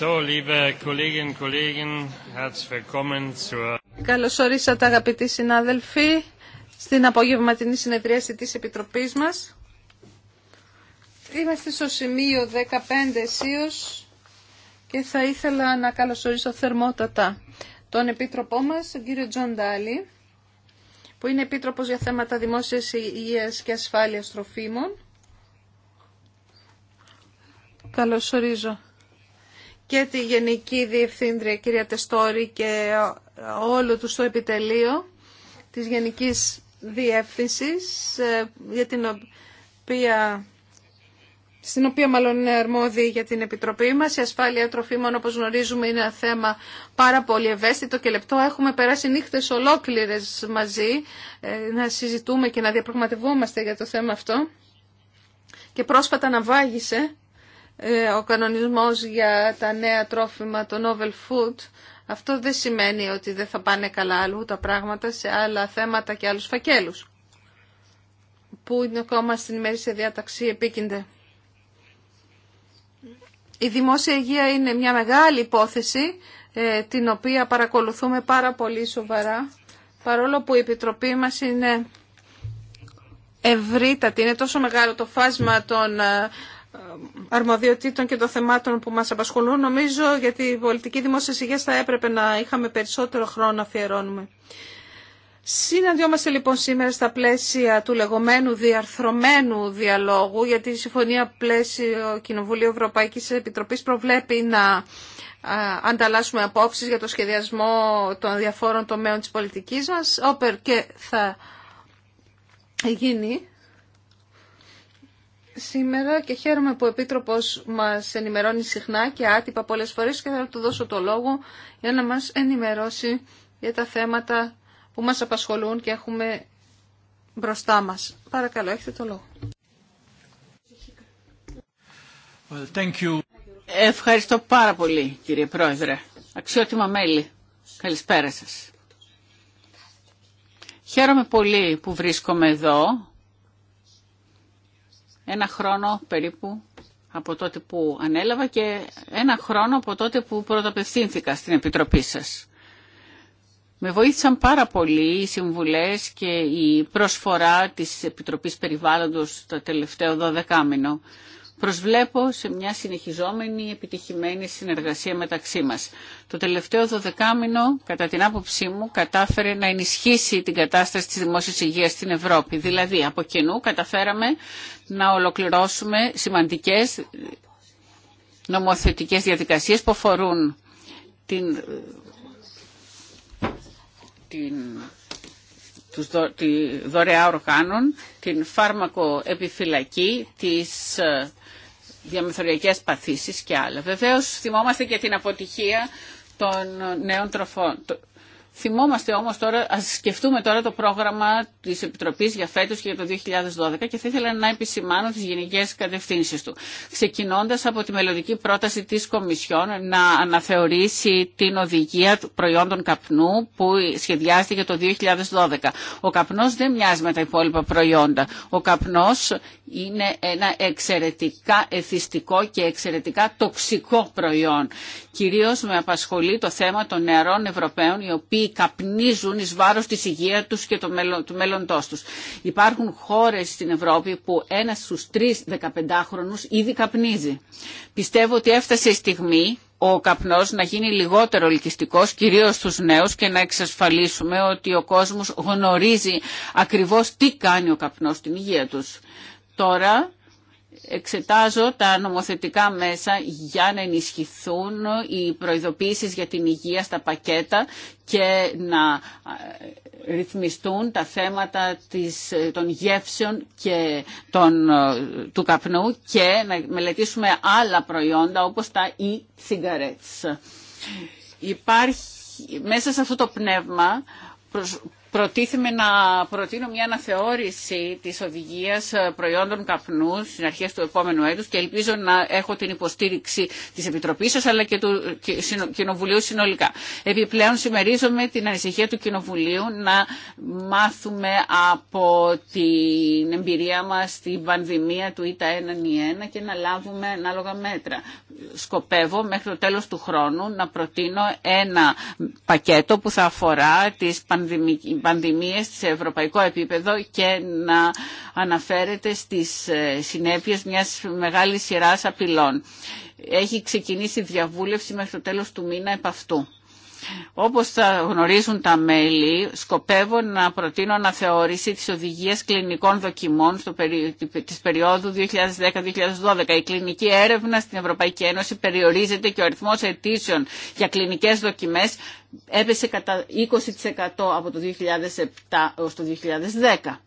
So, liebe αγαπητοί συνάδελφοι στην απογευματινή συνεδρίαση της Επιτροπής μας. Είμαστε στο σημείο 15 εσείως και θα ήθελα να καλωσορίσω θερμότατα τον Επίτροπό μας, τον κύριο Τζον Ντάλι, που είναι Επίτροπος για θέματα δημόσιας υγείας και ασφάλειας τροφίμων. Καλωσορίζω και τη Γενική Διευθύντρια κυρία Τεστόρη και όλο του στο επιτελείο της Γενικής Διεύθυνσης ε, για την οποία στην οποία μάλλον είναι αρμόδιοι για την Επιτροπή μας. Η ασφάλεια τροφίμων, όπως γνωρίζουμε, είναι ένα θέμα πάρα πολύ ευαίσθητο και λεπτό. Έχουμε περάσει νύχτες ολόκληρες μαζί ε, να συζητούμε και να διαπραγματευόμαστε για το θέμα αυτό. Και πρόσφατα να βάγισε ε, ο κανονισμός για τα νέα τρόφιμα, το novel food, αυτό δεν σημαίνει ότι δεν θα πάνε καλά αλλού τα πράγματα σε άλλα θέματα και άλλους φακέλους που είναι ακόμα στην σε διάταξη επίκυνται. Η δημόσια υγεία είναι μια μεγάλη υπόθεση ε, την οποία παρακολουθούμε πάρα πολύ σοβαρά παρόλο που η Επιτροπή μας είναι ευρύτατη, είναι τόσο μεγάλο το φάσμα των ε, αρμοδιοτήτων και των θεμάτων που μας απασχολούν. Νομίζω γιατί η πολιτική δημόσια υγείας θα έπρεπε να είχαμε περισσότερο χρόνο να αφιερώνουμε. Συναντιόμαστε λοιπόν σήμερα στα πλαίσια του λεγόμενου διαρθρωμένου διαλόγου, γιατί η Συμφωνία Πλαίσιο Κοινοβουλίου Ευρωπαϊκής Επιτροπής προβλέπει να ανταλλάσσουμε απόψεις για το σχεδιασμό των διαφόρων τομέων της πολιτικής μας, όπερ και θα γίνει σήμερα και χαίρομαι που ο Επίτροπος μας ενημερώνει συχνά και άτυπα πολλές φορές και θα του δώσω το λόγο για να μας ενημερώσει για τα θέματα που μας απασχολούν και έχουμε μπροστά μας. Παρακαλώ, έχετε το λόγο. Well, thank you. Ευχαριστώ πάρα πολύ κύριε Πρόεδρε. Αξιότιμα μέλη, καλησπέρα σας. Χαίρομαι πολύ που βρίσκομαι εδώ ένα χρόνο περίπου από τότε που ανέλαβα και ένα χρόνο από τότε που πρωτοπευθύνθηκα στην Επιτροπή σας. Με βοήθησαν πάρα πολύ οι συμβουλές και η προσφορά της Επιτροπής Περιβάλλοντος το τελευταίο 12 Προσβλέπω σε μια συνεχιζόμενη επιτυχημένη συνεργασία μεταξύ μας. Το τελευταίο δωδεκάμινο, κατά την άποψή μου, κατάφερε να ενισχύσει την κατάσταση της δημόσιας υγείας στην Ευρώπη. Δηλαδή, από κοινού καταφέραμε να ολοκληρώσουμε σημαντικές νομοθετικές διαδικασίες που αφορούν την, την, τη δωρεά οργάνων, την φάρμακο επιφυλακή, τις ε, διαμεθοριακές παθήσεις και άλλα. Βεβαίως θυμόμαστε και την αποτυχία των νέων τροφών, Θυμόμαστε όμως τώρα, ας σκεφτούμε τώρα το πρόγραμμα της Επιτροπής για φέτος και για το 2012 και θα ήθελα να επισημάνω τις γενικές κατευθύνσεις του. Ξεκινώντας από τη μελλοντική πρόταση της Κομισιόν να αναθεωρήσει την οδηγία προϊόντων καπνού που σχεδιάστηκε το 2012. Ο καπνός δεν μοιάζει με τα υπόλοιπα προϊόντα. Ο καπνός είναι ένα εξαιρετικά εθιστικό και εξαιρετικά τοξικό προϊόν. Κυρίως με απασχολεί το θέμα των νεαρών Ευρωπαίων καπνίζουν εις βάρος της υγεία τους και το μέλλον, του μέλλοντός τους. Υπάρχουν χώρες στην Ευρώπη που ένας στους τρεις 15χρονους ήδη καπνίζει. Πιστεύω ότι έφτασε η στιγμή ο καπνός να γίνει λιγότερο ελκυστικός, κυρίως στους νέους και να εξασφαλίσουμε ότι ο κόσμος γνωρίζει ακριβώς τι κάνει ο καπνός στην υγεία τους. Τώρα εξετάζω τα νομοθετικά μέσα για να ενισχυθούν οι προειδοποίησεις για την υγεία στα πακέτα και να ε, ρυθμιστούν τα θέματα της, ε, των γεύσεων και των, ε, του καπνού και να μελετήσουμε άλλα προϊόντα όπως τα e-cigarettes. Υπάρχει μέσα σε αυτό το πνεύμα προτίθεμαι να προτείνω μια αναθεώρηση της οδηγίας ε, προϊόντων καπνού στην αρχή του επόμενου έτους και ελπίζω να έχω την υποστήριξη της Επιτροπής σας αλλά και του Κοινοβουλίου συνολικά. Επιπλέον συμμερίζομαι την ανησυχία του Κοινοβουλίου να μάθουμε από την εμπειρία μας την πανδημία του ΙΤΑ 1 και να λάβουμε ανάλογα μέτρα σκοπεύω μέχρι το τέλος του χρόνου να προτείνω ένα πακέτο που θα αφορά τις πανδημίες σε ευρωπαϊκό επίπεδο και να αναφέρεται στις ε, συνέπειες μιας μεγάλης σειράς απειλών. Έχει ξεκινήσει διαβούλευση μέχρι το τέλος του μήνα επ' αυτού. Όπως θα γνωρίζουν τα μέλη, σκοπεύω να προτείνω αναθεώρηση της οδηγίας κλινικών δοκιμών στο της περίοδου 2010-2012. Η κλινική έρευνα στην Ευρωπαϊκή Ένωση περιορίζεται και ο αριθμός αιτήσεων για κλινικές δοκιμές έπεσε κατά 20% από το 2007 έως το 2010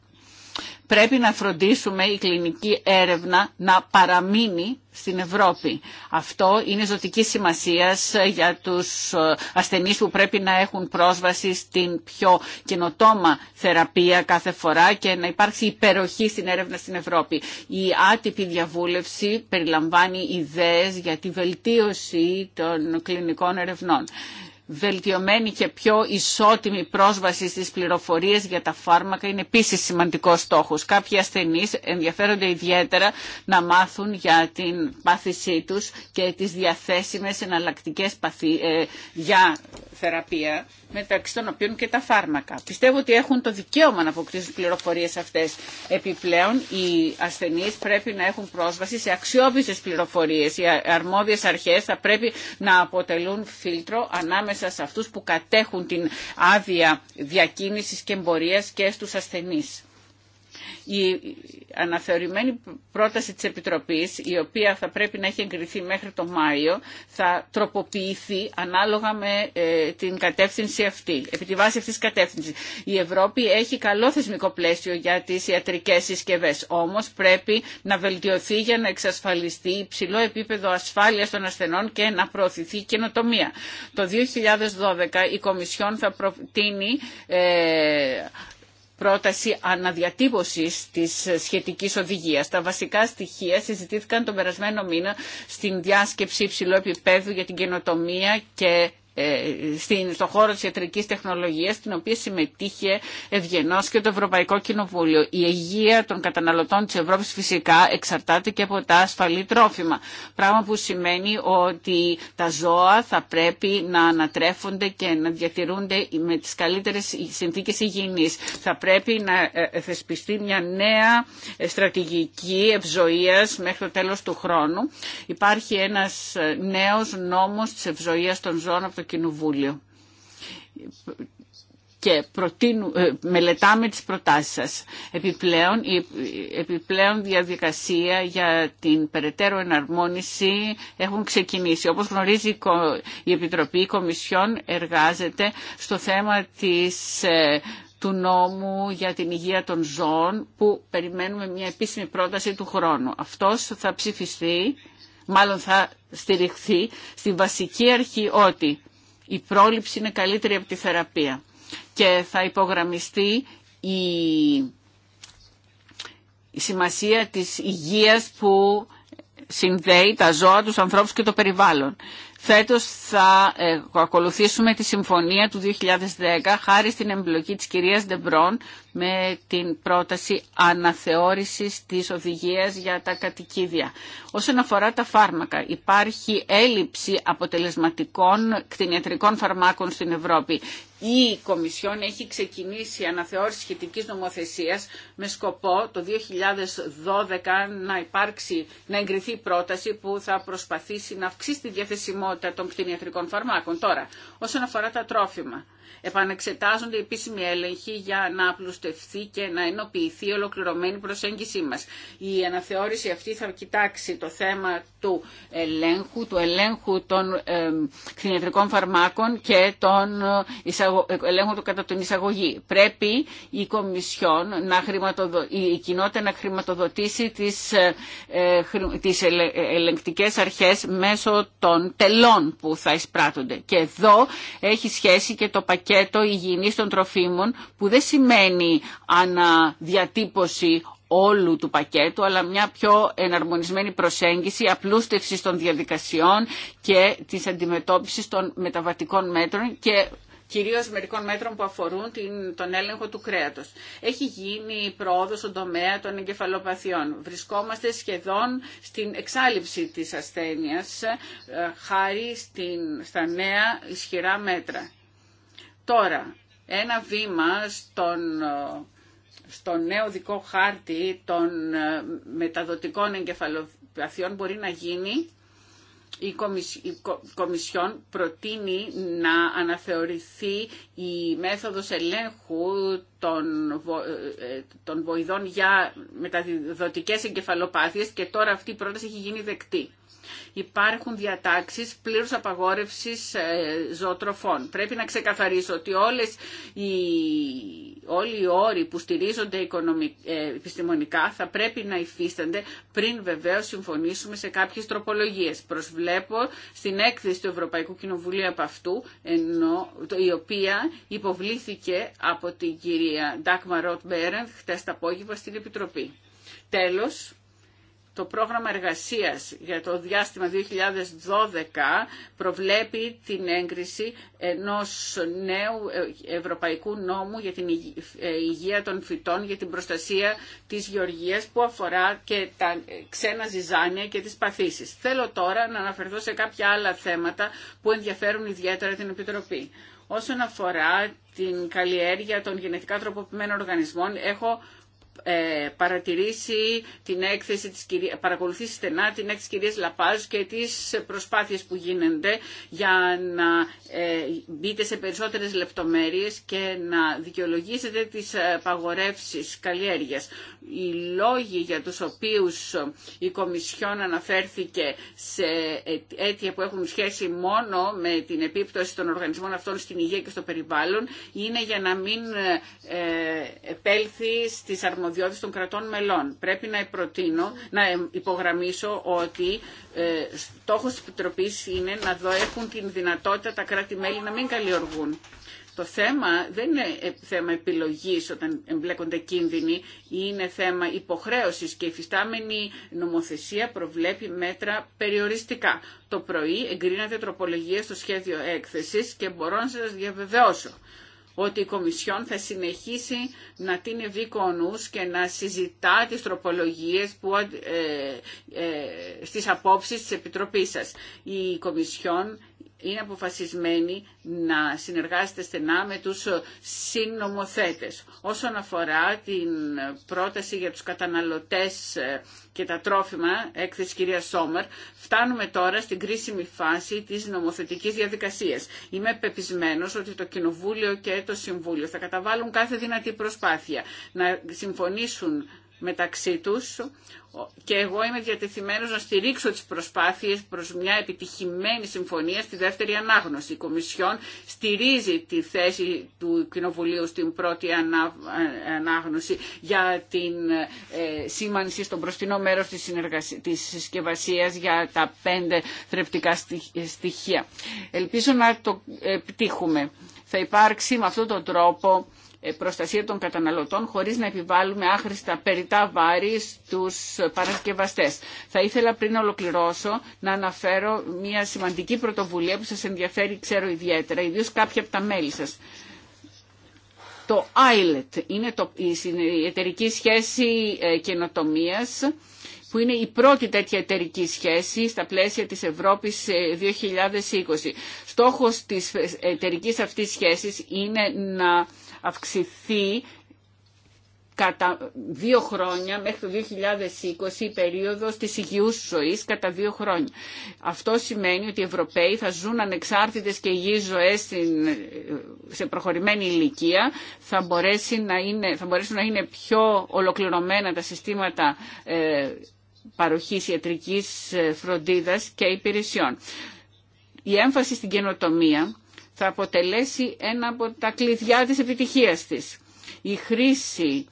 πρέπει να φροντίσουμε η κλινική έρευνα να παραμείνει στην Ευρώπη. Αυτό είναι ζωτική σημασία ε, για τους ε, ασθενείς που πρέπει να έχουν πρόσβαση στην πιο καινοτόμα θεραπεία κάθε φορά και να υπάρξει υπεροχή στην έρευνα στην Ευρώπη. Η άτυπη διαβούλευση περιλαμβάνει ιδέες για τη βελτίωση των κλινικών ερευνών βελτιωμένη και πιο ισότιμη πρόσβαση στις πληροφορίες για τα φάρμακα είναι επίσης σημαντικός στόχος. Κάποιοι ασθενείς ενδιαφέρονται ιδιαίτερα να μάθουν για την πάθησή τους και τις διαθέσιμες εναλλακτικές παθή, ε, για θεραπεία, μεταξύ των οποίων και τα φάρμακα. Πιστεύω ότι έχουν το δικαίωμα να αποκτήσουν πληροφορίες αυτές. Επιπλέον, οι ασθενείς πρέπει να έχουν πρόσβαση σε αξιόπιστες πληροφορίες. Οι αρμόδιες αρχές θα πρέπει να αποτελούν φίλτρο ανάμεσα σε αυτούς που κατέχουν την άδεια διακίνησης και εμπορία και στου ασθενεί. Η αναθεωρημένη πρόταση της Επιτροπής, η οποία θα πρέπει να έχει εγκριθεί μέχρι το Μάιο, θα τροποποιηθεί ανάλογα με ε, την κατεύθυνση αυτή, επί τη βάση αυτής της κατεύθυνσης. Η Ευρώπη έχει καλό θεσμικό πλαίσιο για τις ιατρικές συσκευές, όμως πρέπει να βελτιωθεί για να εξασφαλιστεί υψηλό επίπεδο ασφάλειας των ασθενών και να προωθηθεί καινοτομία. Το 2012 η Κομισιόν θα προτείνει ε, πρόταση αναδιατύπωσης της σχετικής οδηγίας. Τα βασικά στοιχεία συζητήθηκαν τον περασμένο μήνα στην διάσκεψη υψηλού επίπεδου για την καινοτομία και ε, στην, στον χώρο της ιατρικής τεχνολογίας, στην οποία συμμετείχε ευγενώς και το Ευρωπαϊκό Κοινοβούλιο. Η υγεία των καταναλωτών της Ευρώπης φυσικά εξαρτάται και από τα ασφαλή τρόφιμα. Πράγμα που σημαίνει ότι τα ζώα θα πρέπει να ανατρέφονται και να διατηρούνται με τις καλύτερες συνθήκες υγιεινής. Θα πρέπει να ε, ε, θεσπιστεί μια νέα στρατηγική ευζοίας μέχρι το τέλος του χρόνου. Υπάρχει ένας νέος νόμος της ευζοίας των ζώων Κοινοβούλιο και ε, μελετάμε τις προτάσεις σας. Επιπλέον, η επιπλέον διαδικασία για την περαιτέρω εναρμόνιση έχουν ξεκινήσει. Όπως γνωρίζει η Επιτροπή η Κομισιόν εργάζεται στο θέμα της, ε, του νόμου για την υγεία των ζώων που περιμένουμε μια επίσημη πρόταση του χρόνου. Αυτός θα ψηφιστεί, μάλλον θα στηριχθεί στη βασική αρχή ότι η πρόληψη είναι καλύτερη από τη θεραπεία. Και θα υπογραμμιστεί η, σημασία της υγείας που συνδέει τα ζώα, τους ανθρώπους και το περιβάλλον. Φέτος θα ε, ακολουθήσουμε τη συμφωνία του 2010 χάρη στην εμπλοκή της κυρίας Ντεμπρόν με την πρόταση αναθεώρησης της οδηγίας για τα κατοικίδια. Όσον αφορά τα φάρμακα, υπάρχει έλλειψη αποτελεσματικών κτηνιατρικών φαρμάκων στην Ευρώπη. Η Κομισιόν έχει ξεκινήσει αναθεώρηση σχετικής νομοθεσίας με σκοπό το 2012 να υπάρξει, να εγκριθεί πρόταση που θα προσπαθήσει να αυξήσει τη διαθεσιμότητα των κτηνιατρικών φαρμάκων. Τώρα, όσον αφορά τα τρόφιμα επανεξετάζονται οι επίσημοι έλεγχοι για να απλουστευθεί και να ενοποιηθεί η ολοκληρωμένη προσέγγιση μας. Η αναθεώρηση αυτή θα κοιτάξει το θέμα του ελέγχου, του ελέγχου των κτηνιατρικών φαρμάκων και των εισαγω... ελέγχου του κατά την εισαγωγή. Πρέπει η Κομισιόν, να χρηματοδο... η κοινότητα να χρηματοδοτήσει τις, ε, ε, τις ε, ελεγκτικές αρχές μέσω των τελών που θα εισπράττονται. Και εδώ έχει σχέση και το πακέτο υγιεινής των τροφίμων που δεν σημαίνει αναδιατύπωση όλου του πακέτου, αλλά μια πιο εναρμονισμένη προσέγγιση απλούστευση των διαδικασιών και της αντιμετώπισης των μεταβατικών μέτρων και κυρίως μερικών μέτρων που αφορούν την, τον έλεγχο του κρέατος. Έχει γίνει πρόοδος στον τομέα των εγκεφαλοπαθειών. Βρισκόμαστε σχεδόν στην εξάλληψη της ασθένειας ε, χάρη στην, στα νέα ισχυρά μέτρα. Τώρα, ένα βήμα στον, στον νέο δικό χάρτη των ε, μεταδοτικών εγκεφαλοπαθειών μπορεί να γίνει η Κομισιόν προτείνει να αναθεωρηθεί η μέθοδος ελέγχου των, ε, των βοηδών για μεταδοτικές εγκεφαλοπάθειες και τώρα αυτή η πρόταση έχει γίνει δεκτή υπάρχουν διατάξεις πλήρους απαγόρευσης ε, ζωοτροφών. Πρέπει να ξεκαθαρίσω ότι όλες οι, όλοι οι όροι που στηρίζονται ε, επιστημονικά θα πρέπει να υφίστανται πριν βεβαίως συμφωνήσουμε σε κάποιες τροπολογίες. Προσβλέπω στην έκθεση του Ευρωπαϊκού Κοινοβουλίου από αυτού, ενώ, η οποία υποβλήθηκε από την κυρία Ντάκμα Ροτ Μπέραντ χτες το απόγευμα στην Επιτροπή. Τέλος, το πρόγραμμα εργασίας για το διάστημα 2012 προβλέπει την έγκριση ενός νέου ευρωπαϊκού νόμου για την ε, υγεία των φυτών, για την προστασία της γεωργίας που αφορά και τα ξένα ζυζάνια και τις παθήσεις. Θέλω τώρα να αναφερθώ σε κάποια άλλα θέματα που ενδιαφέρουν ιδιαίτερα την Επιτροπή. Όσον αφορά την καλλιέργεια των γενετικά τροποποιημένων οργανισμών, έχω ε, παρατηρήσει την έκθεση της κυρία, παρακολουθήσει στενά την έκθεση της κυρίας Λαπάζ και τις προσπάθειες που γίνονται για να ε, μπείτε σε περισσότερες λεπτομέρειες και να δικαιολογήσετε τις παγορεύσεις καλλιέργειας. Οι λόγοι για τους οποίους η Κομισιόν αναφέρθηκε σε αίτια που έχουν σχέση μόνο με την επίπτωση των οργανισμών αυτών στην υγεία και στο περιβάλλον είναι για να μην ε, επέλθει στις αρμοδιότητες των κρατών μελών. Πρέπει να προτείνω, να υπογραμμίσω ότι ε, στόχο της Επιτροπής είναι να δω έχουν την δυνατότητα τα κράτη-μέλη να μην καλλιεργούν. Το θέμα δεν είναι ε, θέμα επιλογής όταν εμπλέκονται κίνδυνοι, είναι θέμα υποχρέωσης και η φυστάμενη νομοθεσία προβλέπει μέτρα περιοριστικά. Το πρωί εγκρίνατε τροπολογία στο σχέδιο έκθεσης και μπορώ να διαβεβαιώσω ότι η Κομισιόν θα συνεχίσει να την ευήκονους και να συζητά τις τροπολογίες που, ε, ε, στις απόψεις της Επιτροπής Η Κομισιόν είναι αποφασισμένη να συνεργάζεται στενά με τους συνομοθέτες. Όσον αφορά την πρόταση για τους καταναλωτές και τα τρόφιμα, έκθεση κυρία Σόμερ, φτάνουμε τώρα στην κρίσιμη φάση της νομοθετικής διαδικασίας. Είμαι πεπισμένος ότι το Κοινοβούλιο και το Συμβούλιο θα καταβάλουν κάθε δυνατή προσπάθεια να συμφωνήσουν μεταξύ τους και εγώ είμαι διατεθειμένος να στηρίξω τις προσπάθειες προς μια επιτυχημένη συμφωνία στη δεύτερη ανάγνωση. Η Κομισιόν στηρίζει τη θέση του Κοινοβουλίου στην πρώτη ανάγνωση για την ε, σήμανση στον προστινό μέρος της, συσκευασία για τα πέντε θρεπτικά στοιχεία. Ελπίζω να το επιτύχουμε. Θα υπάρξει με αυτόν τον τρόπο προστασία των καταναλωτών χωρίς να επιβάλλουμε άχρηστα περιτά βάρη στους παρασκευαστές. Θα ήθελα πριν ολοκληρώσω να αναφέρω μια σημαντική πρωτοβουλία που σας ενδιαφέρει ξέρω ιδιαίτερα, ιδίως κάποια από τα μέλη σας. Το ILET είναι η εταιρική σχέση ε, καινοτομίας που είναι η πρώτη τέτοια εταιρική σχέση στα πλαίσια της Ευρώπης 2020. Ε, Στόχος της ε, εταιρικής αυτής σχέσης είναι να αυξηθεί κατά δύο χρόνια, μέχρι το 2020 η περίοδος της υγιούς ζωής κατά δύο χρόνια. Αυτό σημαίνει ότι οι Ευρωπαίοι θα ζουν ανεξάρτητες και υγιείς ζωές σε προχωρημένη ηλικία, θα, μπορέσει να είναι, θα μπορέσουν να είναι πιο ολοκληρωμένα τα συστήματα ε, παροχής ιατρικής ε, φροντίδας και υπηρεσιών. Η έμφαση στην καινοτομία θα αποτελέσει ένα από τα κλειδιά της επιτυχίας της. Η χρήση,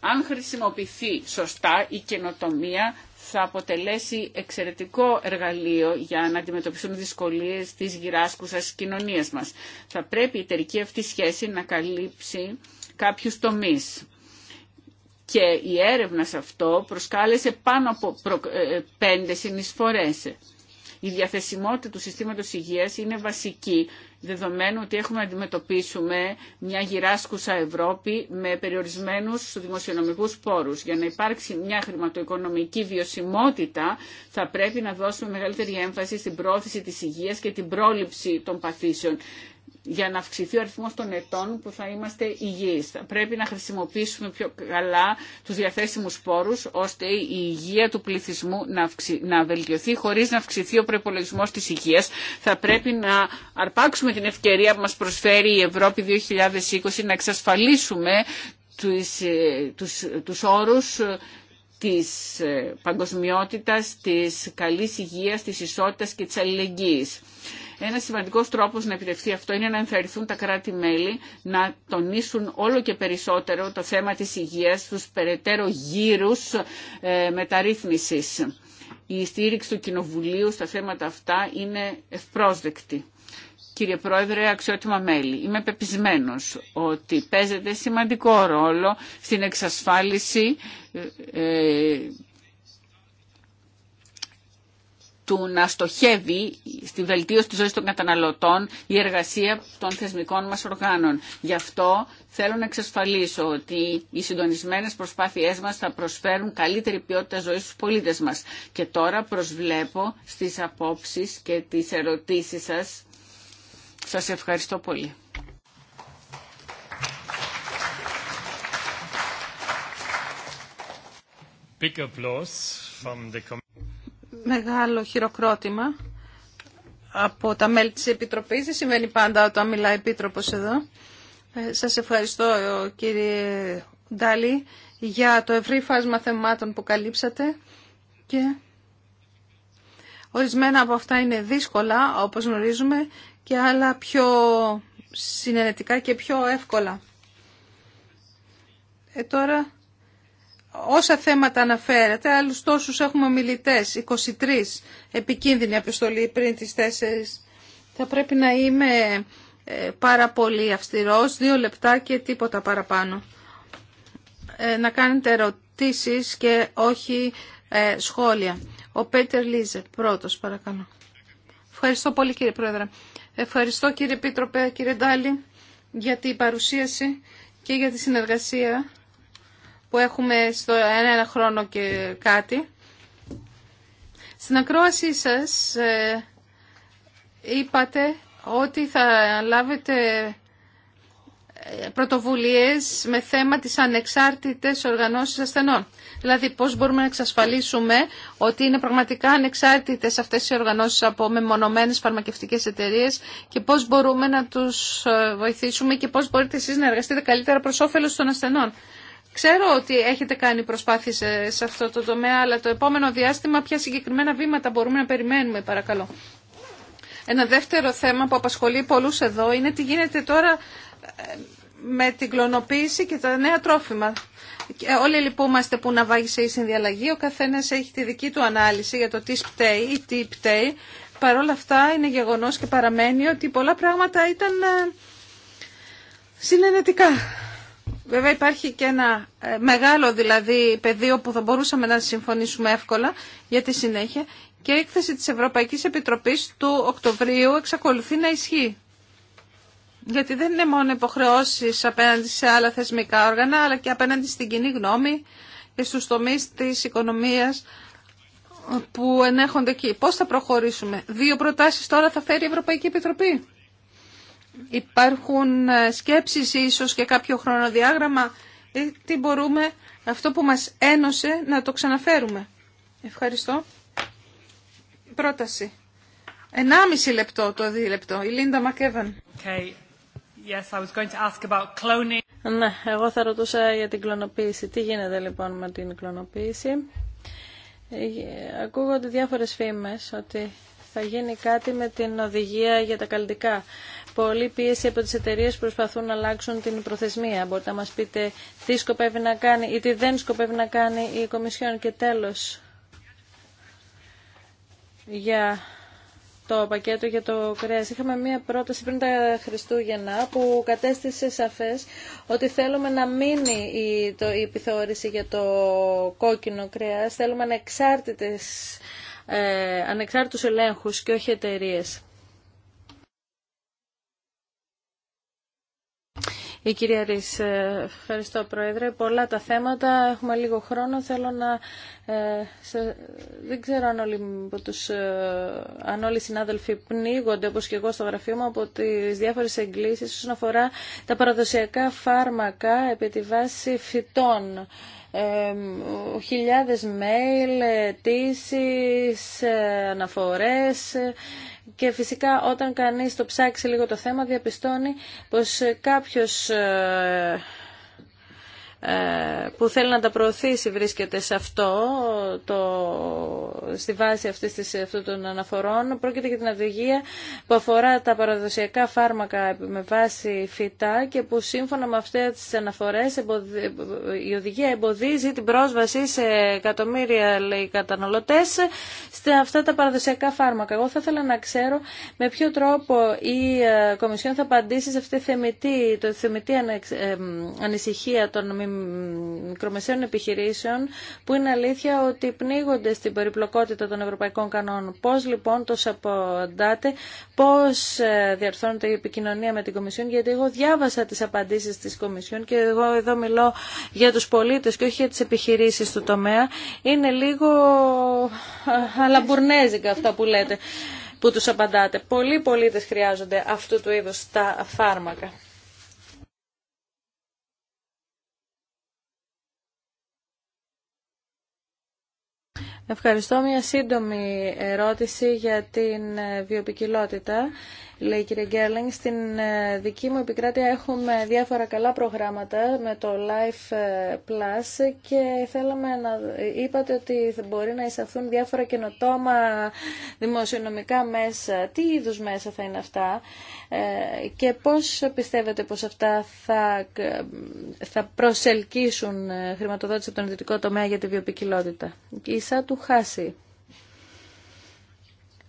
αν χρησιμοποιηθεί σωστά, η καινοτομία θα αποτελέσει εξαιρετικό εργαλείο για να αντιμετωπιστούν δυσκολίες της γυράσκουσας κοινωνίας μας. Θα πρέπει η εταιρική αυτή σχέση να καλύψει κάποιους τομείς. Και η έρευνα σε αυτό προσκάλεσε πάνω από ε, πέντε συνεισφορές. Η διαθεσιμότητα του συστήματος υγείας είναι βασική, δεδομένου ότι έχουμε να αντιμετωπίσουμε μια γυράσκουσα Ευρώπη με περιορισμένους δημοσιονομικούς πόρους. Για να υπάρξει μια χρηματοοικονομική βιωσιμότητα θα πρέπει να δώσουμε μεγαλύτερη έμφαση στην πρόθεση της υγείας και την πρόληψη των παθήσεων για να αυξηθεί ο αριθμός των ετών που θα είμαστε υγιείς. Πρέπει να χρησιμοποιήσουμε πιο καλά τους διαθέσιμους πόρους ώστε η υγεία του πληθυσμού να, να βελτιωθεί χωρίς να αυξηθεί ο προπολογισμό της υγείας. Θα πρέπει να αρπάξουμε την ευκαιρία που μας προσφέρει η Ευρώπη 2020 να εξασφαλίσουμε τους, ε, τους, τους όρους της ε, παγκοσμιότητας, της καλής υγείας, της ισότητας και της αλληλεγγύης. Ένα σημαντικό τρόπο να επιτευχθεί αυτό είναι να ενθαρρυνθούν τα κράτη-μέλη να τονίσουν όλο και περισσότερο το θέμα τη υγεία στου περαιτέρω γύρου ε, μεταρρύθμιση. Η στήριξη του Κοινοβουλίου στα θέματα αυτά είναι ευπρόσδεκτη. Κύριε Πρόεδρε, αξιότιμα μέλη, είμαι πεπισμένος ότι παίζεται σημαντικό ρόλο στην εξασφάλιση ε, ε, του να στοχεύει στη βελτίωση της ζωής των καταναλωτών η εργασία των θεσμικών μας οργάνων. Γι' αυτό θέλω να εξασφαλίσω ότι οι συντονισμένες προσπάθειές μας θα προσφέρουν καλύτερη ποιότητα ζωής στους πολίτες μας. Και τώρα προσβλέπω στις απόψεις και τις ερωτήσεις σας σας ευχαριστώ πολύ. Μεγάλο χειροκρότημα από τα μέλη της Επιτροπής. Δεν συμβαίνει πάντα όταν μιλάει Επίτροπος εδώ. Ε, σας ευχαριστώ κύριε Ντάλι για το ευρύ φάσμα θεμάτων που καλύψατε και ορισμένα από αυτά είναι δύσκολα όπως γνωρίζουμε και άλλα πιο συνενετικά και πιο εύκολα. Ε, τώρα, όσα θέματα αναφέρετε, άλλους τόσους έχουμε μιλητές, 23 επικίνδυνη επιστολή πριν τις 4. Θα πρέπει να είμαι ε, πάρα πολύ αυστηρός, δύο λεπτά και τίποτα παραπάνω. Ε, να κάνετε ερωτήσεις και όχι ε, σχόλια. Ο Πέτερ Λίζε, πρώτος παρακαλώ. Ευχαριστώ πολύ κύριε Πρόεδρε. Ευχαριστώ κύριε Πίτροπε, κύριε Ντάλι για την παρουσίαση και για τη συνεργασία που έχουμε στο ένα, ένα χρόνο και κάτι. Στην ακρόασή σας ε, είπατε ότι θα λάβετε πρωτοβουλίες με θέμα τις ανεξάρτητες οργανώσεις ασθενών. Δηλαδή πώς μπορούμε να εξασφαλίσουμε ότι είναι πραγματικά ανεξάρτητες αυτές οι οργανώσεις από μεμονωμένες φαρμακευτικές εταιρείες και πώς μπορούμε να τους ε, βοηθήσουμε και πώς μπορείτε εσείς να εργαστείτε καλύτερα προς όφελος των ασθενών. Ξέρω ότι έχετε κάνει προσπάθειες ε, σε αυτό το τομέα, αλλά το επόμενο διάστημα ποια συγκεκριμένα βήματα μπορούμε να περιμένουμε, παρακαλώ. Ένα δεύτερο θέμα που απασχολεί πολλούς εδώ είναι τι γίνεται τώρα με την κλωνοποίηση και τα νέα τρόφιμα. Όλοι λυπούμαστε που να βάγισε η συνδιαλλαγή, ο καθένα έχει τη δική του ανάλυση για το τι πταίει ή τι πταίει. Παρ' όλα αυτά είναι γεγονός και παραμένει ότι πολλά πράγματα ήταν ε, συνενετικά. Βέβαια υπάρχει και ένα ε, μεγάλο δηλαδή πεδίο που θα μπορούσαμε να συμφωνήσουμε εύκολα για τη συνέχεια και η έκθεση της Ευρωπαϊκής Επιτροπής του Οκτωβρίου εξακολουθεί να ισχύει. Γιατί δεν είναι μόνο υποχρεώσει απέναντι σε άλλα θεσμικά όργανα, αλλά και απέναντι στην κοινή γνώμη και στου τομεί της οικονομίας που ενέχονται εκεί. Πώς θα προχωρήσουμε. Δύο προτάσεις τώρα θα φέρει η Ευρωπαϊκή Επιτροπή. Υπάρχουν ε, σκέψεις ίσως και κάποιο χρονοδιάγραμμα ή τι μπορούμε αυτό που μας ένωσε να το ξαναφέρουμε. Ευχαριστώ. Πρόταση. 1,5 λεπτό το δίλεπτο. Η Λίντα Μακέβαν. Okay. Yes, I was going to ask about cloning. Ναι, εγώ θα ρωτούσα για την κλωνοποίηση. Τι γίνεται λοιπόν με την κλωνοποίηση. Ε, ακούγονται διάφορες φήμες ότι θα γίνει κάτι με την οδηγία για τα καλλιτικά. Πολλοί πίεση από τις εταιρείε προσπαθούν να αλλάξουν την προθεσμία. Μπορείτε να μας πείτε τι σκοπεύει να κάνει ή τι δεν σκοπεύει να κάνει η Κομισιόν. Και τέλος, για το πακέτο για το κρέα. Είχαμε μία πρόταση πριν τα Χριστούγεννα που κατέστησε σαφές ότι θέλουμε να μείνει η, το, η επιθεώρηση για το κόκκινο κρέα, Θέλουμε ανεξάρτητες, ε, ανεξάρτητους ελέγχους και όχι εταιρείε. Η κυρία Ρης, ε, ευχαριστώ Πρόεδρε. Πολλά τα θέματα, έχουμε λίγο χρόνο. Θέλω να... Ε, σε, δεν ξέρω αν όλοι, τους, ε, αν όλοι οι συνάδελφοι πνίγονται, όπως και εγώ στο γραφείο μου, από τις διάφορες εγκλήσεις όσον αφορά τα παραδοσιακά φάρμακα επί τη βάση φυτών χιλιάδες mail, αιτήσεις, ε, αναφορές και φυσικά όταν κανείς το ψάξει λίγο το θέμα διαπιστώνει πως κάποιος ε, που θέλει να τα προωθήσει βρίσκεται σε αυτό, το, στη βάση αυτής της, αυτών των αναφορών. Πρόκειται για την οδηγία που αφορά τα παραδοσιακά φάρμακα με βάση φυτά και που σύμφωνα με αυτές τις αναφορές η οδηγία εμποδίζει την πρόσβαση σε εκατομμύρια λέει, καταναλωτές σε αυτά τα παραδοσιακά φάρμακα. Εγώ θα ήθελα να ξέρω με ποιο τρόπο η ε, Κομισιόν θα απαντήσει σε αυτή θεμητή, το θεμητή ε, ανησυχία των μικρομεσαίων επιχειρήσεων που είναι αλήθεια ότι πνίγονται στην περιπλοκότητα των ευρωπαϊκών κανόνων. Πώς λοιπόν τους απαντάτε, πώς ε, διαρθώνεται η επικοινωνία με την Κομισιόν, γιατί εγώ διάβασα τις απαντήσεις της Κομισιόν και εγώ εδώ μιλώ για τους πολίτες και όχι για τις επιχειρήσεις του τομέα. Είναι λίγο ε, αλαμπουρνέζικα αυτά που λέτε που τους απαντάτε. Πολλοί πολίτες χρειάζονται αυτού του είδους τα φάρμακα. Ευχαριστώ. Μια σύντομη ερώτηση για την ε, βιοπικιλότητα λέει η κυρία Γκέρλινγκ. Στην ε, δική μου επικράτεια έχουμε διάφορα καλά προγράμματα με το Life ε, Plus και θέλαμε να είπατε ότι μπορεί να εισαχθούν διάφορα καινοτόμα δημοσιονομικά μέσα. Τι είδους μέσα θα είναι αυτά ε, και πώς πιστεύετε πως αυτά θα, θα προσελκύσουν χρηματοδότηση από τον ιδιωτικό τομέα για τη βιοπικιλότητα. Ισα του χάσει.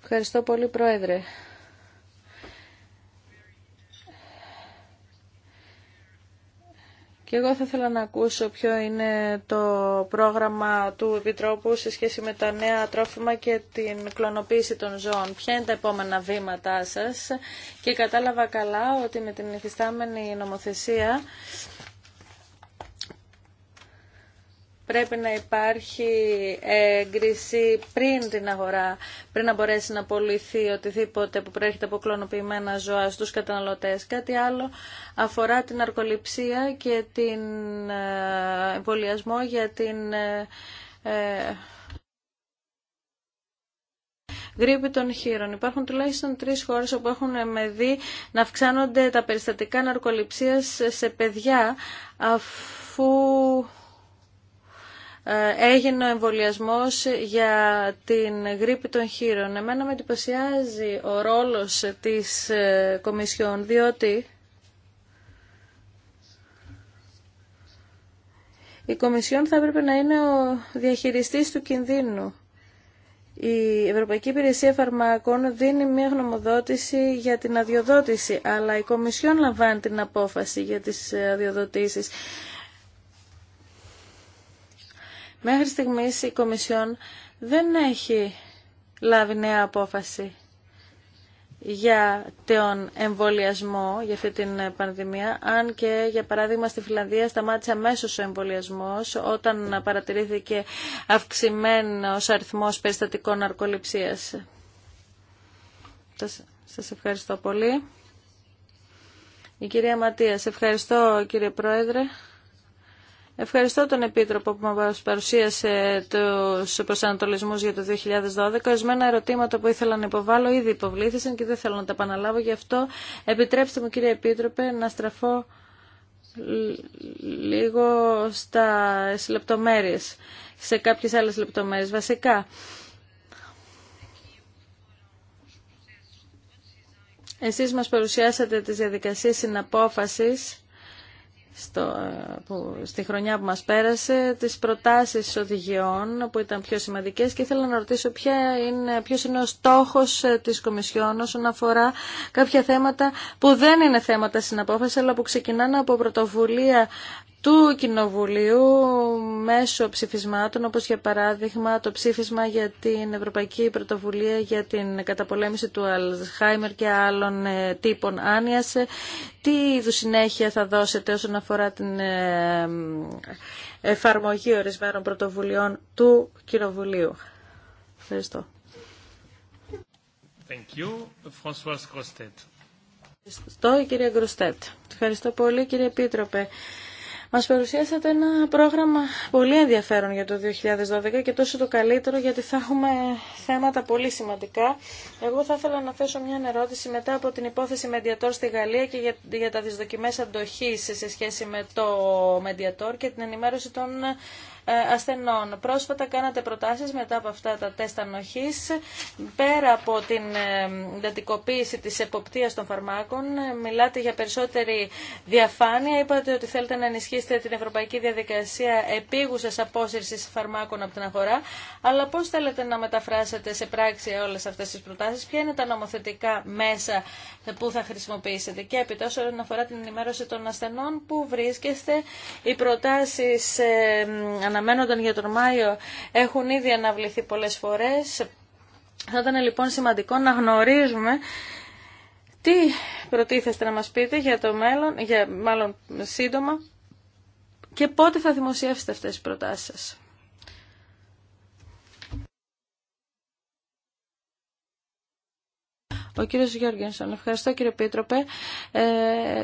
Ευχαριστώ πολύ Πρόεδρε. Και εγώ θα ήθελα να ακούσω ποιο είναι το πρόγραμμα του Επιτρόπου σε σχέση με τα νέα τρόφιμα και την κλωνοποίηση των ζώων. Ποια είναι τα επόμενα βήματά σας και κατάλαβα καλά ότι με την υφιστάμενη νομοθεσία πρέπει να υπάρχει έγκριση πριν την αγορά, πριν να μπορέσει να απολυθεί οτιδήποτε που προέρχεται από κλωνοποιημένα ζώα στους καταναλωτές. Κάτι άλλο αφορά την αρκοληψία και την ε, εμβολιασμό για την ε, ε, γρήπη των χείρων. Υπάρχουν τουλάχιστον τρει χώρε όπου έχουν με δει να αυξάνονται τα περιστατικά ναρκοληψία σε παιδιά αφού ε, έγινε ο εμβολιασμό για την γρήπη των χείρων. Εμένα με εντυπωσιάζει ο ρόλος της ε, Κομισιόν, διότι η Κομισιόν θα έπρεπε να είναι ο διαχειριστή του κινδύνου. Η Ευρωπαϊκή Υπηρεσία Φαρμάκων δίνει μια γνωμοδότηση για την αδειοδότηση, αλλά η Κομισιόν λαμβάνει την απόφαση για τις αδειοδοτήσεις. Μέχρι στιγμής η Κομισιόν δεν έχει λάβει νέα απόφαση για τον εμβολιασμό για αυτή την πανδημία, αν και για παράδειγμα στη Φιλανδία σταμάτησε αμέσως ο εμβολιασμός όταν παρατηρήθηκε αυξημένος αριθμός περιστατικών αρκοληψίας. Σας ευχαριστώ πολύ. Η κυρία Ματίας, ευχαριστώ κύριε Πρόεδρε. Ευχαριστώ τον Επίτροπο που μας παρουσίασε τους προσανατολισμούς για το 2012. Ορισμένα ερωτήματα που ήθελα να υποβάλω ήδη υποβλήθησαν και δεν θέλω να τα επαναλάβω. Γι' αυτό επιτρέψτε μου κύριε Επίτροπε να στραφώ λίγο στα λεπτομέρειες, σε κάποιες άλλες λεπτομέρειες βασικά. Εσείς μας παρουσιάσατε τις διαδικασίες συναπόφασης στο, που, στη χρονιά που μας πέρασε τις προτάσεις οδηγιών που ήταν πιο σημαντικές και ήθελα να ρωτήσω ποια είναι, ποιος είναι ο στόχος ε, της Κομισιόν όσον αφορά κάποια θέματα που δεν είναι θέματα στην αλλά που ξεκινάνε από πρωτοβουλία του Κοινοβουλίου μέσω ψηφισμάτων, όπως για παράδειγμα το ψήφισμα για την Ευρωπαϊκή Πρωτοβουλία για την καταπολέμηση του Αλσχάιμερ και άλλων ε, τύπων άνοιας. Ε, τι είδου συνέχεια θα δώσετε όσον αφορά την ε, εφαρμογή ορισμένων πρωτοβουλειών του Κοινοβουλίου. Ευχαριστώ. Thank you. Ευχαριστώ, κύριε Γκροστέτ. Ευχαριστώ πολύ, κύριε Επίτροπε. Μας παρουσιάσατε ένα πρόγραμμα πολύ ενδιαφέρον για το 2012 και τόσο το καλύτερο γιατί θα έχουμε θέματα πολύ σημαντικά. Εγώ θα ήθελα να θέσω μια ερώτηση μετά από την υπόθεση Μεντιατόρ στη Γαλλία και για, για τα δυσδοκιμές αντοχής σε σχέση με το Μεντιατόρ και την ενημέρωση των ε, ασθενών. Πρόσφατα κάνατε προτάσεις μετά από αυτά τα τεστ ανοχής, πέρα από την ε, εντατικοποίηση της εποπτείας των φαρμάκων, ε, μιλάτε για περισσότερη διαφάνεια, είπατε ότι θέλετε να ενισχύσετε την ευρωπαϊκή διαδικασία επίγουσας απόσυρσης φαρμάκων από την αγορά, αλλά πώς θέλετε να μεταφράσετε σε πράξη όλες αυτές τις προτάσεις, ποια είναι τα νομοθετικά μέσα που θα χρησιμοποιήσετε και τόσο να αφορά την ενημέρωση των ασθενών, που βρίσκεστε, οι προτάσεις ε, αναμένονταν για τον Μάιο έχουν ήδη αναβληθεί πολλές φορές. Θα ήταν λοιπόν σημαντικό να γνωρίζουμε τι προτίθεστε να μας πείτε για το μέλλον, για, μάλλον σύντομα, και πότε θα δημοσιεύσετε αυτές τις προτάσεις σας. Ο κύριος Γιώργενσον, ευχαριστώ κύριε Πίτροπε. Ε,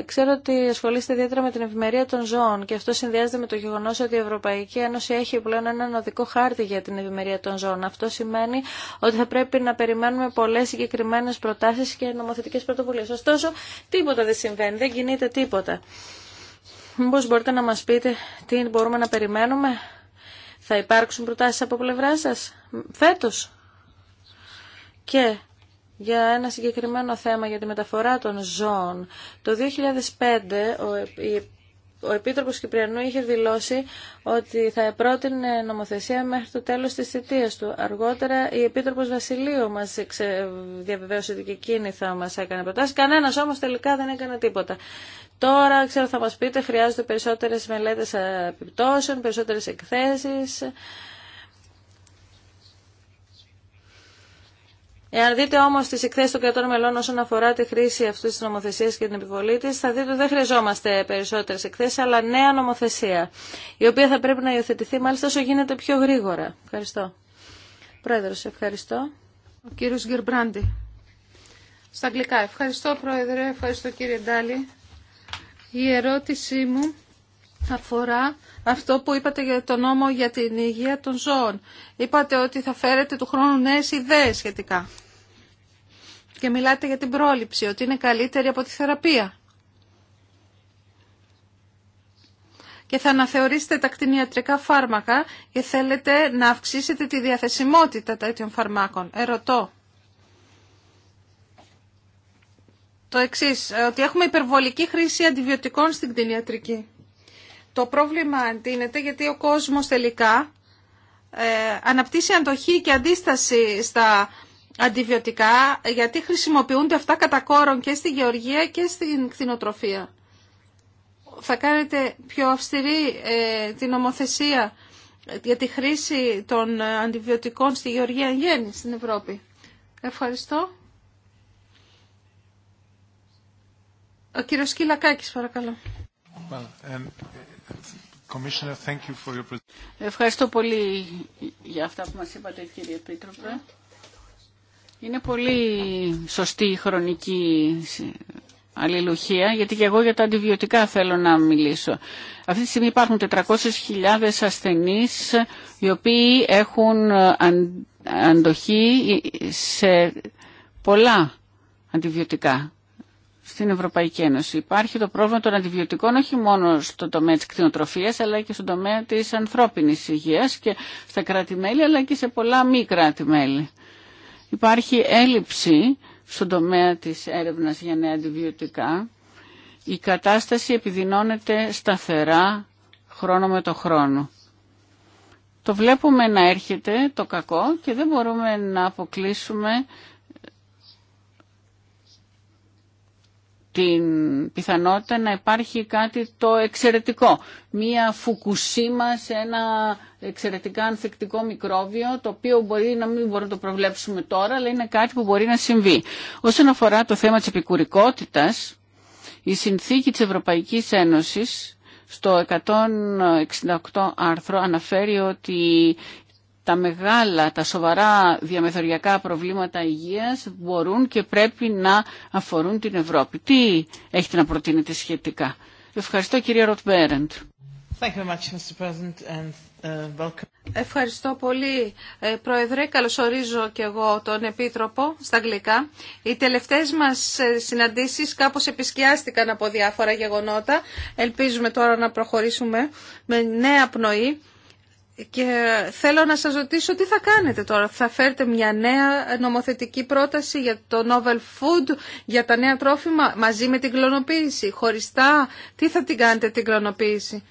ξέρω ότι ασχολείστε ιδιαίτερα με την ευημερία των ζώων και αυτό συνδυάζεται με το γεγονός ότι η Ευρωπαϊκή Ένωση έχει πλέον έναν οδικό χάρτη για την ευημερία των ζώων. Αυτό σημαίνει ότι θα πρέπει να περιμένουμε πολλές συγκεκριμένες προτάσεις και νομοθετικές πρωτοβουλίες. Ωστόσο, τίποτα δεν συμβαίνει, δεν κινείται τίποτα. Μήπω μπορείτε να μας πείτε τι μπορούμε να περιμένουμε. Θα υπάρξουν προτάσεις από πλευρά σας φέτος. Και για ένα συγκεκριμένο θέμα για τη μεταφορά των ζώων. Το 2005 ο Επίτροπος Κυπριανού είχε δηλώσει ότι θα επρότεινε νομοθεσία μέχρι το τέλος της θητείας του. Αργότερα η Επίτροπος Βασιλείου μας διαβεβαίωσε ότι και εκείνη θα μας έκανε προτάσεις. Κανένας όμως τελικά δεν έκανε τίποτα. Τώρα, ξέρω, θα μας πείτε, χρειάζονται περισσότερες μελέτες επιπτώσεων, περισσότερες εκθέσεις. Εάν δείτε όμω τι εκθέσει των κρατών μελών όσον αφορά τη χρήση αυτή τη νομοθεσία και την επιβολή τη, θα δείτε ότι δεν χρειαζόμαστε περισσότερε εκθέσει, αλλά νέα νομοθεσία, η οποία θα πρέπει να υιοθετηθεί μάλιστα όσο γίνεται πιο γρήγορα. Ευχαριστώ. Πρόεδρο, ευχαριστώ. Ο κύριο Γκερμπράντι. Στα αγγλικά. Ευχαριστώ, Πρόεδρε. Ευχαριστώ, κύριε Ντάλη. Η ερώτησή μου αφορά αυτό που είπατε για τον νόμο για την υγεία των ζώων. Είπατε ότι θα φέρετε του χρόνου νέε ιδέε σχετικά και μιλάτε για την πρόληψη, ότι είναι καλύτερη από τη θεραπεία. Και θα αναθεωρήσετε τα κτηνιατρικά φάρμακα και θέλετε να αυξήσετε τη διαθεσιμότητα τέτοιων φαρμάκων. Ερωτώ. Το εξής, ότι έχουμε υπερβολική χρήση αντιβιωτικών στην κτηνιατρική. Το πρόβλημα αντίνεται γιατί ο κόσμος τελικά ε, αναπτύσσει αντοχή και αντίσταση στα αντιβιωτικά, γιατί χρησιμοποιούνται αυτά κατά κόρον και στη γεωργία και στην κτηνοτροφία. Θα κάνετε πιο αυστηρή ε, την νομοθεσία για τη χρήση των αντιβιωτικών στη γεωργία γέννη στην Ευρώπη. Ευχαριστώ. Ο κύριος Κυλακάκης, παρακαλώ. Um, Ευχαριστώ πολύ για αυτά που μας είπατε, κύριε Πίτροπρα. Είναι πολύ σωστή η χρονική αλληλουχία, γιατί και εγώ για τα αντιβιωτικά θέλω να μιλήσω. Αυτή τη στιγμή υπάρχουν 400.000 ασθενείς οι οποίοι έχουν ε, αντοχή ε, σε πολλά αντιβιωτικά στην Ευρωπαϊκή Ένωση. Υπάρχει το πρόβλημα των αντιβιωτικών όχι μόνο στο τομέα της κτηνοτροφίας αλλά και στον τομέα της ανθρώπινης υγείας και στα κράτη-μέλη αλλά και σε πολλά μη κράτη-μέλη. Υπάρχει έλλειψη στον τομέα της έρευνας για νέα αντιβιωτικά. Η κατάσταση επιδεινώνεται σταθερά χρόνο με το χρόνο. Το βλέπουμε να έρχεται το κακό και δεν μπορούμε να αποκλείσουμε την πιθανότητα να υπάρχει κάτι το εξαιρετικό. Μία φουκουσίμα σε ένα εξαιρετικά ανθεκτικό μικρόβιο, το οποίο μπορεί να μην μπορούμε να το προβλέψουμε τώρα, αλλά είναι κάτι που μπορεί να συμβεί. Όσον αφορά το θέμα της επικουρικότητας, η συνθήκη της Ευρωπαϊκής Ένωσης στο 168 άρθρο αναφέρει ότι τα μεγάλα, τα σοβαρά διαμεθοριακά προβλήματα υγείας μπορούν και πρέπει να αφορούν την Ευρώπη. Τι έχετε να προτείνετε σχετικά. Ευχαριστώ κυρία Ροτμπέρεντ. Ευχαριστώ πολύ, ε, Πρόεδρε. Καλωσορίζω και εγώ τον Επίτροπο στα αγγλικά. Οι τελευταίες μας ε, συναντήσεις κάπως επισκιάστηκαν από διάφορα γεγονότα. Ελπίζουμε τώρα να προχωρήσουμε με νέα πνοή. Και θέλω να σας ρωτήσω τι θα κάνετε τώρα. Θα φέρετε μια νέα νομοθετική πρόταση για το novel food, για τα νέα τρόφιμα, μαζί με την κλωνοποίηση, χωριστά. Τι θα την κάνετε την κλωνοποίηση.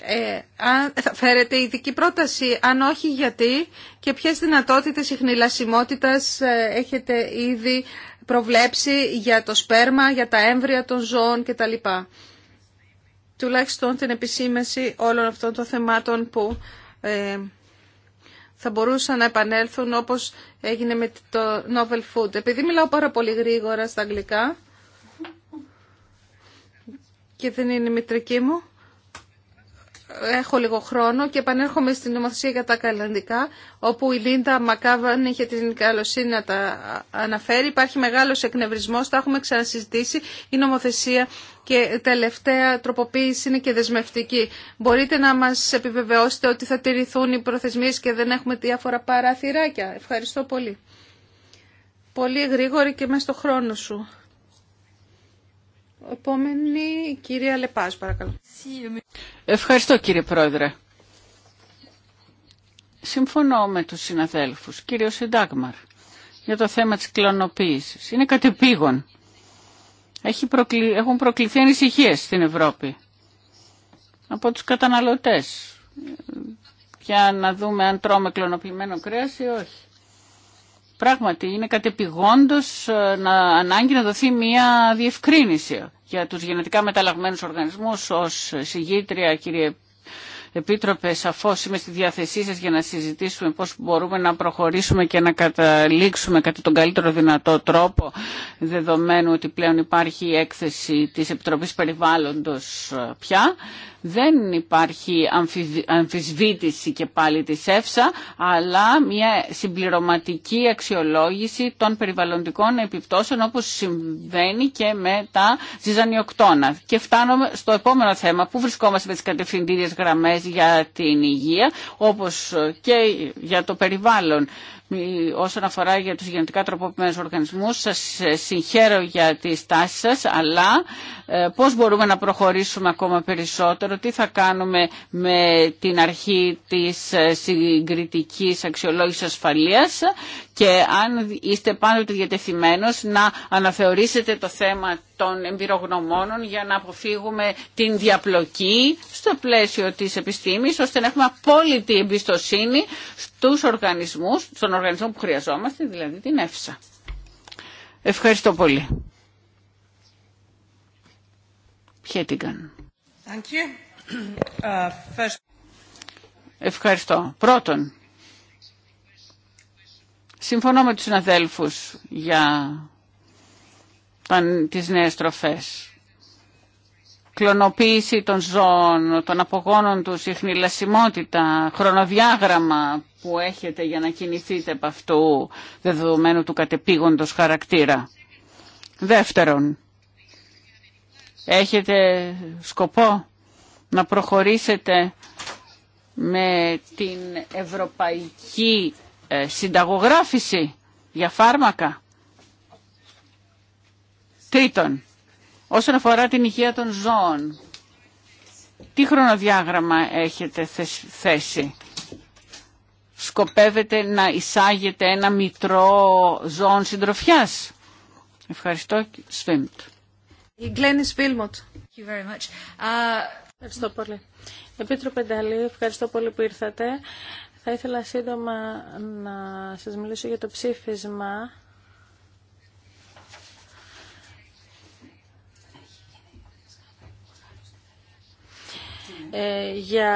Ε, αν θα φέρετε ειδική πρόταση, αν όχι γιατί και ποιες δυνατότητες ιχνηλασιμότητας ε, έχετε ήδη προβλέψει για το σπέρμα, για τα έμβρια των ζώων κτλ. Τουλάχιστον την επισήμεση όλων αυτών των θεμάτων που ε, θα μπορούσαν να επανέλθουν όπως έγινε με το Novel Food. Επειδή μιλάω πάρα πολύ γρήγορα στα αγγλικά και δεν είναι η μητρική μου, έχω λίγο χρόνο και επανέρχομαι στην νομοθεσία για τα καλλιντικά, όπου η Λίντα Μακάβαν είχε την καλοσύνη να τα αναφέρει. Υπάρχει μεγάλος εκνευρισμός, τα έχουμε ξανασυζητήσει. Η νομοθεσία και τελευταία τροποποίηση είναι και δεσμευτική. Μπορείτε να μας επιβεβαιώσετε ότι θα τηρηθούν οι προθεσμίες και δεν έχουμε διάφορα παραθυράκια. Ευχαριστώ πολύ. Πολύ γρήγορη και μέσα στο χρόνο σου. Επόμενη, κυρία Λεπάς, παρακαλώ. Ευχαριστώ κύριε Πρόεδρε. Συμφωνώ με τους συναδέλφους, κύριο Συντάγμαρ, για το θέμα της κλωνοποίησης. Είναι κατεπήγον. Έχει Έχουν προκληθεί ανησυχίε στην Ευρώπη από τους καταναλωτές για να δούμε αν τρώμε κλωνοποιημένο κρέας ή όχι. Πράγματι, είναι κατεπηγόντως ε, να, ανάγκη να δοθεί μια διευκρίνηση για τους γενετικά μεταλλαγμένους οργανισμούς ως συγγήτρια κύριε Επίτροπε, σαφώ είμαι στη διάθεσή σα για να συζητήσουμε πώς μπορούμε να προχωρήσουμε και να καταλήξουμε κατά τον καλύτερο δυνατό τρόπο, δεδομένου ότι πλέον υπάρχει η έκθεση τη Επιτροπής Περιβάλλοντος πια. Δεν υπάρχει αμφισβήτηση και πάλι της ΕΦΣΑ, αλλά μια συμπληρωματική αξιολόγηση των περιβαλλοντικών επιπτώσεων όπως συμβαίνει και με τα ζυζανιοκτώνα. Και φτάνουμε στο επόμενο θέμα που βρισκόμαστε με τις κατευθυντήριες γραμμές για την υγεία όπως και για το περιβάλλον όσον αφορά για τους γενετικά τροποποιημένους οργανισμούς. Σας συγχαίρω για τη στάση σας, αλλά ε, πώς μπορούμε να προχωρήσουμε ακόμα περισσότερο, τι θα κάνουμε με την αρχή της ε, συγκριτικής αξιολόγησης ασφαλείας και αν είστε πάντοτε διατεθειμένος να αναθεωρήσετε το θέμα των εμπειρογνωμόνων για να αποφύγουμε την διαπλοκή στο πλαίσιο της επιστήμης ώστε να έχουμε απόλυτη εμπιστοσύνη στους οργανισμούς, στον οργανισμό που χρειαζόμαστε, δηλαδή την ΕΦΣΑ. Ευχαριστώ πολύ. Uh, Ευχαριστώ. Πρώτον, Συμφωνώ με τους συναδέλφους για τις νέες τροφές. Κλωνοποίηση των ζώων, των απογόνων του η χνηλασιμότητα, χρονοδιάγραμμα που έχετε για να κινηθείτε από αυτού δεδομένου του κατεπήγοντος χαρακτήρα. Δεύτερον, έχετε σκοπό να προχωρήσετε με την ευρωπαϊκή ε, συνταγογράφηση για φάρμακα. Τρίτον, όσον αφορά την υγεία των ζώων, τι χρονοδιάγραμμα έχετε θέσει. Σκοπεύετε να εισάγετε ένα μητρό ζώων συντροφιάς. Ευχαριστώ, Σφίμπτ. Η uh, Ευχαριστώ πολύ. Επίτροπε Νταλή, ευχαριστώ πολύ που ήρθατε. Θα ήθελα σύντομα να σας μιλήσω για το ψήφισμα Ε, για,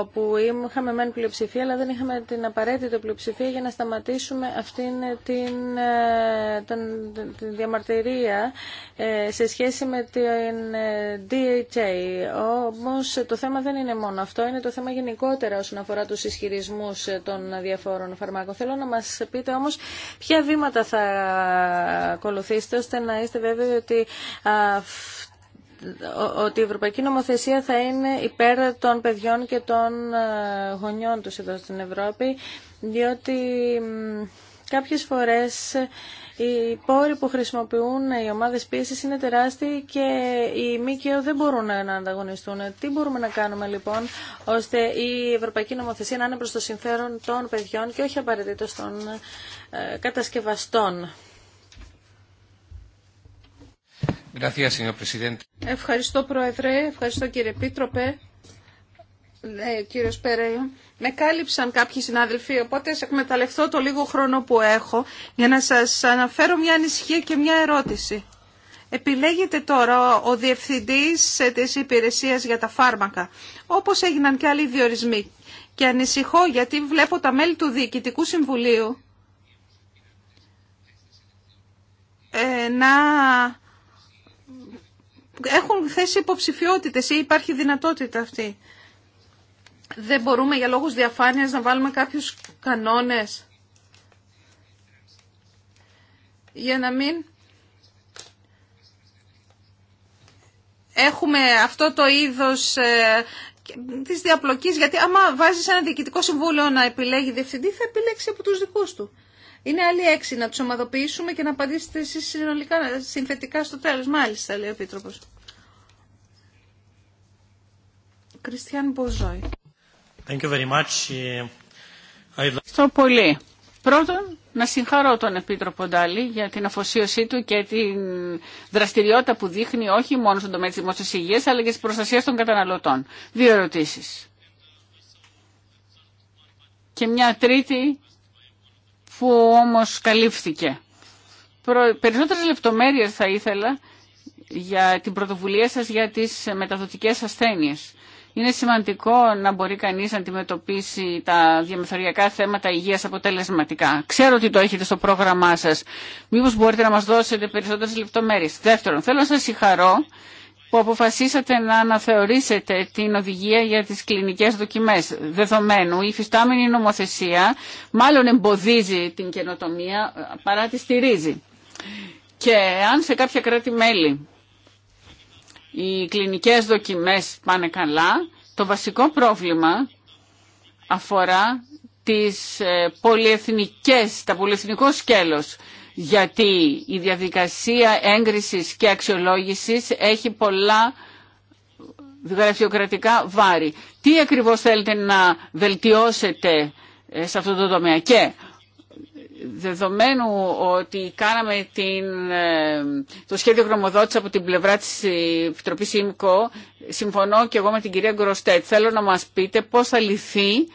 όπου είχαμε μεν πλειοψηφία αλλά δεν είχαμε την απαραίτητη πλειοψηφία για να σταματήσουμε αυτήν την, ε, την διαμαρτυρία ε, σε σχέση με την DHA. Όμως το θέμα δεν είναι μόνο αυτό, είναι το θέμα γενικότερα όσον αφορά τους ισχυρισμούς των διαφόρων φαρμάκων. Θέλω να μας πείτε όμως ποια βήματα θα ακολουθήσετε ώστε να είστε βέβαιοι ότι ότι η Ευρωπαϊκή Νομοθεσία θα είναι υπέρ των παιδιών και των ε, γονιών τους εδώ στην Ευρώπη, διότι κάποιες φορές οι πόροι που χρησιμοποιούν οι ομάδες πίεσης είναι τεράστιοι και οι ΜΚΟ δεν μπορούν να ανταγωνιστούν. Τι μπορούμε να κάνουμε λοιπόν ώστε η Ευρωπαϊκή Νομοθεσία να είναι προς το συμφέρον των παιδιών και όχι απαραίτητο των ε, κατασκευαστών. Ευχαριστώ Πρόεδρε, ευχαριστώ κύριε Πίτροπε. κύριο ε, κύριος Περέιο. Με κάλυψαν κάποιοι συνάδελφοι, οπότε σε εκμεταλλευτώ το λίγο χρόνο που έχω για να σας αναφέρω μια ανησυχία και μια ερώτηση. Επιλέγεται τώρα ο διευθυντής της υπηρεσίας για τα φάρμακα, όπως έγιναν και άλλοι διορισμοί. Και ανησυχώ γιατί βλέπω τα μέλη του Διοικητικού Συμβουλίου ε, να έχουν θέσει υποψηφιότητες ή υπάρχει δυνατότητα αυτή. Δεν μπορούμε για λόγους διαφάνειας να βάλουμε κάποιους κανόνες για να μην έχουμε αυτό το είδος ε, της διαπλοκής, γιατί άμα βάζεις ένα διοικητικό συμβούλιο να επιλέγει διευθυντή, θα επιλέξει από τους δικούς του. Είναι άλλοι έξι να του ομαδοποιήσουμε και να απαντήσετε εσεί συνολικά, συνθετικά στο τέλο. Μάλιστα, λέει ο Επίτροπο. Κριστιαν Μποζόη. Ε, Ευχαριστώ πολύ. Πρώτον, να συγχαρώ τον Επίτροπο Ντάλι για την αφοσίωσή του και την δραστηριότητα που δείχνει όχι μόνο στον τομέα της δημόσια υγεία, αλλά και τη προστασία των καταναλωτών. Δύο ερωτήσει. Και μια τρίτη που όμως καλύφθηκε. Περισσότερες λεπτομέρειες θα ήθελα για την πρωτοβουλία σας για τις μεταδοτικές ασθένειες. Είναι σημαντικό να μπορεί κανείς να αντιμετωπίσει τα διαμεθοριακά θέματα υγείας αποτελεσματικά. Ξέρω ότι το έχετε στο πρόγραμμά σας. Μήπως μπορείτε να μας δώσετε περισσότερες λεπτομέρειες. Δεύτερον, θέλω να σας συγχαρώ που αποφασίσατε να αναθεωρήσετε την οδηγία για τις κλινικές δοκιμές. Δεδομένου, η φυστάμενη νομοθεσία μάλλον εμποδίζει την καινοτομία παρά τη στηρίζει. Και αν σε κάποια κράτη-μέλη οι κλινικές δοκιμές πάνε καλά, το βασικό πρόβλημα αφορά τις ε, πολυεθνικές, τα πολυεθνικό σκέλος γιατί η διαδικασία έγκρισης και αξιολόγησης έχει πολλά γραφειοκρατικά βάρη. Τι ακριβώς θέλετε να βελτιώσετε ε, σε αυτό το τομέα και δεδομένου ότι κάναμε την, ε, το σχέδιο γνωμοδότηση από την πλευρά της Επιτροπής συμφωνώ και εγώ με την κυρία Γκροστέτ. Θέλω να μας πείτε πώς θα λυθεί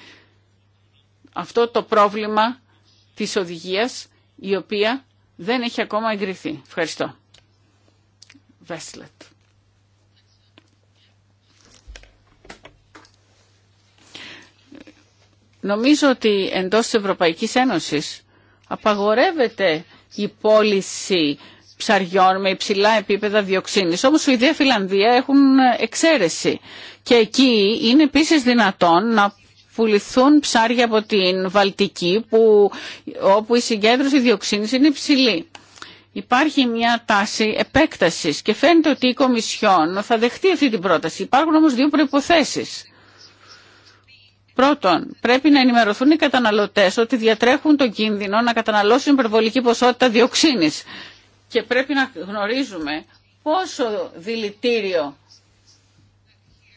αυτό το πρόβλημα της οδηγίας η οποία δεν έχει ακόμα εγκριθεί. Ευχαριστώ. Βέσλετ. Νομίζω ότι εντός της Ευρωπαϊκής Ένωσης απαγορεύεται η πώληση ψαριών με υψηλά επίπεδα διοξίνης. Όμως η και Φιλανδία έχουν εξαίρεση. Και εκεί είναι επίσης δυνατόν να πουληθούν ψάρια από την Βαλτική που, όπου η συγκέντρωση διοξίνης είναι υψηλή. Υπάρχει μια τάση επέκτασης και φαίνεται ότι η Κομισιόν θα δεχτεί αυτή την πρόταση. Υπάρχουν όμως δύο προϋποθέσεις. Πρώτον, πρέπει να ενημερωθούν οι καταναλωτές ότι διατρέχουν τον κίνδυνο να καταναλώσουν υπερβολική ποσότητα διοξίνης. Και πρέπει να γνωρίζουμε πόσο δηλητήριο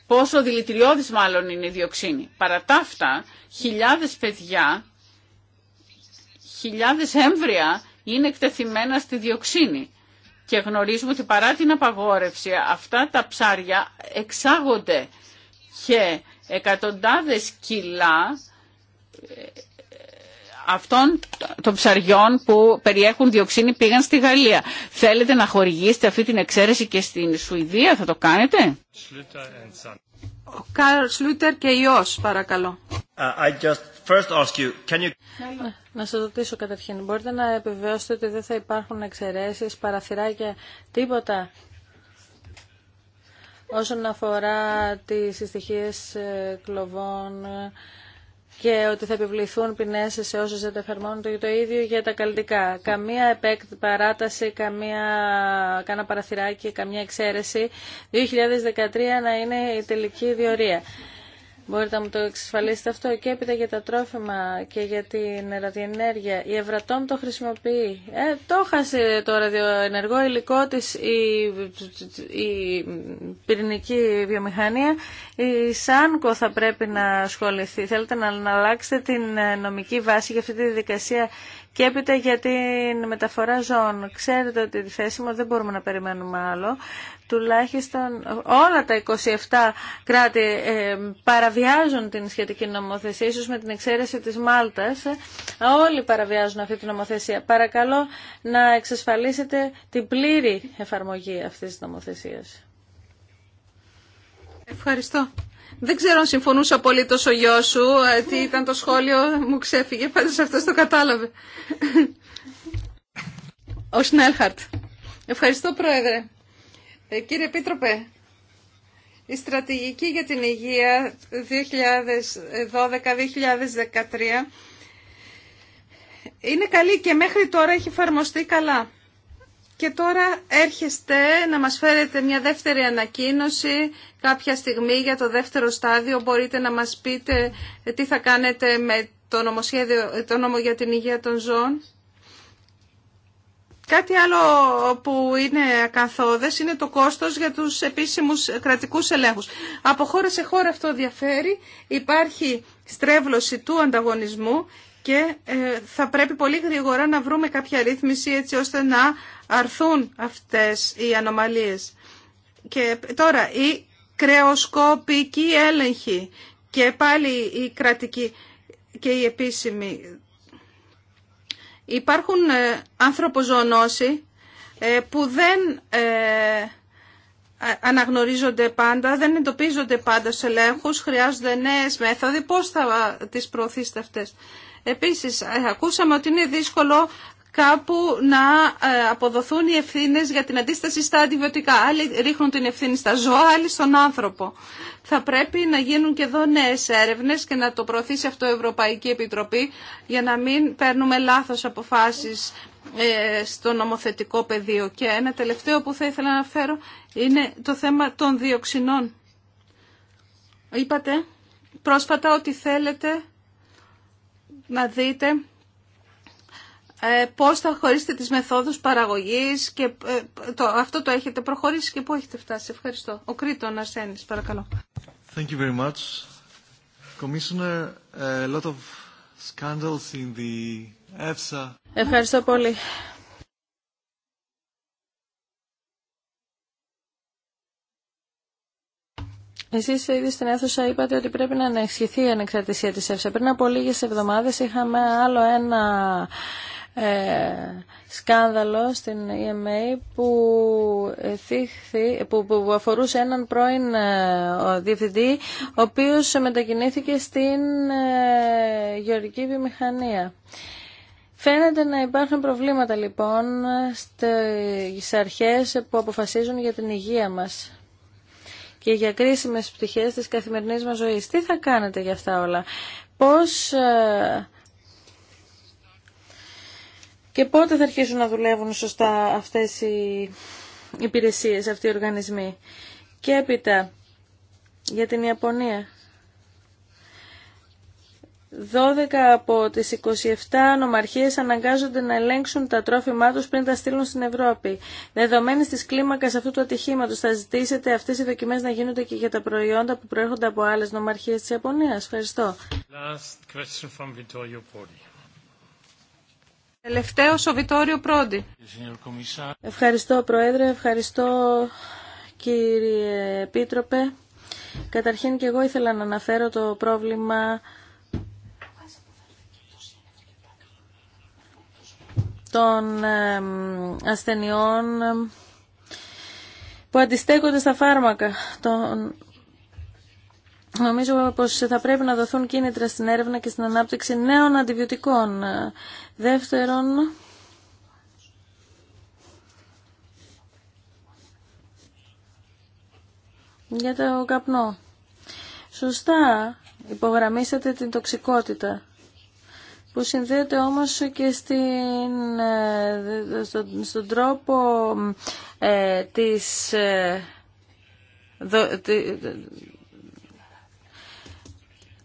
πόσο δηλητηριώδης μάλλον είναι η διοξίνη. Παρά τα αυτά, χιλιάδες παιδιά, χιλιάδες έμβρια είναι εκτεθειμένα στη διοξίνη. Και γνωρίζουμε ότι παρά την απαγόρευση αυτά τα ψάρια εξάγονται και εκατοντάδες κιλά ε, αυτών των ψαριών που περιέχουν διοξίνη πήγαν στη Γαλλία. Θέλετε να χορηγήσετε αυτή την εξαίρεση και στην Σουηδία, θα το κάνετε. Ο Καρλ Σλούτερ και Ιώσ, παρακαλώ. Uh, να σας ρωτήσω καταρχήν, μπορείτε να επιβεβαιώσετε ότι δεν θα υπάρχουν εξαιρέσεις, παραθυράκια, τίποτα όσον αφορά τις συστοιχίες ε, κλοβών, και ότι θα επιβληθούν ποινέ σε όσους δεν το εφαρμόνουν το, ίδιο για τα καλλιτικά. Καμία παράταση, καμία, κάνα παραθυράκι, καμία εξαίρεση. 2013 να είναι η τελική διορία. Μπορείτε να μου το εξασφαλίσετε αυτό και έπειτα για τα τρόφιμα και για την ραδιενέργεια. Η Ευρατόμ το χρησιμοποιεί. Ε, το χάσει το ραδιοενεργό υλικό της η, η πυρηνική βιομηχανία. Η ΣΑΝΚΟ θα πρέπει να ασχοληθεί. Θέλετε να, να αλλάξετε την νομική βάση για αυτή τη δικασία και έπειτα για την μεταφορά ζώων. Ξέρετε ότι τη θέση δεν μπορούμε να περιμένουμε άλλο. Τουλάχιστον όλα τα 27 κράτη ε, παραβιάζουν την σχετική νομοθεσία, ίσως με την εξαίρεση της Μάλτας. Όλοι παραβιάζουν αυτή τη νομοθεσία. Παρακαλώ να εξασφαλίσετε την πλήρη εφαρμογή αυτής της νομοθεσίας. Ευχαριστώ. Δεν ξέρω αν συμφωνούσε απολύτω ο γιο σου. Ε, τι ήταν το σχόλιο, μου ξέφυγε. Πάντω αυτό το κατάλαβε. Ο Σνέλχαρτ. Ευχαριστώ, Πρόεδρε. Ε, κύριε Επίτροπε, η στρατηγική για την υγεία 2012-2013 είναι καλή και μέχρι τώρα έχει εφαρμοστεί καλά. Και τώρα έρχεστε να μας φέρετε μια δεύτερη ανακοίνωση κάποια στιγμή για το δεύτερο στάδιο. Μπορείτε να μας πείτε τι θα κάνετε με το, νομοσχέδιο, το νόμο για την υγεία των ζώων. Κάτι άλλο που είναι ακαθόδες είναι το κόστος για τους επίσημους κρατικούς ελέγχους. Από χώρα σε χώρα αυτό διαφέρει. Υπάρχει στρέβλωση του ανταγωνισμού και ε, θα πρέπει πολύ γρήγορα να βρούμε κάποια ρύθμιση έτσι ώστε να αρθούν αυτές οι ανομαλίες. Και τώρα η κρεοσκοπική έλεγχη και πάλι η κρατική και η επίσημη. Υπάρχουν ε, ζωνώσει ε, που δεν αναγνωρίζονται πάντα, δεν εντοπίζονται πάντα σε ελέγχους, χρειάζονται νέες μέθοδοι. Πώς θα τις προωθήσετε αυτές. Επίσης, ε, ακούσαμε ότι είναι δύσκολο κάπου να ε, αποδοθούν οι ευθύνε για την αντίσταση στα αντιβιωτικά. Άλλοι ρίχνουν την ευθύνη στα ζώα, άλλοι στον άνθρωπο. Θα πρέπει να γίνουν και εδώ νέε έρευνε και να το προωθήσει αυτό η Ευρωπαϊκή Επιτροπή για να μην παίρνουμε λάθο αποφάσει ε, στο νομοθετικό πεδίο. Και ένα τελευταίο που θα ήθελα να αναφέρω είναι το θέμα των διοξινών. Είπατε πρόσφατα ότι θέλετε να δείτε ε, πώς θα χωρίσετε τις μεθόδους παραγωγής και ε, το, αυτό το έχετε προχωρήσει και πού έχετε φτάσει. Ευχαριστώ. Ο Κρήτον Αρσένης, παρακαλώ. Thank you very much. a lot of scandals in the EFSA. Ευχαριστώ πολύ. Εσείς ήδη στην αίθουσα είπατε ότι πρέπει να ανεξηγηθεί η ανεξαρτησία της ΕΦΣΑ. Πριν από λίγες εβδομάδες είχαμε άλλο ένα ε, σκάνδαλο στην EMA που, θύχθη, που, που, αφορούσε έναν πρώην ε, ο διευθυντή ο οποίος μετακινήθηκε στην ε, γεωργική βιομηχανία. Φαίνεται να υπάρχουν προβλήματα λοιπόν στις αρχές που αποφασίζουν για την υγεία μας και για κρίσιμες πτυχές της καθημερινής μας ζωής. Τι θα κάνετε για αυτά όλα. Πώς... Ε, και πότε θα αρχίσουν να δουλεύουν σωστά αυτές οι υπηρεσίες, αυτοί οι οργανισμοί. Και έπειτα, για την Ιαπωνία. 12 από τις 27 νομαρχίες αναγκάζονται να ελέγξουν τα τρόφιμά τους πριν τα στείλουν στην Ευρώπη. Δεδομένη της κλίμακας αυτού του ατυχήματος, θα ζητήσετε αυτές οι δοκιμές να γίνονται και για τα προϊόντα που προέρχονται από άλλες νομαρχίες της Ιαπωνίας. Ευχαριστώ. Last ο Βιτόριο Πρόντι. Ευχαριστώ Πρόεδρε, ευχαριστώ κύριε Επίτροπε. Καταρχήν και εγώ ήθελα να αναφέρω το πρόβλημα των ασθενειών που αντιστέκονται στα φάρμακα. Το Νομίζω πως θα πρέπει να δοθούν κίνητρα στην έρευνα και στην ανάπτυξη νέων αντιβιωτικών. Δεύτερον, για το καπνό. Σωστά υπογραμμίσατε την τοξικότητα που συνδέεται όμως και στην, ε, στο, στον τρόπο ε, της... Ε, τη,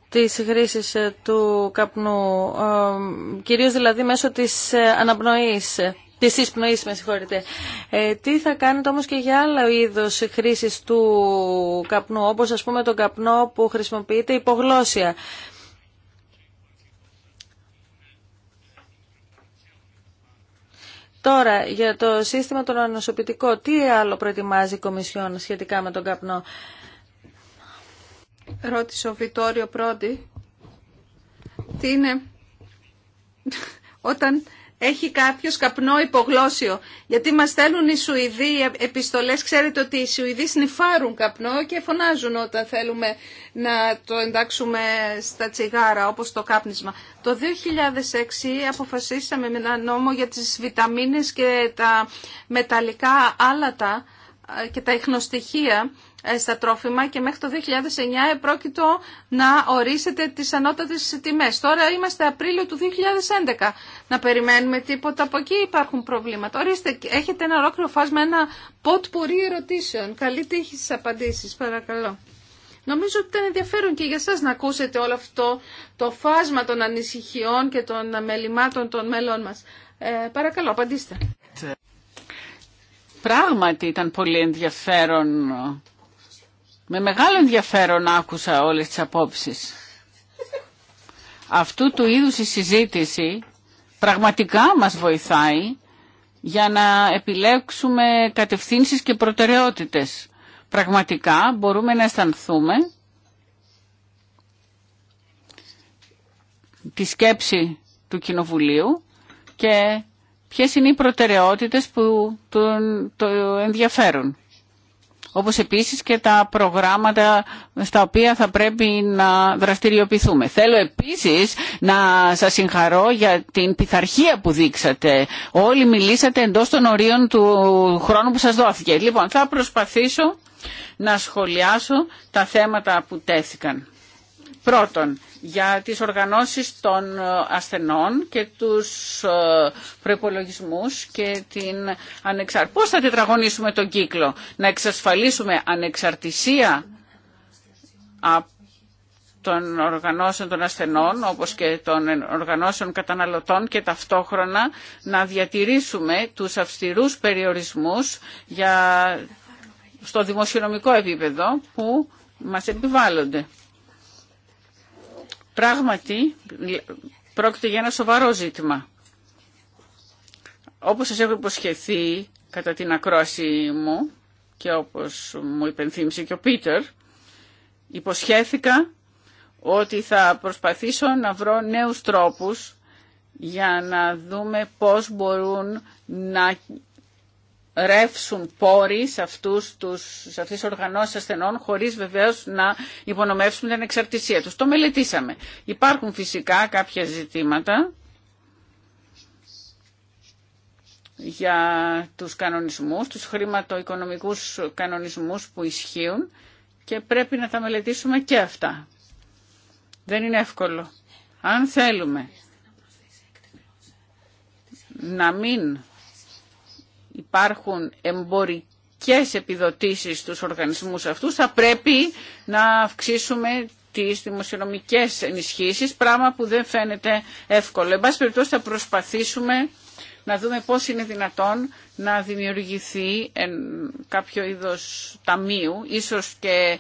της χρήσης του καπνού, κυρίως δηλαδή μέσω της αναπνοής, της εισπνοής, με συγχωρείτε. τι θα κάνετε όμως και για άλλα είδο χρήσης του καπνού, όπως ας πούμε τον καπνό που χρησιμοποιείται υπογλώσια. Τώρα, για το σύστημα των ανοσοποιητικών, τι άλλο προετοιμάζει η Κομισιόν σχετικά με τον καπνό. Ρώτησε ο Βιτόριο Πρόντι. Τι είναι όταν έχει κάποιο καπνό υπογλώσιο. Γιατί μα στέλνουν οι Σουηδοί επιστολέ. Ξέρετε ότι οι Σουηδοί σνιφάρουν καπνό και φωνάζουν όταν θέλουμε να το εντάξουμε στα τσιγάρα, όπω το κάπνισμα. Το 2006 αποφασίσαμε με ένα νόμο για τι βιταμίνε και τα μεταλλικά άλατα ε, και τα ιχνοστοιχεία ε, στα τρόφιμα και μέχρι το 2009 επρόκειτο να ορίσετε τις ανώτατες τιμές. Τώρα είμαστε Απρίλιο του 2011. Να περιμένουμε τίποτα από εκεί υπάρχουν προβλήματα. Ορίστε, έχετε ένα ολόκληρο φάσμα, ένα ποτ πουρί ερωτήσεων. Καλή τύχη στις απαντήσεις, παρακαλώ. Νομίζω ότι ήταν ενδιαφέρον και για σας να ακούσετε όλο αυτό το φάσμα των ανησυχιών και των μελημάτων των μέλων μας. Ε, παρακαλώ, απαντήστε. Πράγματι ήταν πολύ ενδιαφέρον με μεγάλο ενδιαφέρον άκουσα όλες τις απόψεις. Αυτού του είδους η συζήτηση πραγματικά μας βοηθάει για να επιλέξουμε κατευθύνσεις και προτεραιότητες. Πραγματικά μπορούμε να αισθανθούμε τη σκέψη του Κοινοβουλίου και ποιες είναι οι προτεραιότητες που τον, το ενδιαφέρουν όπως επίσης και τα προγράμματα στα οποία θα πρέπει να δραστηριοποιηθούμε. Θέλω επίσης να σας συγχαρώ για την πειθαρχία που δείξατε. Όλοι μιλήσατε εντός των ορίων του χρόνου που σας δόθηκε. Λοιπόν, θα προσπαθήσω να σχολιάσω τα θέματα που τέθηκαν. Πρώτον, για τις οργανώσεις των ε, ασθενών και τους ε, προπολογισμού και την ανεξαρτησία. Πώς θα τετραγωνίσουμε τον κύκλο, να εξασφαλίσουμε ανεξαρτησία από των οργανώσεων των ασθενών όπως και των οργανώσεων καταναλωτών και ταυτόχρονα να διατηρήσουμε τους αυστηρούς περιορισμούς για... στο δημοσιονομικό επίπεδο που μας επιβάλλονται. Πράγματι, πρόκειται για ένα σοβαρό ζήτημα. Όπως σας έχω υποσχεθεί κατά την ακρόαση μου και όπως μου υπενθύμησε και ο Πίτερ, υποσχέθηκα ότι θα προσπαθήσω να βρω νέους τρόπους για να δούμε πώς μπορούν να ρεύσουν πόροι σε, αυτούς τους, σε αυτές τις οργανώσεις ασθενών χωρίς βεβαίως να υπονομεύσουμε την εξαρτησία τους. Το μελετήσαμε. Υπάρχουν φυσικά κάποια ζητήματα για τους κανονισμούς, τους χρηματοοικονομικούς κανονισμούς που ισχύουν και πρέπει να τα μελετήσουμε και αυτά. Δεν είναι εύκολο. Αν θέλουμε να μην υπάρχουν εμπορικές επιδοτήσεις στους οργανισμούς αυτούς, θα πρέπει να αυξήσουμε τις δημοσιονομικές ενισχύσεις, πράγμα που δεν φαίνεται εύκολο. Εν πάση περιπτώσει θα προσπαθήσουμε να δούμε πώς είναι δυνατόν να δημιουργηθεί κάποιο είδος ταμείου, ίσως και ε,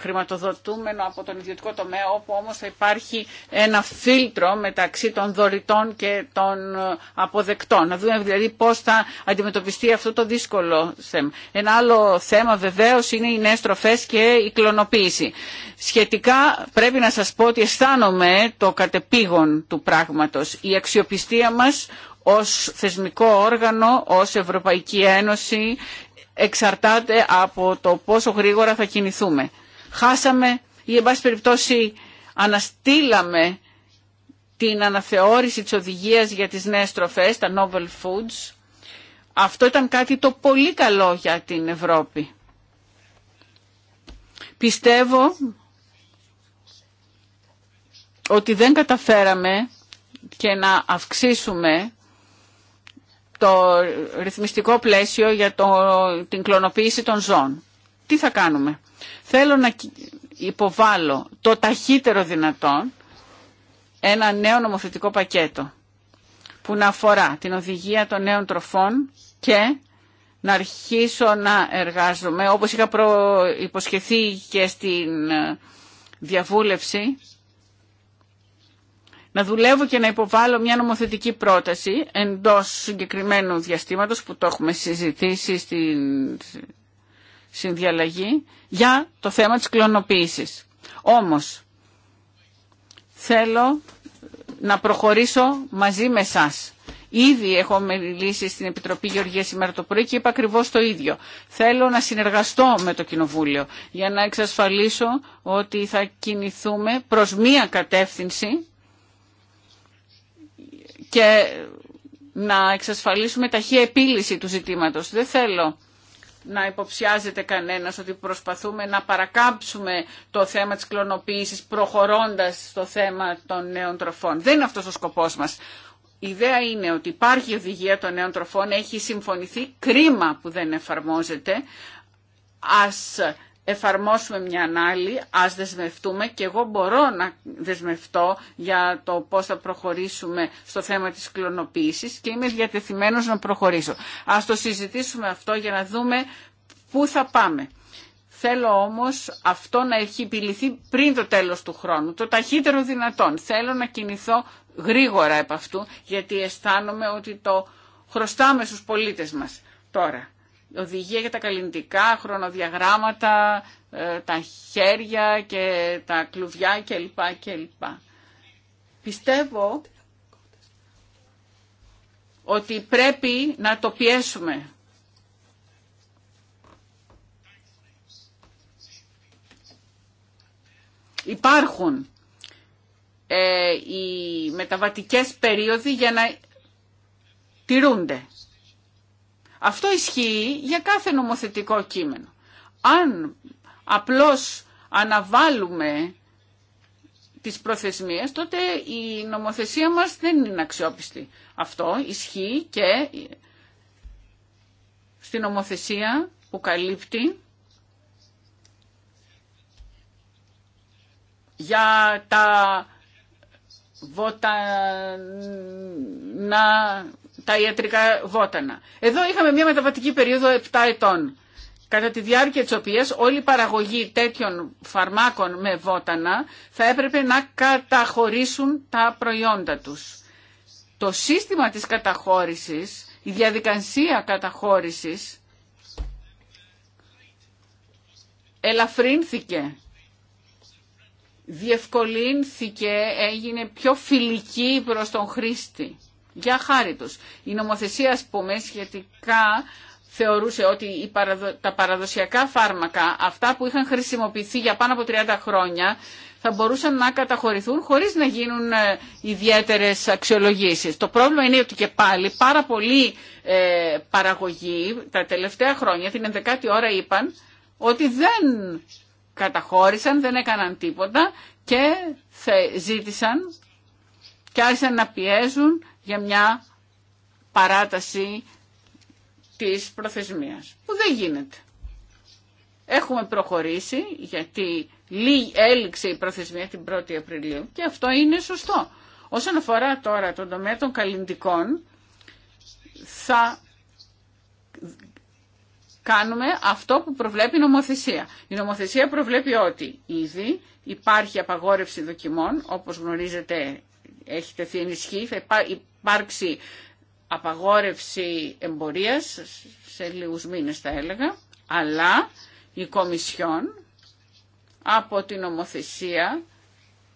χρηματοδοτούμενο από τον ιδιωτικό τομέα, όπου όμως θα υπάρχει ένα φίλτρο μεταξύ των δωρητών και των ε, αποδεκτών. Να δούμε δηλαδή πώς θα αντιμετωπιστεί αυτό το δύσκολο θέμα. Ένα άλλο θέμα βεβαίως είναι οι νέες τροφές και η κλωνοποίηση. Σχετικά πρέπει να σας πω ότι αισθάνομαι το κατεπήγον του πράγματος. Η αξιοπιστία μας ως θεσμικό όργανο, ως Ευρωπαϊκή Ένωση εξαρτάται από το πόσο γρήγορα θα κινηθούμε. Χάσαμε ή εν πάση περιπτώσει αναστήλαμε την αναθεώρηση της οδηγίας για τις νέες τροφές, τα novel foods. Αυτό ήταν κάτι το πολύ καλό για την Ευρώπη. Πιστεύω ότι δεν καταφέραμε και να αυξήσουμε το ρυθμιστικό πλαίσιο για το, την κλωνοποίηση των ζώων. Τι θα κάνουμε. Θέλω να υποβάλω το ταχύτερο δυνατόν ένα νέο νομοθετικό πακέτο που να αφορά την οδηγία των νέων τροφών και να αρχίσω να εργάζομαι, όπως είχα προ... υποσχεθεί και στην ε, διαβούλευση, να δουλεύω και να υποβάλω μια νομοθετική πρόταση εντός συγκεκριμένου διαστήματος που το έχουμε συζητήσει στην συνδιαλλαγή για το θέμα της κλωνοποίησης. Όμως, θέλω να προχωρήσω μαζί με σας. Ήδη έχω μιλήσει στην Επιτροπή Γεωργία σήμερα το πρωί και είπα ακριβώ το ίδιο. Θέλω να συνεργαστώ με το Κοινοβούλιο για να εξασφαλίσω ότι θα κινηθούμε προς μία κατεύθυνση και να εξασφαλίσουμε ταχεία επίλυση του ζητήματος. Δεν θέλω να υποψιάζεται κανένας ότι προσπαθούμε να παρακάψουμε το θέμα της κλωνοποίησης προχωρώντας στο θέμα των νέων τροφών. Δεν είναι αυτός ο σκοπός μας. Η ιδέα είναι ότι υπάρχει οδηγία των νέων τροφών, έχει συμφωνηθεί, κρίμα που δεν εφαρμόζεται. Ας εφαρμόσουμε μια ανάλυση, ας δεσμευτούμε και εγώ μπορώ να δεσμευτώ για το πώς θα προχωρήσουμε στο θέμα της κλωνοποίησης και είμαι διατεθειμένος να προχωρήσω. Ας το συζητήσουμε αυτό για να δούμε πού θα πάμε. Θέλω όμως αυτό να έχει επιληθεί πριν το τέλος του χρόνου, το ταχύτερο δυνατόν. Θέλω να κινηθώ γρήγορα επ' αυτού, γιατί αισθάνομαι ότι το χρωστάμε στους πολίτες μας τώρα οδηγία για τα καλλιντικά, χρονοδιαγράμματα, ε, τα χέρια και τα κλουβιά κλπ. Πιστεύω ότι πρέπει να το πιέσουμε. Υπάρχουν ε, οι μεταβατικές περίοδοι για να τηρούνται. Αυτό ισχύει για κάθε νομοθετικό κείμενο. Αν απλώς αναβάλουμε τις προθεσμίες, τότε η νομοθεσία μας δεν είναι αξιόπιστη. Αυτό ισχύει και στην νομοθεσία που καλύπτει για τα βοτανά τα ιατρικά βότανα. Εδώ είχαμε μια μεταβατική περίοδο 7 ετών, κατά τη διάρκεια της οποίας όλη η παραγωγή τέτοιων φαρμάκων με βότανα θα έπρεπε να καταχωρήσουν τα προϊόντα τους. Το σύστημα της καταχώρησης, η διαδικασία καταχώρησης, ελαφρύνθηκε, διευκολύνθηκε, έγινε πιο φιλική προς τον χρήστη για χάρη τους. Η νομοθεσία, ας πούμε, σχετικά θεωρούσε ότι τα παραδοσιακά φάρμακα, αυτά που είχαν χρησιμοποιηθεί για πάνω από 30 χρόνια, θα μπορούσαν να καταχωρηθούν χωρίς να γίνουν ε, ιδιαίτερες αξιολογήσεις. Το πρόβλημα είναι ότι και πάλι πάρα πολλοί ε, παραγωγοί τα τελευταία χρόνια, την 11η ώρα είπαν ότι δεν καταχώρησαν, δεν έκαναν τίποτα και ζήτησαν και άρχισαν να πιέζουν για μια παράταση της προθεσμίας, που δεν γίνεται. Έχουμε προχωρήσει γιατί έληξε η προθεσμία την 1η Απριλίου και αυτό είναι σωστό. Όσον αφορά τώρα τον τομέα των καλλιντικών, θα κάνουμε αυτό που προβλέπει η νομοθεσία. Η νομοθεσία προβλέπει ότι ήδη υπάρχει απαγόρευση δοκιμών, όπως γνωρίζετε έχει τεθεί ενισχύ, θα υπάρξει απαγόρευση εμπορίας, σε λίγους μήνες θα έλεγα, αλλά η Κομισιόν από την νομοθεσία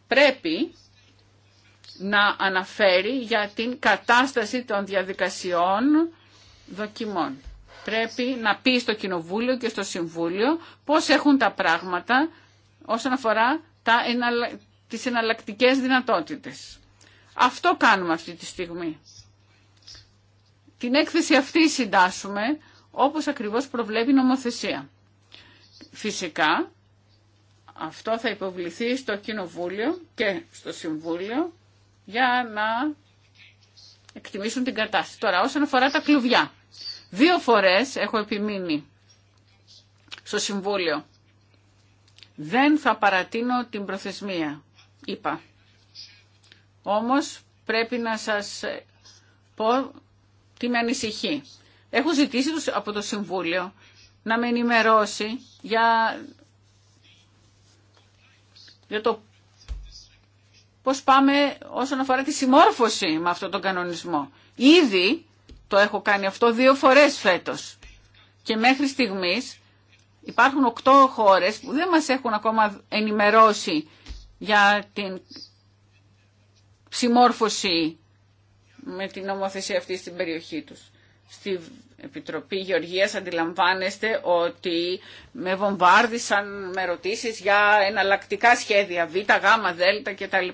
πρέπει να αναφέρει για την κατάσταση των διαδικασιών δοκιμών. Πρέπει να πει στο Κοινοβούλιο και στο Συμβούλιο πώς έχουν τα πράγματα όσον αφορά τα, τις εναλλακτικές δυνατότητες. Αυτό κάνουμε αυτή τη στιγμή. Την έκθεση αυτή συντάσσουμε όπως ακριβώς προβλέπει η νομοθεσία. Φυσικά, αυτό θα υποβληθεί στο Κοινοβούλιο και στο Συμβούλιο για να εκτιμήσουν την κατάσταση. Τώρα, όσον αφορά τα κλουβιά, δύο φορές έχω επιμείνει στο Συμβούλιο. Δεν θα παρατείνω την προθεσμία, είπα. Όμως πρέπει να σας πω τι με ανησυχεί. Έχω ζητήσει από το Συμβούλιο να με ενημερώσει για, για το πώς πάμε όσον αφορά τη συμμόρφωση με αυτόν τον κανονισμό. Ήδη το έχω κάνει αυτό δύο φορές φέτος. Και μέχρι στιγμής υπάρχουν οκτώ χώρες που δεν μας έχουν ακόμα ενημερώσει για την συμμόρφωση με την νομοθεσία αυτή στην περιοχή τους. Στη Επιτροπή Γεωργίας αντιλαμβάνεστε ότι με βομβάρδισαν με ρωτήσεις για εναλλακτικά σχέδια Β, Γ, Δ κτλ.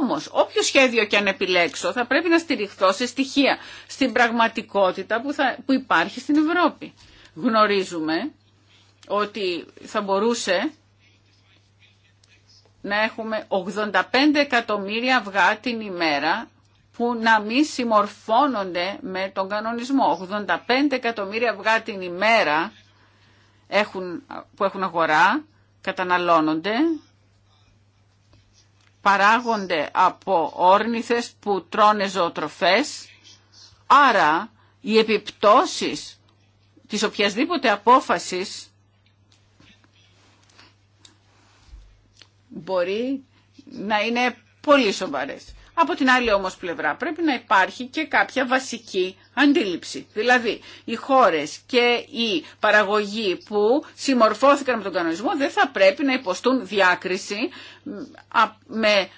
Όμως, όποιο σχέδιο και αν επιλέξω θα πρέπει να στηριχθώ σε στοιχεία, στην πραγματικότητα που, που υπάρχει στην Ευρώπη. Γνωρίζουμε ότι θα μπορούσε να έχουμε 85 εκατομμύρια αυγά την ημέρα που να μην συμμορφώνονται με τον κανονισμό. 85 εκατομμύρια αυγά την ημέρα έχουν, που έχουν αγορά, καταναλώνονται, παράγονται από όρνηθες που τρώνε ζωοτροφές, άρα οι επιπτώσεις της οποιασδήποτε απόφασης μπορεί να είναι πολύ σοβαρές. Από την άλλη όμως πλευρά πρέπει να υπάρχει και κάποια βασική αντίληψη. Δηλαδή οι χώρες και οι παραγωγοί που συμμορφώθηκαν με τον κανονισμό δεν θα πρέπει να υποστούν διάκριση με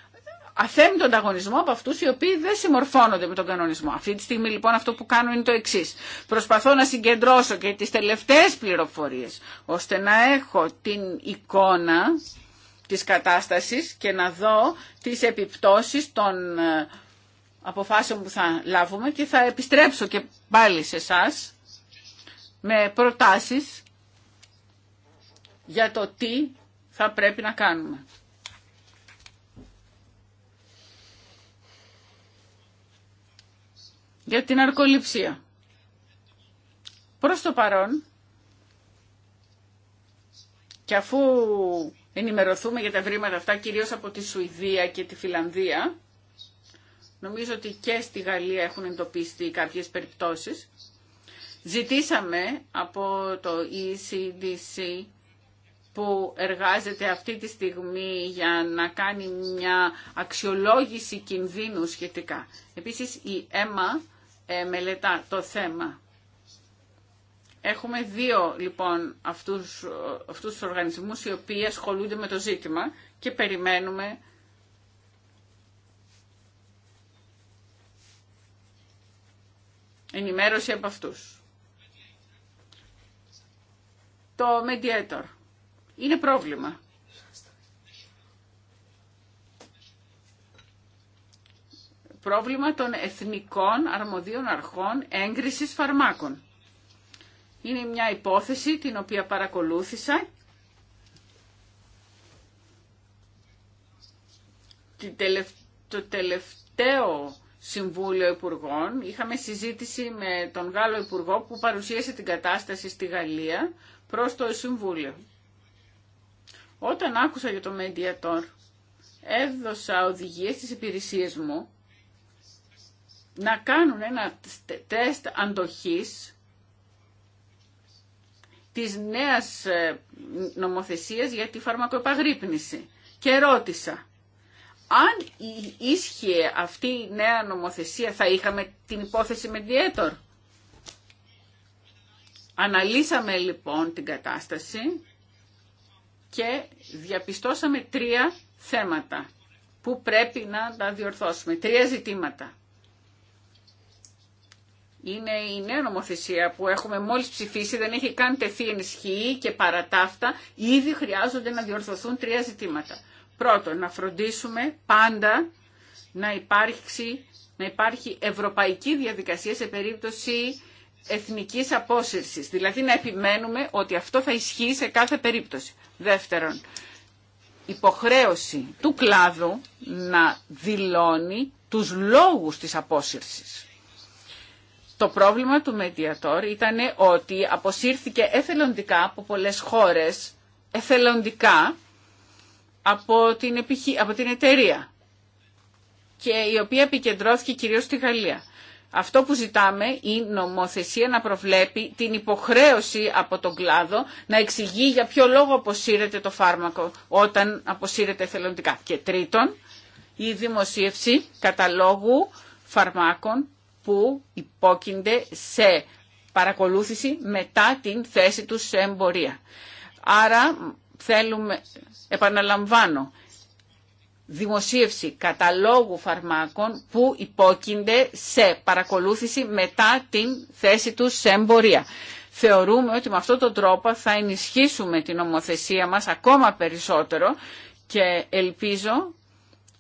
αθέμητο ανταγωνισμό από αυτού οι οποίοι δεν συμμορφώνονται με τον κανονισμό. Αυτή τη στιγμή λοιπόν αυτό που κάνω είναι το εξή. Προσπαθώ να συγκεντρώσω και τι τελευταίε πληροφορίε ώστε να έχω την εικόνα της κατάστασης και να δω τις επιπτώσεις των ε, αποφάσεων που θα λάβουμε και θα επιστρέψω και πάλι σε εσά με προτάσεις για το τι θα πρέπει να κάνουμε. Για την αρκοληψία. Προς το παρόν, και αφού ενημερωθούμε για τα βρήματα αυτά, κυρίως από τη Σουηδία και τη Φιλανδία. Νομίζω ότι και στη Γαλλία έχουν εντοπίσει κάποιες περιπτώσεις. Ζητήσαμε από το ECDC που εργάζεται αυτή τη στιγμή για να κάνει μια αξιολόγηση κινδύνου σχετικά. Επίσης η ΕΜΑ ε, μελετά το θέμα. Έχουμε δύο λοιπόν αυτούς, αυτούς τους οργανισμούς οι οποίοι ασχολούνται με το ζήτημα και περιμένουμε ενημέρωση από αυτούς. Το mediator είναι πρόβλημα. Πρόβλημα των εθνικών αρμοδίων αρχών έγκρισης φαρμάκων. Είναι μια υπόθεση την οποία παρακολούθησα το τελευταίο Συμβούλιο Υπουργών είχαμε συζήτηση με τον Γάλλο Υπουργό που παρουσίασε την κατάσταση στη Γαλλία προς το Συμβούλιο. Όταν άκουσα για το Μεντιατόρ έδωσα οδηγίες στις υπηρεσίες μου να κάνουν ένα τεστ αντοχής της νέας ε, νομοθεσίας για τη φαρμακοεπαγρύπνηση και ρώτησα αν ίσχυε αυτή η νέα νομοθεσία θα είχαμε την υπόθεση με διέτορ. Αναλύσαμε λοιπόν την κατάσταση και διαπιστώσαμε τρία θέματα που πρέπει να τα διορθώσουμε. Τρία ζητήματα είναι η νέα νομοθεσία που έχουμε μόλις ψηφίσει, δεν έχει καν τεθεί ενισχύει και παρά τα αυτά ήδη χρειάζονται να διορθωθούν τρία ζητήματα. Πρώτον, να φροντίσουμε πάντα να να υπάρχει ευρωπαϊκή διαδικασία σε περίπτωση εθνικής απόσυρσης. Δηλαδή να επιμένουμε ότι αυτό θα ισχύει σε κάθε περίπτωση. Δεύτερον, υποχρέωση του κλάδου να δηλώνει τους λόγους της απόσυρσης. Το πρόβλημα του Mediator ήταν ότι αποσύρθηκε εθελοντικά από πολλές χώρες, εθελοντικά, από την, επιχει... από την εταιρεία και η οποία επικεντρώθηκε κυρίως στη Γαλλία. Αυτό που ζητάμε η νομοθεσία να προβλέπει την υποχρέωση από τον κλάδο να εξηγεί για ποιο λόγο αποσύρεται το φάρμακο όταν αποσύρεται εθελοντικά. Και τρίτον, η δημοσίευση καταλόγου φαρμάκων που υπόκεινται σε παρακολούθηση μετά την θέση τους σε εμπορία. Άρα θέλουμε, επαναλαμβάνω, δημοσίευση καταλόγου φαρμάκων που υπόκεινται σε παρακολούθηση μετά την θέση τους σε εμπορία. Θεωρούμε ότι με αυτόν τον τρόπο θα ενισχύσουμε την ομοθεσία μας ακόμα περισσότερο και ελπίζω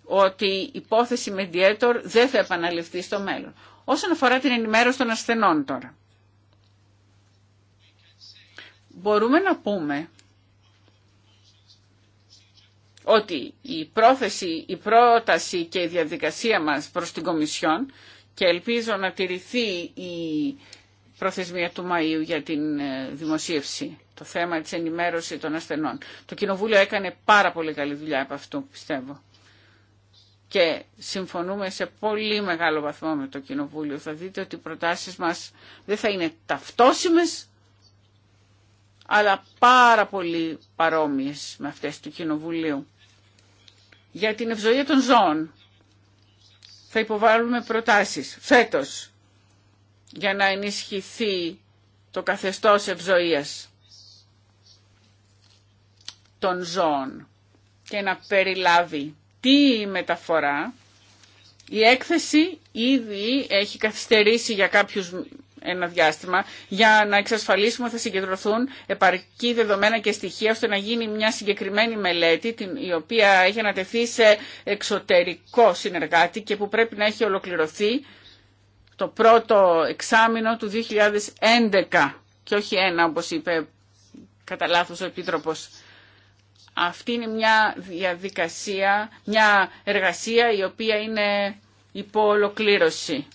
ότι η υπόθεση Mediator δεν θα επαναληφθεί στο μέλλον. Όσον αφορά την ενημέρωση των ασθενών τώρα. Μπορούμε να πούμε ότι η πρόθεση, η πρόταση και η διαδικασία μας προς την Κομισιόν και ελπίζω να τηρηθεί η προθεσμία του Μαΐου για την ε, δημοσίευση, το θέμα της ενημέρωσης των ασθενών. Το Κοινοβούλιο έκανε πάρα πολύ καλή δουλειά από αυτό, πιστεύω και συμφωνούμε σε πολύ μεγάλο βαθμό με το Κοινοβούλιο. Θα δείτε ότι οι προτάσεις μας δεν θα είναι ταυτόσιμες, αλλά πάρα πολύ παρόμοιες με αυτές του Κοινοβουλίου. Για την ευζοία των ζώων θα υποβάλουμε προτάσεις φέτος για να ενισχυθεί το καθεστώς ευζοίας των ζώων και να περιλάβει τι μεταφορά. Η έκθεση ήδη έχει καθυστερήσει για κάποιους ένα διάστημα για να εξασφαλίσουμε ότι θα συγκεντρωθούν επαρκή δεδομένα και στοιχεία ώστε να γίνει μια συγκεκριμένη μελέτη την, η οποία έχει ανατεθεί σε εξωτερικό συνεργάτη και που πρέπει να έχει ολοκληρωθεί το πρώτο εξάμεινο του 2011 και όχι ένα όπως είπε κατά λάθο ο Επίτροπος. Αυτή είναι μια διαδικασία, μια εργασία η οποία είναι υπό ολοκλήρωση.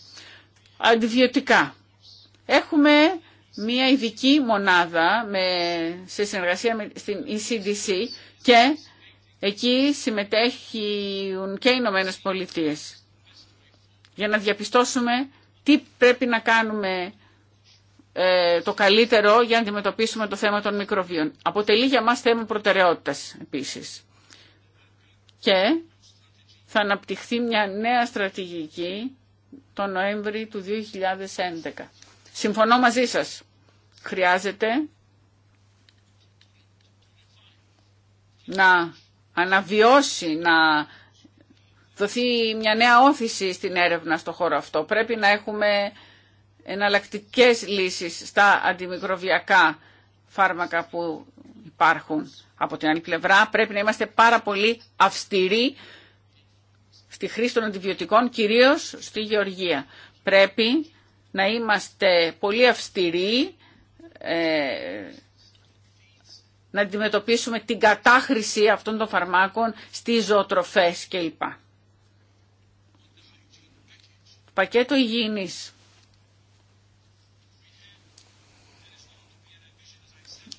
Αντιβιωτικά. Έχουμε μια ειδική μονάδα με, σε συνεργασία με την ECDC και εκεί συμμετέχουν και οι Ηνωμένε Πολιτείε για να διαπιστώσουμε τι πρέπει να κάνουμε ε, το καλύτερο για να αντιμετωπίσουμε το θέμα των μικροβίων. Αποτελεί για μας θέμα προτεραιότητας επίσης. Και θα αναπτυχθεί μια νέα στρατηγική τον Νοέμβρη του 2011. Συμφωνώ μαζί σας. Χρειάζεται να αναβιώσει, να δοθεί μια νέα όθηση στην έρευνα στο χώρο αυτό. Πρέπει να έχουμε εναλλακτικές λύσεις στα αντιμικροβιακά φάρμακα που υπάρχουν. Από την άλλη πλευρά πρέπει να είμαστε πάρα πολύ αυστηροί στη χρήση των αντιβιωτικών, κυρίως στη γεωργία. Πρέπει να είμαστε πολύ αυστηροί, ε, να αντιμετωπίσουμε την κατάχρηση αυτών των φαρμάκων στις ζωοτροφές κλπ. Πακέτο υγιεινής.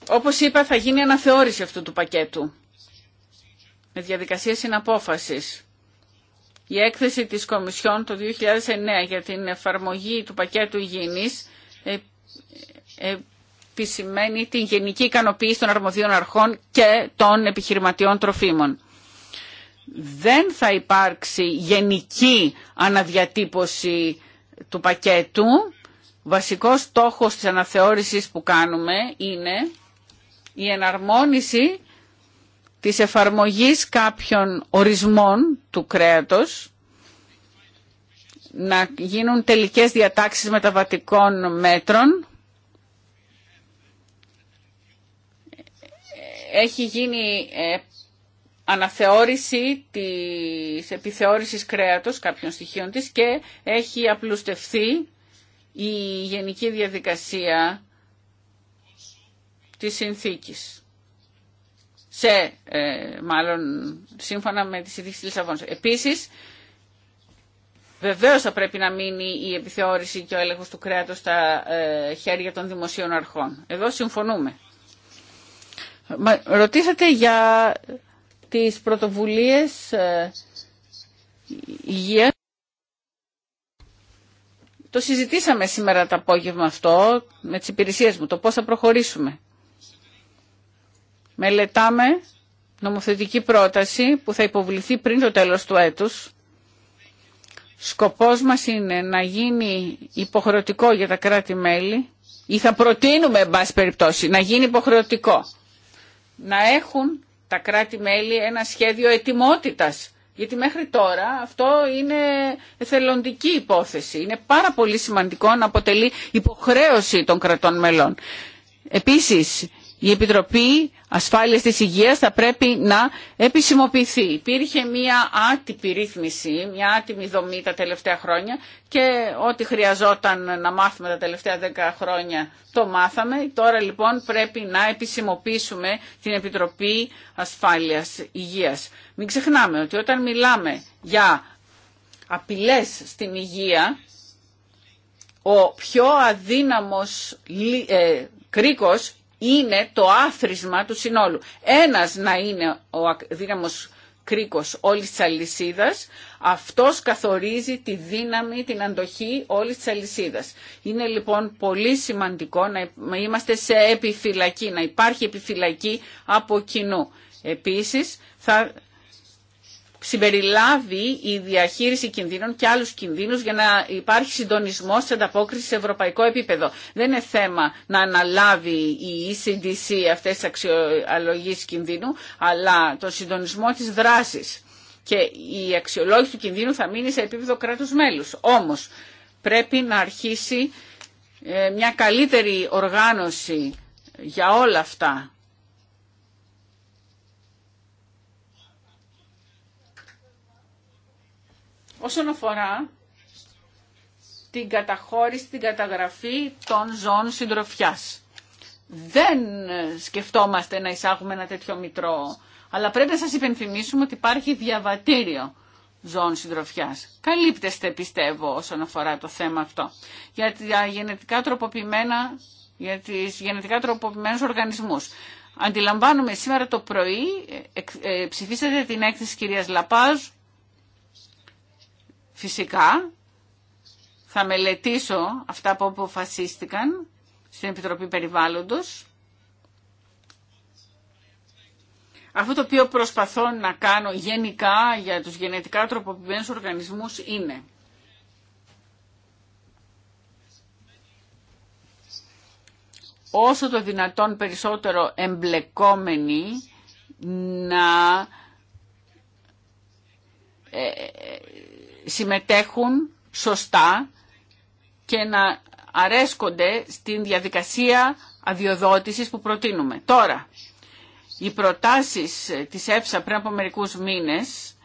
Όπως είπα, θα γίνει αναθεώρηση αυτού του πακέτου με διαδικασία συναπόφασης. Η έκθεση της Κομισιόν το 2009 για την εφαρμογή του πακέτου υγιεινής ε, ε, επισημαίνει την γενική ικανοποίηση των αρμοδίων αρχών και των επιχειρηματιών τροφίμων. Δεν θα υπάρξει γενική αναδιατύπωση του πακέτου. Βασικός στόχος της αναθεώρησης που κάνουμε είναι η εναρμόνιση της εφαρμογής κάποιων ορισμών του κρέατος, να γίνουν τελικές διατάξεις μεταβατικών μέτρων. Έχει γίνει ε, αναθεώρηση της επιθεώρησης κρέατος κάποιων στοιχείων της και έχει απλουστευθεί η γενική διαδικασία της συνθήκης. Σε, ε, μάλλον, σύμφωνα με τη συνθήκη της Λισαβόνας. Επίσης, βεβαίως θα πρέπει να μείνει η επιθεώρηση και ο έλεγχος του κρέατος στα ε, χέρια των δημοσίων αρχών. Εδώ συμφωνούμε. ρωτήσατε για τις πρωτοβουλίες ε, υγείας. Το συζητήσαμε σήμερα το απόγευμα αυτό με τις υπηρεσίες μου, το πώς θα προχωρήσουμε. Μελετάμε νομοθετική πρόταση που θα υποβληθεί πριν το τέλος του έτους. Σκοπός μας είναι να γίνει υποχρεωτικό για τα κράτη-μέλη ή θα προτείνουμε, εν πάση περιπτώσει, να γίνει υποχρεωτικό. Να έχουν τα κράτη-μέλη ένα σχέδιο ετοιμότητας. Γιατί μέχρι τώρα αυτό είναι εθελοντική υπόθεση. Είναι πάρα πολύ σημαντικό να αποτελεί υποχρέωση των κρατών μελών. Επίσης, η Επιτροπή Ασφάλειας της Υγείας θα πρέπει να επισημοποιηθεί. Υπήρχε μια άτυπη ρύθμιση, μια άτιμη δομή τα τελευταία χρόνια και ό,τι χρειαζόταν να μάθουμε τα τελευταία δέκα χρόνια το μάθαμε. Τώρα λοιπόν πρέπει να επισημοποιήσουμε την Επιτροπή Ασφάλειας Υγείας. Μην ξεχνάμε ότι όταν μιλάμε για απειλές στην υγεία, ο πιο αδύναμος ε, κρίκος είναι το άθροισμα του συνόλου. Ένας να είναι ο δύναμος κρίκος όλης της αλυσίδας, αυτός καθορίζει τη δύναμη, την αντοχή όλης της αλυσίδας. Είναι λοιπόν πολύ σημαντικό να είμαστε σε επιφυλακή, να υπάρχει επιφυλακή από κοινού. Επίσης θα συμπεριλάβει η διαχείριση κινδύνων και άλλους κινδύνους για να υπάρχει συντονισμός σε ανταπόκριση σε ευρωπαϊκό επίπεδο. Δεν είναι θέμα να αναλάβει η ECDC αυτές τις αξιολογίες κινδύνου, αλλά το συντονισμό της δράσης και η αξιολόγηση του κινδύνου θα μείνει σε επίπεδο κράτους μέλους. Όμως πρέπει να αρχίσει ε, μια καλύτερη οργάνωση για όλα αυτά όσον αφορά την καταχώρηση, την καταγραφή των ζώων συντροφιάς. Δεν ε, σκεφτόμαστε να εισάγουμε ένα τέτοιο μητρό, αλλά πρέπει να σας υπενθυμίσουμε ότι υπάρχει διαβατήριο ζώων συντροφιάς. Καλύπτεστε, πιστεύω, όσον αφορά το θέμα αυτό. Για τα γενετικά τροποποιημένα, για τις γενετικά τροποποιημένους οργανισμούς. Αντιλαμβάνουμε σήμερα το πρωί, ε, ε, ψηφίσατε την έκθεση κυρίας Λαπάζ, Φυσικά θα μελετήσω αυτά που αποφασίστηκαν στην Επιτροπή Περιβάλλοντος. Αυτό το οποίο προσπαθώ να κάνω γενικά για τους γενετικά τροποποιημένους οργανισμούς είναι όσο το δυνατόν περισσότερο εμπλεκόμενοι να ε, ε, συμμετέχουν σωστά και να αρέσκονται στην διαδικασία αδειοδότησης που προτείνουμε. Τώρα, οι προτάσεις της ΕΦΣΑ πριν από μερικούς μήνες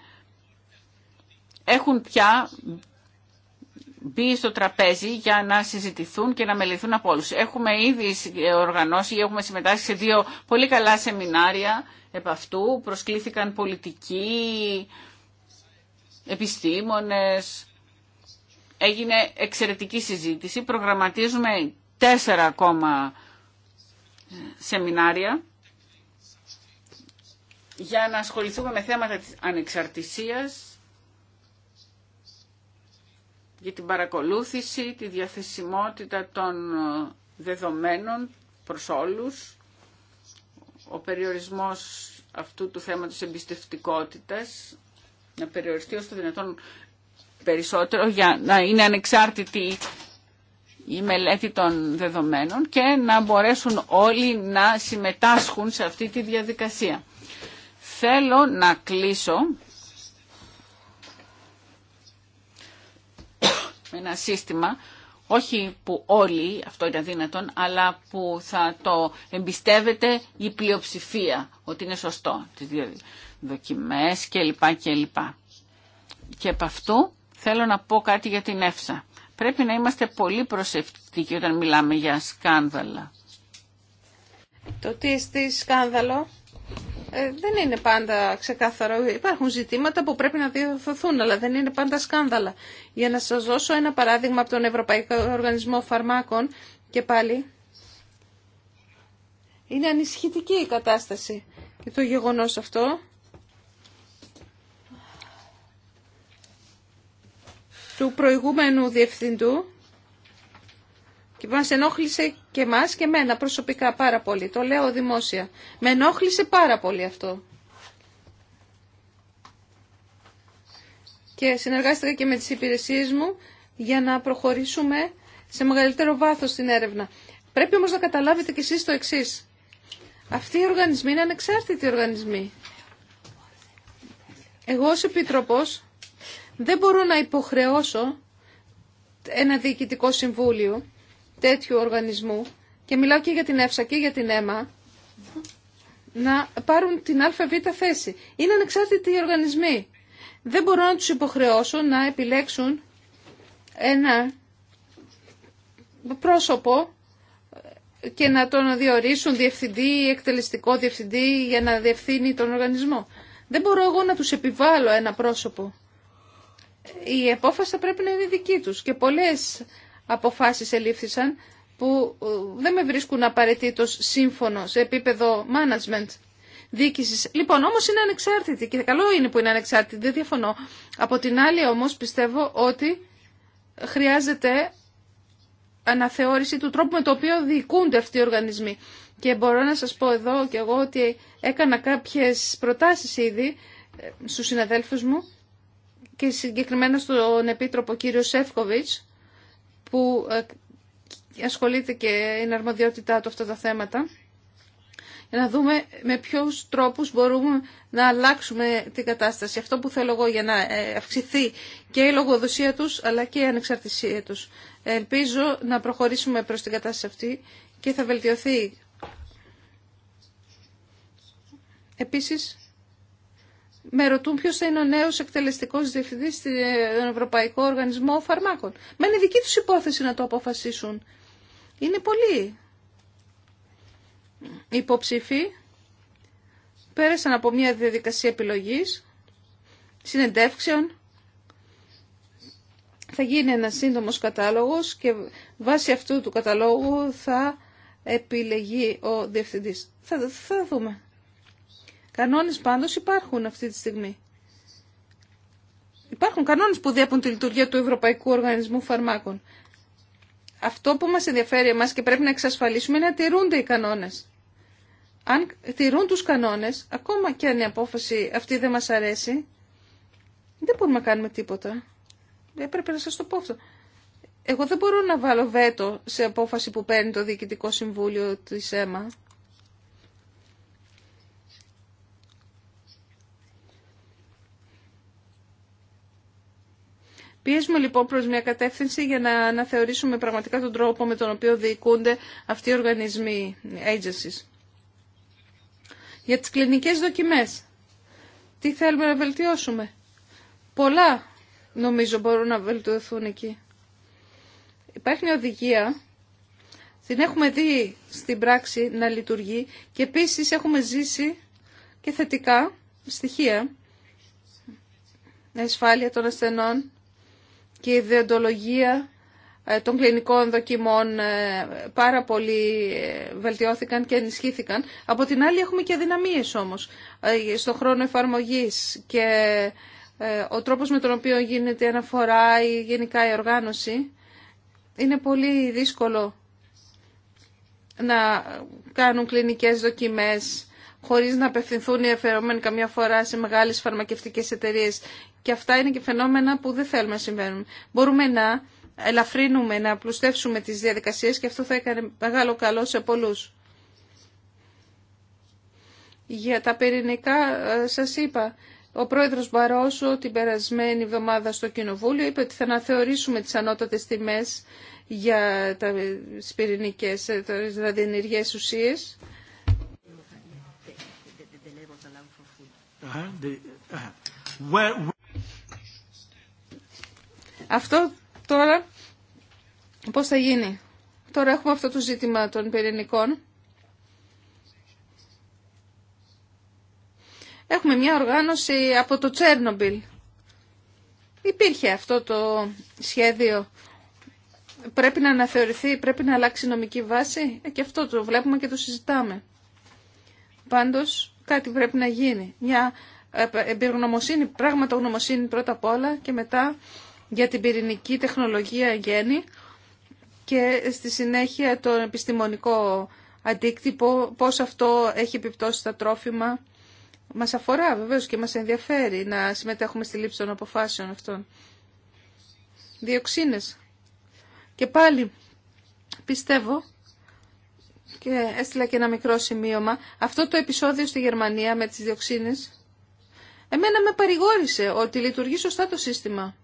έχουν πια μπει στο τραπέζι για να συζητηθούν και να μεληθούν από όλους. Έχουμε ήδη οργανώσει ή έχουμε συμμετάσχει σε δύο πολύ καλά σεμινάρια επ' αυτού. Προσκλήθηκαν πολιτικοί, επιστήμονες. Έγινε εξαιρετική συζήτηση. Προγραμματίζουμε τέσσερα ακόμα ε, σεμινάρια για να ασχοληθούμε με θέματα της ανεξαρτησίας, για την παρακολούθηση, τη διαθεσιμότητα των ε, δεδομένων προς όλους, ο περιορισμός αυτού του θέματος εμπιστευτικότητας να περιοριστεί όσο το δυνατόν περισσότερο για να είναι ανεξάρτητη η μελέτη των δεδομένων και να μπορέσουν όλοι να συμμετάσχουν σε αυτή τη διαδικασία. Θέλω να κλείσω με ένα σύστημα, όχι που όλοι, αυτό είναι δυνατόν, αλλά που θα το εμπιστεύεται η πλειοψηφία, ότι είναι σωστό δοκιμές κλπ. κλπ. Και από αυτού θέλω να πω κάτι για την ΕΦΣΑ. Πρέπει να είμαστε πολύ προσεκτικοί όταν μιλάμε για σκάνδαλα. Το τι σκάνδαλο ε, δεν είναι πάντα ξεκάθαρο. Υπάρχουν ζητήματα που πρέπει να διορθωθούν, αλλά δεν είναι πάντα σκάνδαλα. Για να σας δώσω ένα παράδειγμα από τον Ευρωπαϊκό Οργανισμό Φαρμάκων και πάλι. Είναι ανησυχητική η κατάσταση και το γεγονός αυτό του προηγούμενου διευθυντού και μας ενόχλησε και μας και μένα προσωπικά πάρα πολύ. Το λέω δημόσια. Με ενόχλησε πάρα πολύ αυτό. Και συνεργάστηκα και με τις υπηρεσίες μου για να προχωρήσουμε σε μεγαλύτερο βάθος την έρευνα. Πρέπει όμως να καταλάβετε κι εσείς το εξής. Αυτοί οι οργανισμοί είναι ανεξάρτητοι οργανισμοί. Εγώ ως Επίτροπος δεν μπορώ να υποχρεώσω ένα διοικητικό συμβούλιο τέτοιου οργανισμού και μιλάω και για την ΕΦΣΑ και για την ΕΜΑ να πάρουν την ΑΒ θέση. Είναι ανεξάρτητοι οι οργανισμοί. Δεν μπορώ να τους υποχρεώσω να επιλέξουν ένα πρόσωπο και να τον διορίσουν διευθυντή ή εκτελεστικό διευθυντή για να διευθύνει τον οργανισμό. Δεν μπορώ εγώ να τους επιβάλλω ένα πρόσωπο η απόφαση θα πρέπει να είναι δική τους. Και πολλές αποφάσεις ελήφθησαν που ε, δεν με βρίσκουν απαραίτητο σύμφωνο σε επίπεδο management διοίκηση. Λοιπόν, όμω είναι ανεξάρτητη και καλό είναι που είναι ανεξάρτητη, δεν διαφωνώ. Από την άλλη, όμω, πιστεύω ότι χρειάζεται αναθεώρηση του τρόπου με το οποίο διοικούνται αυτοί οι οργανισμοί. Και μπορώ να σας πω εδώ και εγώ ότι έκανα κάποιες προτάσεις ήδη ε, στους συναδέλφους μου και συγκεκριμένα στον Επίτροπο κύριο Σεύκοβιτς που ε, ασχολείται και είναι αρμοδιότητά του αυτά τα θέματα για να δούμε με ποιους τρόπους μπορούμε να αλλάξουμε την κατάσταση. Αυτό που θέλω εγώ για να ε, αυξηθεί και η λογοδοσία τους αλλά και η ανεξαρτησία τους. Ελπίζω να προχωρήσουμε προς την κατάσταση αυτή και θα βελτιωθεί. Επίσης, με ρωτούν ποιο θα είναι ο νέο εκτελεστικό διευθυντή στον ε, Ευρωπαϊκό Οργανισμό Φαρμάκων. Με είναι δική του υπόθεση να το αποφασίσουν. Είναι πολλοί υποψήφοι. Πέρασαν από μια διαδικασία επιλογή συνεντεύξεων. Θα γίνει ένα σύντομο κατάλογο και βάσει αυτού του καταλόγου θα επιλεγεί ο Διευθυντή. Θα, θα δούμε. Κανόνες πάντως υπάρχουν αυτή τη στιγμή. Υπάρχουν κανόνες που διέπουν τη λειτουργία του Ευρωπαϊκού Οργανισμού Φαρμάκων. Αυτό που μας ενδιαφέρει εμάς και πρέπει να εξασφαλίσουμε είναι να τηρούνται οι κανόνες. Αν τηρούν τους κανόνες, ακόμα και αν η απόφαση αυτή δεν μας αρέσει, δεν μπορούμε να κάνουμε τίποτα. Ε, Έπρεπε να σας το πω αυτό. Εγώ δεν μπορώ να βάλω βέτο σε απόφαση που παίρνει το Διοικητικό Συμβούλιο της ΕΜΑ. Πιέζουμε λοιπόν προς μια κατεύθυνση για να αναθεωρήσουμε πραγματικά τον τρόπο με τον οποίο διοικούνται αυτοί οι οργανισμοί, agencies. Για τις κλινικές δοκιμές, τι θέλουμε να βελτιώσουμε. Πολλά νομίζω μπορούν να βελτιωθούν εκεί. Υπάρχει μια οδηγία, την έχουμε δει στην πράξη να λειτουργεί και επίσης έχουμε ζήσει και θετικά στοιχεία ασφάλεια των ασθενών και η ιδεοντολογία ε, των κλινικών δοκιμών ε, πάρα πολύ ε, βελτιώθηκαν και ενισχύθηκαν. Από την άλλη έχουμε και δυναμίες όμως στον χρόνο εφαρμογής και ο τρόπος με τον οποίο γίνεται η αναφορά ή γενικά η οργάνωση είναι πολύ δύσκολο να κάνουν κλινικές δοκιμές χωρίς να απευθυνθούν οι εφερόμενοι καμιά φορά σε μεγάλες φαρμακευτικές εταιρείε. Και αυτά είναι και φαινόμενα που δεν θέλουμε να συμβαίνουν. Μπορούμε να ελαφρύνουμε, να απλουστεύσουμε τις διαδικασίες και αυτό θα έκανε μεγάλο καλό σε πολλού. Για τα πυρηνικά ε, σας είπα, ο πρόεδρος Μπαρόσο την περασμένη εβδομάδα στο Κοινοβούλιο είπε ότι θα αναθεωρήσουμε τις ανώτατες τιμές για ε, τι πυρηνικές, ε, δηλαδή ενεργές ουσίες Αυτό τώρα πώς θα γίνει. Τώρα έχουμε αυτό το ζήτημα των πυρηνικών. Έχουμε μια οργάνωση από το Τσέρνομπιλ. Υπήρχε αυτό το σχέδιο. Πρέπει να αναθεωρηθεί, πρέπει να αλλάξει νομική βάση. Ε, και αυτό το βλέπουμε και το συζητάμε. Πάντως, κάτι πρέπει να γίνει. Μια ε, εμπειρογνωμοσύνη, γνωμοσύνη πρώτα απ' όλα και μετά για την πυρηνική τεχνολογία γέννη και στη συνέχεια τον επιστημονικό αντίκτυπο, πώς αυτό έχει επιπτώσει στα τρόφιμα. Μας αφορά βεβαίως και μας ενδιαφέρει να συμμετέχουμε στη λήψη των αποφάσεων αυτών. Διοξίνες. Και πάλι πιστεύω και έστειλα και ένα μικρό σημείωμα. Αυτό το επεισόδιο στη Γερμανία με τις διοξίνες, εμένα με παρηγόρησε ότι λειτουργεί σωστά το σύστημα.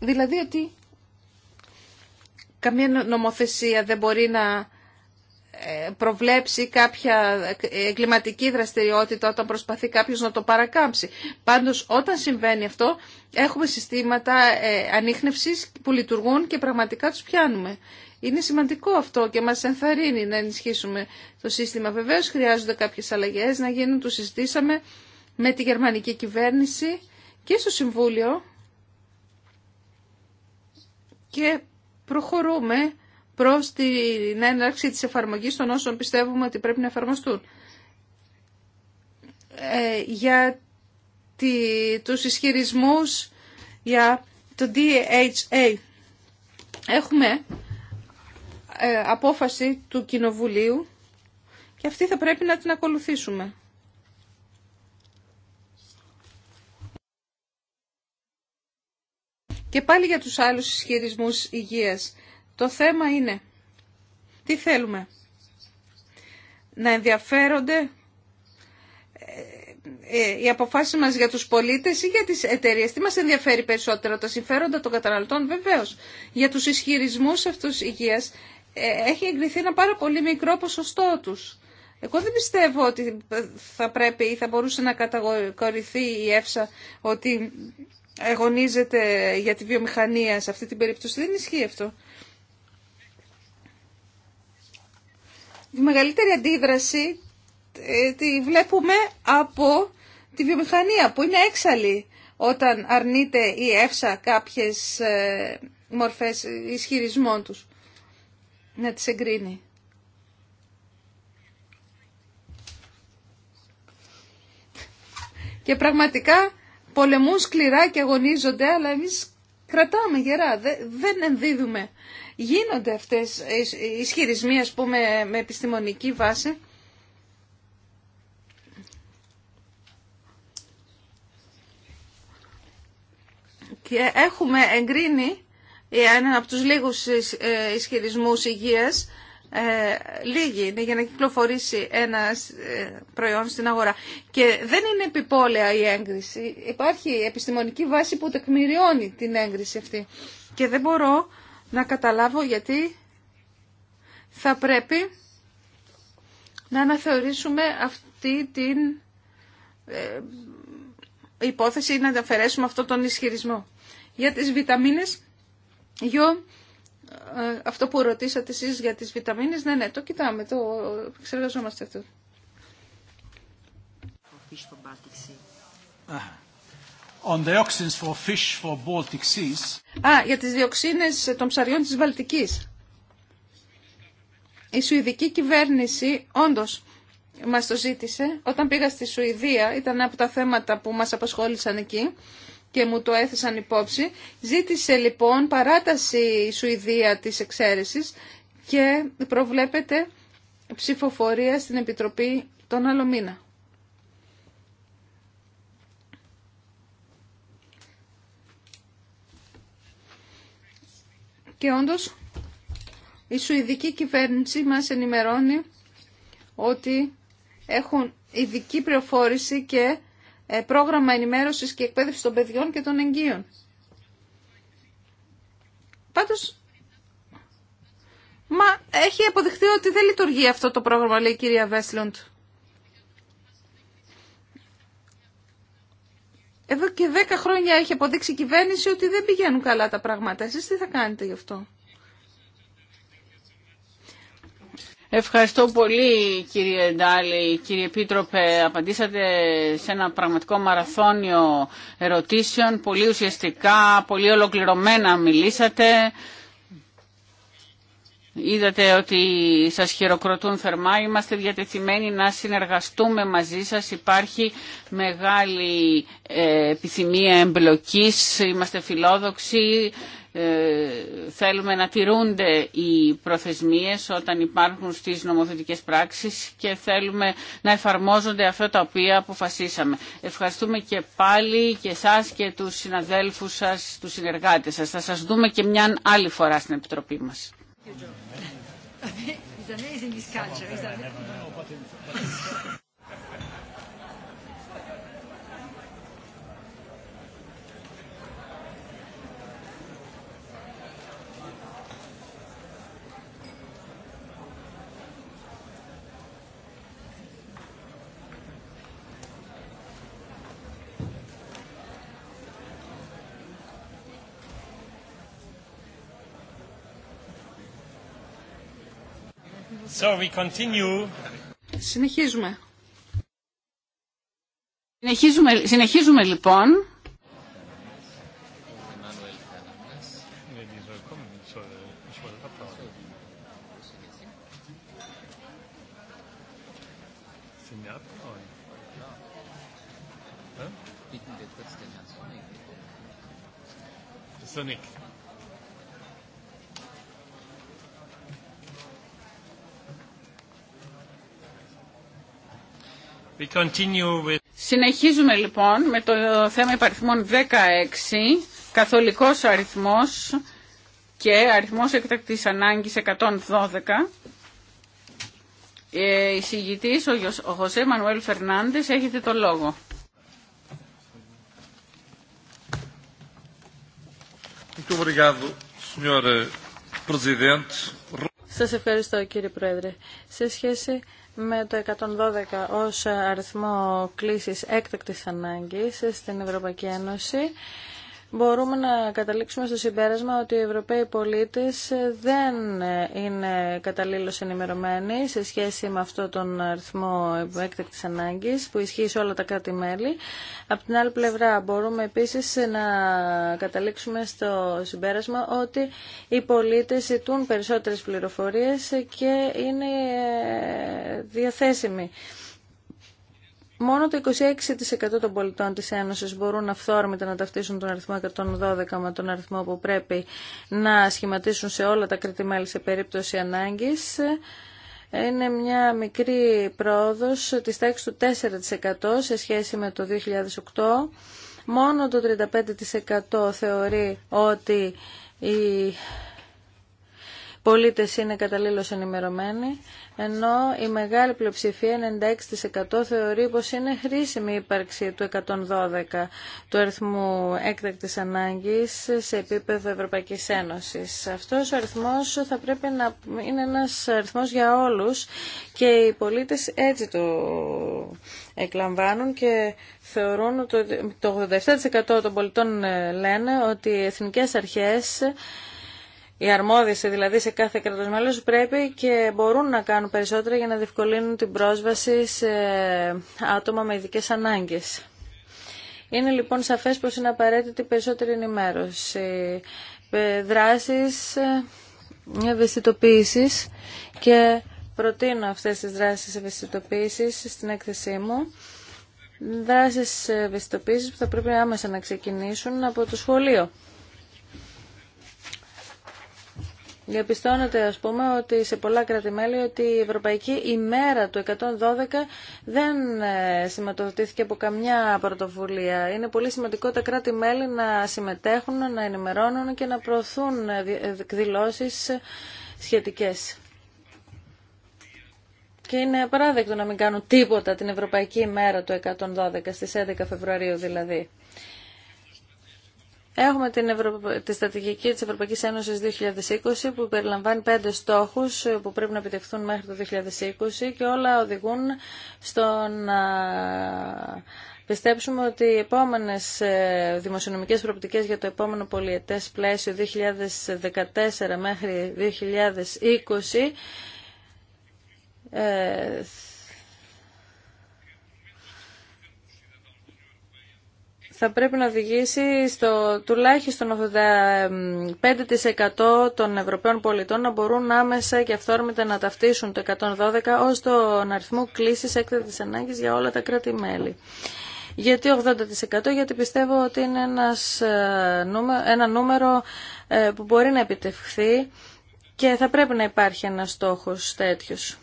δηλαδή ότι καμία νομοθεσία δεν μπορεί να ε, προβλέψει κάποια εγκληματική δραστηριότητα όταν προσπαθεί κάποιος να το παρακάμψει. Πάντως όταν συμβαίνει αυτό έχουμε συστήματα ε, ανείχνευσης που λειτουργούν και πραγματικά τους πιάνουμε. Είναι σημαντικό αυτό και μας ενθαρρύνει να ενισχύσουμε το σύστημα. Βεβαίως χρειάζονται κάποιες αλλαγές να γίνουν, το συζητήσαμε με τη γερμανική κυβέρνηση και στο Συμβούλιο και προχωρούμε προς την έναρξη της εφαρμογής των όσων πιστεύουμε ότι πρέπει να εφαρμοστούν. Ε, για τη, τους ισχυρισμούς για το DHA. Έχουμε ε, απόφαση του Κοινοβουλίου και αυτή θα πρέπει να την ακολουθήσουμε. Και πάλι για τους άλλους ισχυρισμού υγείας. Το θέμα είναι, τι θέλουμε, να ενδιαφέρονται ε, ε, οι αποφάσεις μας για τους πολίτες ή για τις εταιρείες. Τι μας ενδιαφέρει περισσότερο, τα συμφέροντα των καταναλωτών βεβαίως. Για τους ισχυρισμούς αυτούς υγείας ε, έχει εγκριθεί ένα πάρα πολύ μικρό ποσοστό τους. Εγώ δεν πιστεύω ότι θα πρέπει ή θα μπορούσε να καταγορηθεί η ΕΦΣΑ ότι αγωνίζεται για τη βιομηχανία σε αυτή την περίπτωση. Δεν ισχύει αυτό. Η μεγαλύτερη αντίδραση ε, τη βλέπουμε από τη βιομηχανία που είναι έξαλλη όταν αρνείται η ΕΦΣΑ κάποιες ε, μορφές ισχυρισμών τους να τις εγκρίνει. Και πραγματικά πολεμούν σκληρά και αγωνίζονται, αλλά εμείς κρατάμε γερά, δεν ενδίδουμε. Γίνονται αυτές οι ισχυρισμοί, ας πούμε, με επιστημονική βάση. Και έχουμε εγκρίνει έναν από τους λίγους ε, ισχυρισμούς υγείας, ε, λίγη είναι για να κυκλοφορήσει ένα ε, προϊόν στην αγορά. Και δεν είναι επιπόλαια η έγκριση. Υπάρχει επιστημονική βάση που τεκμηριώνει την έγκριση αυτή. Και δεν μπορώ να καταλάβω γιατί θα πρέπει να αναθεωρήσουμε αυτή την υπόθεση ή να αφαιρέσουμε αυτό τον ισχυρισμό. Για τις βιταμίνες Γιώ, ε, αυτό που ρωτήσατε εσείς για τις βιταμίνες, ναι, ναι, το κοιτάμε, το εξεργαζόμαστε αυτό. for Α, για τις διοξίνες των ψαριών της Βαλτικής. Η Σουηδική κυβέρνηση όντως μας το ζήτησε. Όταν πήγα στη Σουηδία, ήταν από τα θέματα που μας απασχόλησαν εκεί και μου το έθεσαν υπόψη. Ζήτησε λοιπόν παράταση η Σουηδία της εξαίρεσης και προβλέπεται ψηφοφορία στην Επιτροπή τον άλλο μήνα. Και όντως η Σουηδική κυβέρνηση μας ενημερώνει ότι έχουν ειδική πληροφόρηση και ε, πρόγραμμα ενημέρωσης και εκπαίδευσης των παιδιών και των εγγύων. Πάντως, μα έχει αποδειχθεί ότι δεν λειτουργεί αυτό το πρόγραμμα, λέει η κυρία Βέσλοντ. Εδώ και δέκα χρόνια έχει αποδείξει η κυβέρνηση ότι δεν πηγαίνουν καλά τα πράγματα. Εσείς τι θα κάνετε γι' αυτό. Ευχαριστώ πολύ κύριε Ντάλη, κύριε Επίτροπε. Απαντήσατε σε ένα πραγματικό μαραθώνιο ερωτήσεων, πολύ ουσιαστικά, πολύ ολοκληρωμένα μιλήσατε. Είδατε ότι σας χειροκροτούν θερμά, είμαστε διατεθειμένοι να συνεργαστούμε μαζί σας, υπάρχει μεγάλη ε, επιθυμία εμπλοκής, είμαστε φιλόδοξοι, ε, θέλουμε να τηρούνται οι προθεσμίες όταν υπάρχουν στις νομοθετικές πράξεις και θέλουμε να εφαρμόζονται αυτά τα οποία αποφασίσαμε. Ευχαριστούμε και πάλι και εσάς και τους συναδέλφους σας, τους συνεργάτες σας. Θα σας δούμε και μια άλλη φορά στην Επιτροπή μας. Συνεχίζουμε. Συνεχίζουμε, συνεχίζουμε λοιπόν Συνεχίζουμε λοιπόν με το θέμα υπαριθμών 16, καθολικός αριθμός και αριθμός εκτακτής ανάγκης 112. Η συγητής, ο Χωσέ Μανουέλ Φερνάντες, έχετε το λόγο. Σας ευχαριστώ κύριε Πρόεδρε. Σε σχέση με το 112 ως αριθμό κλήσης έκτακτης ανάγκης στην Ευρωπαϊκή Ένωση μπορούμε να καταλήξουμε στο συμπέρασμα ότι οι Ευρωπαίοι πολίτες δεν είναι καταλήλως ενημερωμένοι σε σχέση με αυτό τον αριθμό έκτακτης ανάγκης που ισχύει σε όλα τα κράτη-μέλη. Από την άλλη πλευρά μπορούμε επίσης να καταλήξουμε στο συμπέρασμα ότι οι πολίτες ζητούν περισσότερες πληροφορίες και είναι διαθέσιμοι. Μόνο το 26% των πολιτών της Ένωσης μπορούν αυθόρμητα να ταυτίσουν τον αριθμό 112 με τον αριθμό που πρέπει να σχηματίσουν σε όλα τα κρατημέλη σε περίπτωση ανάγκης. Είναι μια μικρή πρόοδος της τάξης του 4% σε σχέση με το 2008. Μόνο το 35% θεωρεί ότι η πολίτες είναι καταλήλως ενημερωμένοι, ενώ η μεγάλη πλειοψηφία, 96% θεωρεί πως είναι χρήσιμη η ύπαρξη του 112 του αριθμού έκτακτης ανάγκης σε επίπεδο Ευρωπαϊκής Ένωσης. Αυτός ο αριθμός θα πρέπει να είναι ένας αριθμός για όλους και οι πολίτες έτσι το εκλαμβάνουν και θεωρούν ότι το 87% των πολιτών ε, λένε ότι οι εθνικές αρχές οι αρμόδιες δηλαδή σε κάθε κράτος μέλος πρέπει και μπορούν να κάνουν περισσότερα για να διευκολύνουν την πρόσβαση σε άτομα με ειδικέ ανάγκες. Είναι λοιπόν σαφές πως είναι απαραίτητη περισσότερη ενημέρωση, ε, δράσεις, ε, ευαισθητοποίησης και προτείνω αυτές τις δράσεις ευαισθητοποίησης στην έκθεσή μου. Δράσεις ευαισθητοποίησης που θα πρέπει άμεσα να ξεκινήσουν από το σχολείο. Διαπιστώνεται ας πούμε ότι σε πολλά κράτη-μέλη ότι η Ευρωπαϊκή ημέρα του 112 δεν ε, σηματοδοτήθηκε από καμιά πρωτοβουλία. Είναι πολύ σημαντικό τα κράτη-μέλη να συμμετέχουν, να ενημερώνουν και να προωθούν ε, ε, εκδηλώσεις σχετικές. Και είναι παράδεκτο να μην κάνουν τίποτα την Ευρωπαϊκή ημέρα του 112, στις 11 Φεβρουαρίου δηλαδή. Έχουμε την Ευρω... τη στρατηγική της Ευρωπαϊκής Ένωσης 2020 που περιλαμβάνει πέντε στόχους ε, που πρέπει να επιτευχθούν μέχρι το 2020 και όλα οδηγούν στο να πιστέψουμε ότι οι επόμενες ε, δημοσιονομικές προοπτικές για το επόμενο πολιετές πλαίσιο 2014 μέχρι 2020 θα πρέπει να οδηγήσει στο τουλάχιστον 85% των Ευρωπαίων πολιτών να μπορούν άμεσα και αυθόρμητα να ταυτίσουν το 112 ως τον αριθμό κλήσης έκτατης ανάγκης για όλα τα κράτη-μέλη. Γιατί 80% γιατί πιστεύω ότι είναι ένας, ε, ένα νούμερο ε, που μπορεί να επιτευχθεί και θα πρέπει να υπάρχει ένας στόχος τέτοιος.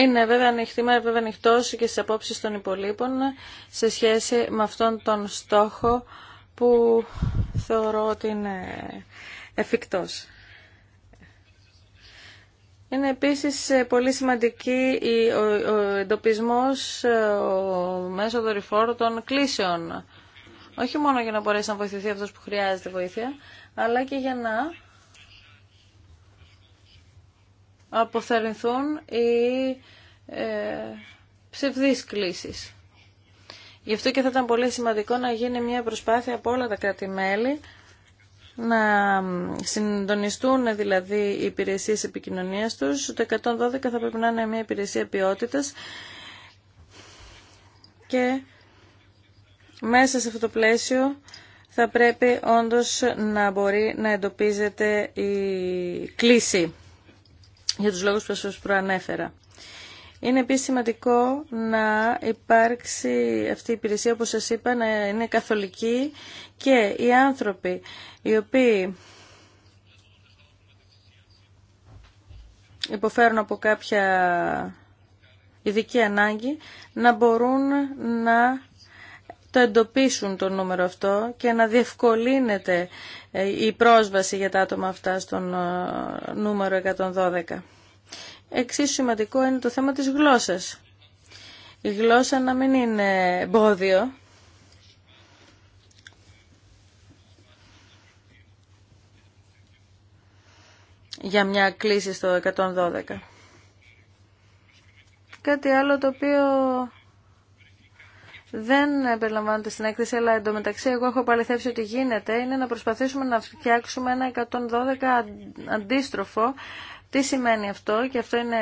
Είναι βέβαια ανοιχτή, βέβαια ανοιχτό και στι απόψει των υπολείπων σε σχέση με αυτόν τον στόχο που θεωρώ ότι είναι εφικτός. Είναι επίσης πολύ σημαντική ο εντοπισμός μέσω δορυφόρου των κλήσεων. Όχι μόνο για να μπορέσει να βοηθηθεί αυτός που χρειάζεται βοήθεια, αλλά και για να αποθαρρυνθούν οι ε, ψευδείς κλήσεις. Γι' αυτό και θα ήταν πολύ σημαντικό να γίνει μια προσπάθεια από όλα τα κράτη-μέλη να συντονιστούν δηλαδή οι υπηρεσίες επικοινωνίας τους. Το 112 θα πρέπει να είναι μια υπηρεσία ποιότητας και μέσα σε αυτό το πλαίσιο θα πρέπει όντως να μπορεί να εντοπίζεται η κλήση για τους λόγους που σας προανέφερα. Είναι επίσης σημαντικό να υπάρξει αυτή η υπηρεσία, όπως σας είπα, να είναι καθολική και οι άνθρωποι οι οποίοι υποφέρουν από κάποια ειδική ανάγκη να μπορούν να το εντοπίσουν το νούμερο αυτό και να διευκολύνεται ε, η πρόσβαση για τα άτομα αυτά στον ε, νούμερο 112. Εξίσου σημαντικό είναι το θέμα της γλώσσας. Η γλώσσα να μην είναι εμπόδιο. για μια κλίση στο 112. Κάτι άλλο το οποίο δεν περιλαμβάνονται στην έκθεση, αλλά εντωμεταξύ εγώ έχω παληθεύσει ότι γίνεται, είναι να προσπαθήσουμε να φτιάξουμε ένα 112 αντίστροφο. Τι σημαίνει αυτό, και αυτό είναι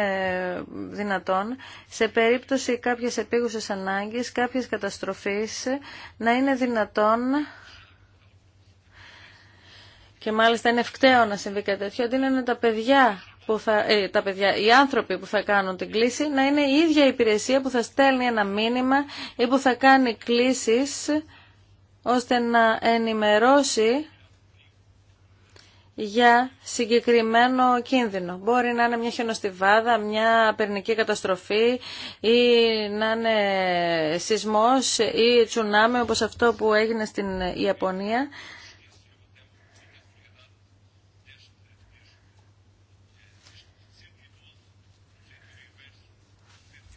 δυνατόν, σε περίπτωση κάποιες επίγουσες ανάγκες, κάποιες καταστροφής, να είναι δυνατόν και μάλιστα είναι ευκταίο να συμβεί κάτι τέτοιο, να είναι τα παιδιά που θα, ε, τα παιδιά, οι άνθρωποι που θα κάνουν την κλίση να είναι η ίδια υπηρεσία που θα στέλνει ένα μήνυμα ή που θα κάνει κλήσεις ώστε να ενημερώσει για συγκεκριμένο κίνδυνο. Μπορεί να είναι μια χιονοστιβάδα, μια περνική καταστροφή ή να είναι σεισμός ή τσουνάμι όπως αυτό που έγινε στην Ιαπωνία.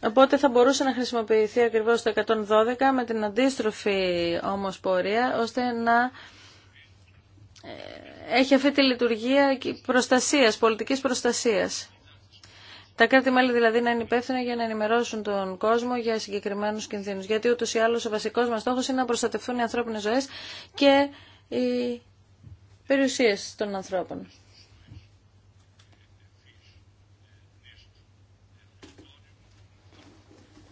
Οπότε θα μπορούσε να χρησιμοποιηθεί ακριβώς το 112 με την αντίστροφη όμως πορεία, ώστε να ε, έχει αυτή τη λειτουργία προστασίας, πολιτικής προστασίας. Τα κράτη-μέλη δηλαδή να είναι υπεύθυνα για να ενημερώσουν τον κόσμο για συγκεκριμένου κινδύνου. Γιατί ούτω ή άλλω ο βασικό μα στόχο είναι να προστατευτούν οι ανθρώπινε ζωέ και οι περιουσίε των ανθρώπων.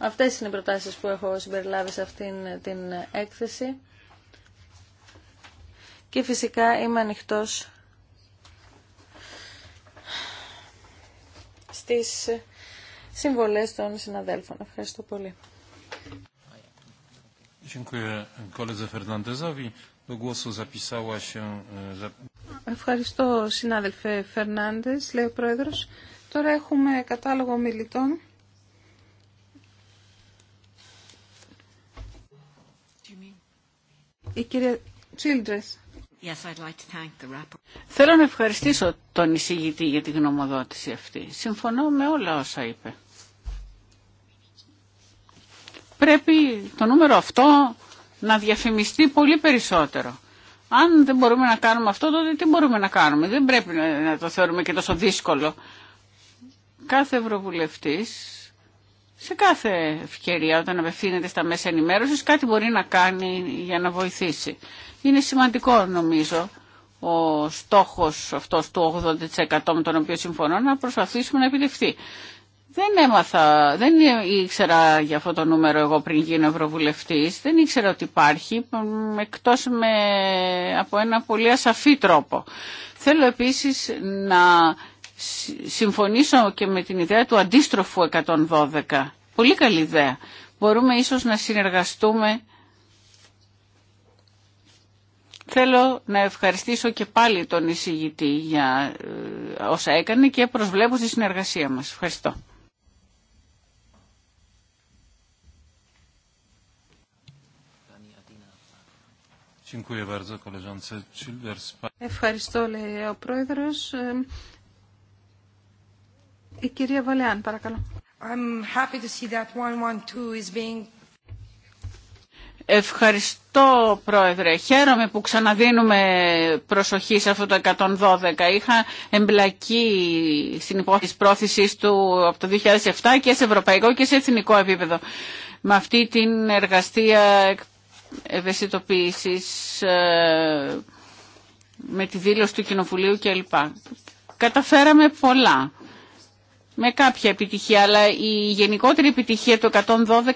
Αυτές είναι οι προτάσεις που έχω συμπεριλάβει σε αυτήν την έκθεση. Και φυσικά είμαι ανοιχτό στις συμβολές των συναδέλφων. Ευχαριστώ πολύ. E, Ευχαριστώ συνάδελφε Φερνάντες, λέει ο Πρόεδρος. Τώρα έχουμε κατάλογο μιλητών. Η κυρία Yes, Θέλω να ευχαριστήσω τον εισηγητή για τη γνωμοδότηση αυτή. Συμφωνώ με όλα όσα είπε. Πρέπει το νούμερο αυτό να διαφημιστεί πολύ περισσότερο. Αν δεν μπορούμε να κάνουμε αυτό, τότε τι μπορούμε να κάνουμε. Δεν πρέπει να το θεωρούμε και τόσο δύσκολο. Κάθε ευρωβουλευτής σε κάθε ευκαιρία όταν απευθύνεται στα μέσα ενημέρωσης κάτι μπορεί να κάνει για να βοηθήσει. Είναι σημαντικό νομίζω ο στόχος αυτός του 80% με τον οποίο συμφωνώ να προσπαθήσουμε να επιτευχθεί. Δεν έμαθα, δεν ήξερα για αυτό το νούμερο εγώ πριν γίνω ευρωβουλευτής, δεν ήξερα ότι υπάρχει, εκτός με, από ένα πολύ ασαφή τρόπο. Θέλω επίσης να συμφωνήσω και με την ιδέα του αντίστροφου 112. Πολύ καλή ιδέα. Μπορούμε ίσως να συνεργαστούμε. Θέλω να ευχαριστήσω και πάλι τον εισηγητή για ε, όσα έκανε και προσβλέπω στη συνεργασία μας. Ευχαριστώ. Ευχαριστώ, λέει ο Πρόεδρος. Ε, η κυρία παρακαλώ. Ευχαριστώ Πρόεδρε. Χαίρομαι που ξαναδίνουμε προσοχή σε αυτό το 112. Είχα εμπλακεί στην υπόθεση πρόθεση του από το 2007 και σε ευρωπαϊκό και σε εθνικό επίπεδο. Με αυτή την εργαστία ευαισθητοποίησης ε, με τη δήλωση του Κοινοβουλίου κλπ. Καταφέραμε πολλά με κάποια επιτυχία, αλλά η γενικότερη επιτυχία του 112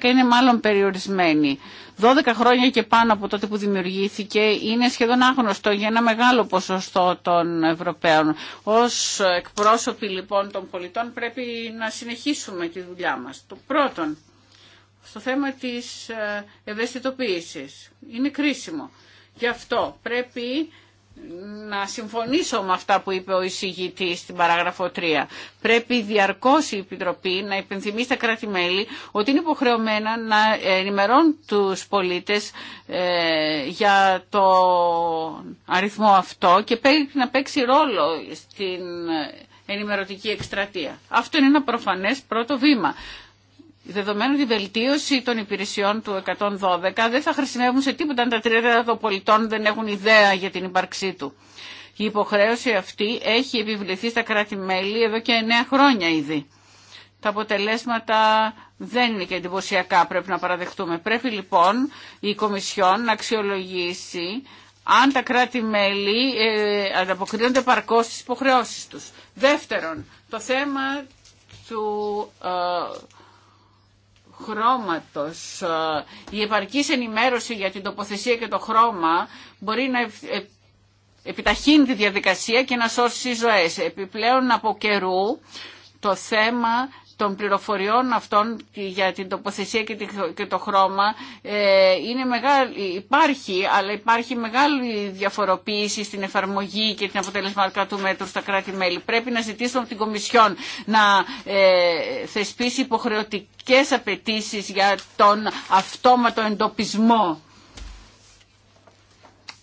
είναι μάλλον περιορισμένη. 12 χρόνια και πάνω από τότε που δημιουργήθηκε είναι σχεδόν άγνωστο για ένα μεγάλο ποσοστό των Ευρωπαίων. Ως εκπρόσωποι λοιπόν των πολιτών πρέπει να συνεχίσουμε τη δουλειά μας. Το πρώτον, στο θέμα της ε, ευαισθητοποίησης. Είναι κρίσιμο. Γι' αυτό πρέπει να συμφωνήσω με αυτά που είπε ο εισηγητής στην παράγραφο 3. Πρέπει διαρκώ η Επιτροπή να υπενθυμεί στα κράτη-μέλη ότι είναι υποχρεωμένα να ενημερώνουν τους πολίτες ε, για το αριθμό αυτό και να παίξει ρόλο στην ενημερωτική εκστρατεία. Αυτό είναι ένα προφανές πρώτο βήμα δεδομένου τη βελτίωση των υπηρεσιών του 112 δεν θα χρησιμεύουν σε τίποτα αν τα τρία των πολιτών δεν έχουν ιδέα για την ύπαρξή του. Η υποχρέωση αυτή έχει επιβληθεί στα κράτη-μέλη εδώ και 9 χρόνια ήδη. Τα αποτελέσματα δεν είναι και εντυπωσιακά, πρέπει να παραδεχτούμε. Πρέπει λοιπόν η Κομισιόν να αξιολογήσει αν τα κράτη-μέλη ε, ανταποκρίνονται παρκώ στις υποχρεώσει τους. Δεύτερον, το θέμα του ε, χρώματος. Ε, η επαρκής ενημέρωση για την τοποθεσία και το χρώμα μπορεί να ε, επιταχύνει τη διαδικασία και να σώσει ζωές. Επιπλέον από καιρού το θέμα των πληροφοριών αυτών για την τοποθεσία και το χρώμα ε, είναι μεγάλη, υπάρχει, αλλά υπάρχει μεγάλη διαφοροποίηση στην εφαρμογή και την αποτελεσματικά του μέτρου στα κράτη-μέλη. Πρέπει να ζητήσουμε από την Κομισιόν να ε, θεσπίσει υποχρεωτικές απαιτήσεις για τον αυτόματο εντοπισμό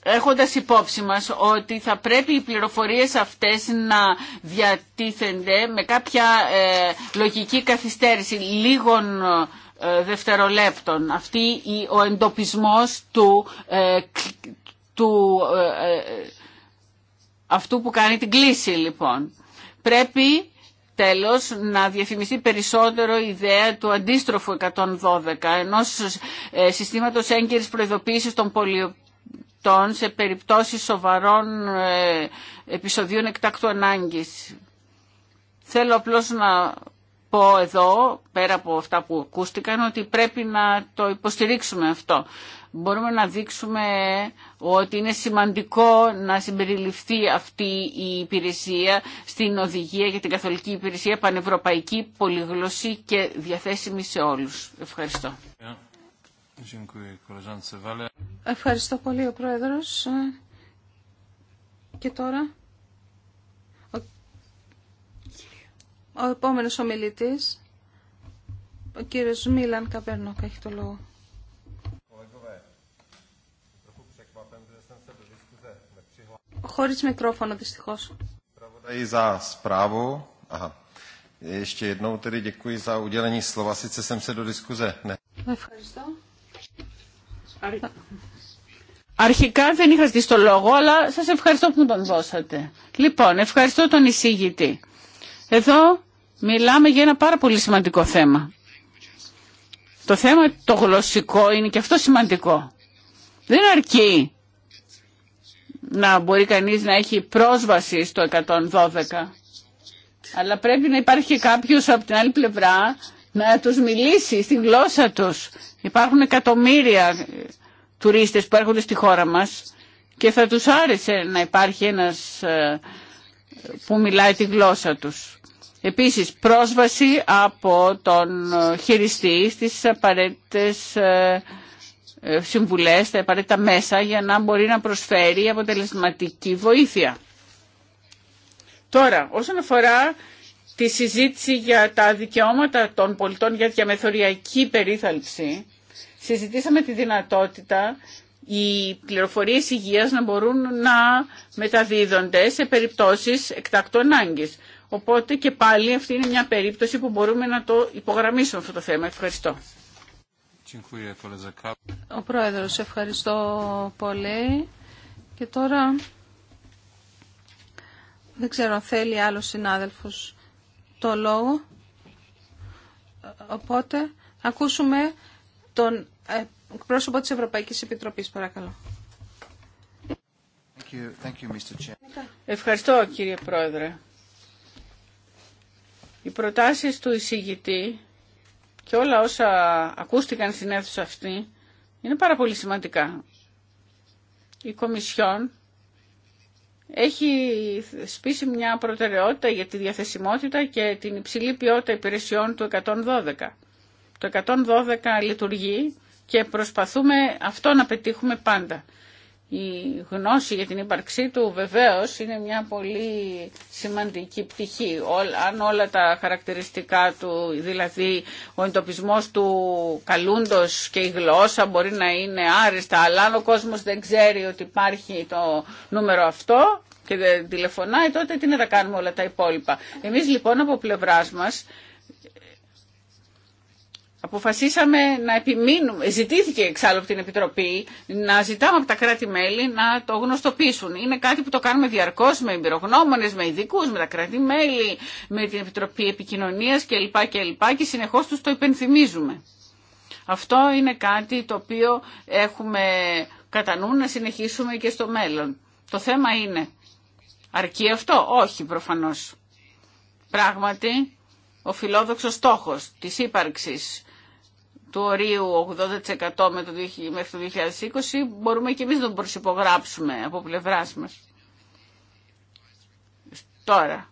έχοντας υπόψη μας ότι θα πρέπει οι πληροφορίες αυτές να διατίθενται με κάποια ε, λογική καθυστέρηση λίγων ε, δευτερολέπτων. Αυτή η, ο εντοπισμός του, ε, του αυτού που κάνει την κλίση λοιπόν. Πρέπει Τέλος, να διαφημιστεί περισσότερο η ιδέα του αντίστροφου 112, ενός συστήματος έγκαιρης προειδοποίησης των σε περιπτώσεις σοβαρών ε, επεισοδίων εκτάκτου ανάγκης. Θέλω απλώς να πω εδώ, πέρα από αυτά που ακούστηκαν, ότι πρέπει να το υποστηρίξουμε αυτό. Μπορούμε να δείξουμε ότι είναι σημαντικό να συμπεριληφθεί αυτή η υπηρεσία στην οδηγία για την καθολική υπηρεσία πανευρωπαϊκή, πολυγλωσσή και διαθέσιμη σε όλους. Ευχαριστώ. Ευχαριστώ πολύ ο Πρόεδρος. Και τώρα ο, ο επόμενος ομιλητής, ο κύριος Μίλαν Καπέρνοκ, έχει το λόγο. Χωρίς μικρόφωνο, δυστυχώς. Ευχαριστώ. Αρχικά δεν είχα δει το λόγο, αλλά σας ευχαριστώ που τον δώσατε. Λοιπόν, ευχαριστώ τον εισηγητή. Εδώ μιλάμε για ένα πάρα πολύ σημαντικό θέμα. Το θέμα το γλωσσικό είναι και αυτό σημαντικό. Δεν αρκεί να μπορεί κανείς να έχει πρόσβαση στο 112, αλλά πρέπει να υπάρχει κάποιος από την άλλη πλευρά να τους μιλήσει στη γλώσσα τους. Υπάρχουν εκατομμύρια τουρίστες που έρχονται στη χώρα μας και θα τους άρεσε να υπάρχει ένας ε, που μιλάει τη γλώσσα τους. Επίσης, πρόσβαση από τον ε, χειριστή στις απαραίτητες ε, συμβουλές, τα απαραίτητα μέσα για να μπορεί να προσφέρει αποτελεσματική βοήθεια. Τώρα, όσον αφορά τη συζήτηση για τα δικαιώματα των πολιτών για διαμεθοριακή περίθαλψη, συζητήσαμε τη δυνατότητα οι πληροφορίες υγείας να μπορούν να μεταδίδονται σε περιπτώσεις εκτάκτων ανάγκης. Οπότε και πάλι αυτή είναι μια περίπτωση που μπορούμε να το υπογραμμίσουμε αυτό το θέμα. Ευχαριστώ. Ο Πρόεδρος, ευχαριστώ πολύ. Και τώρα δεν ξέρω αν θέλει άλλος συνάδελφος το λόγο. Οπότε, ακούσουμε τον ε, πρόσωπο της Ευρωπαϊκής Επιτροπής, παρακαλώ. Thank you. Thank you, Mr. Ευχαριστώ, κύριε Πρόεδρε. Οι προτάσεις του εισηγητή και όλα όσα ακούστηκαν στην αίθουσα αυτή είναι πάρα πολύ σημαντικά. Η Κομισιόν έχει σπίσει μια προτεραιότητα για τη διαθεσιμότητα και την υψηλή ποιότητα υπηρεσιών του 112. Το 112 λειτουργεί και προσπαθούμε αυτό να πετύχουμε πάντα. Η γνώση για την ύπαρξή του βεβαίως είναι μια πολύ σημαντική πτυχή. Αν όλα τα χαρακτηριστικά του, δηλαδή ο εντοπισμός του καλούντος και η γλώσσα μπορεί να είναι άριστα, αλλά αν ο κόσμος δεν ξέρει ότι υπάρχει το νούμερο αυτό και δεν τηλεφωνάει, τότε τι να τα κάνουμε όλα τα υπόλοιπα. Εμείς λοιπόν από πλευράς μας αποφασίσαμε να επιμείνουμε, ζητήθηκε εξάλλου από την Επιτροπή να ζητάμε από τα κράτη-μέλη να το γνωστοποιήσουν. Είναι κάτι που το κάνουμε διαρκώ με εμπειρογνώμονε, με ειδικού, με τα κράτη-μέλη, με την Επιτροπή επικοινωνία κλπ. Και, και συνεχώς του το υπενθυμίζουμε. Αυτό είναι κάτι το οποίο έχουμε κατά νου να συνεχίσουμε και στο μέλλον. Το θέμα είναι, αρκεί αυτό? Όχι προφανώς. Πράγματι, ο φιλόδοξος στόχος της ύπαρξης του ορίου 80% με το, μέχρι το 2020 μπορούμε και εμείς να τον προσυπογράψουμε από πλευράς μας. Τώρα,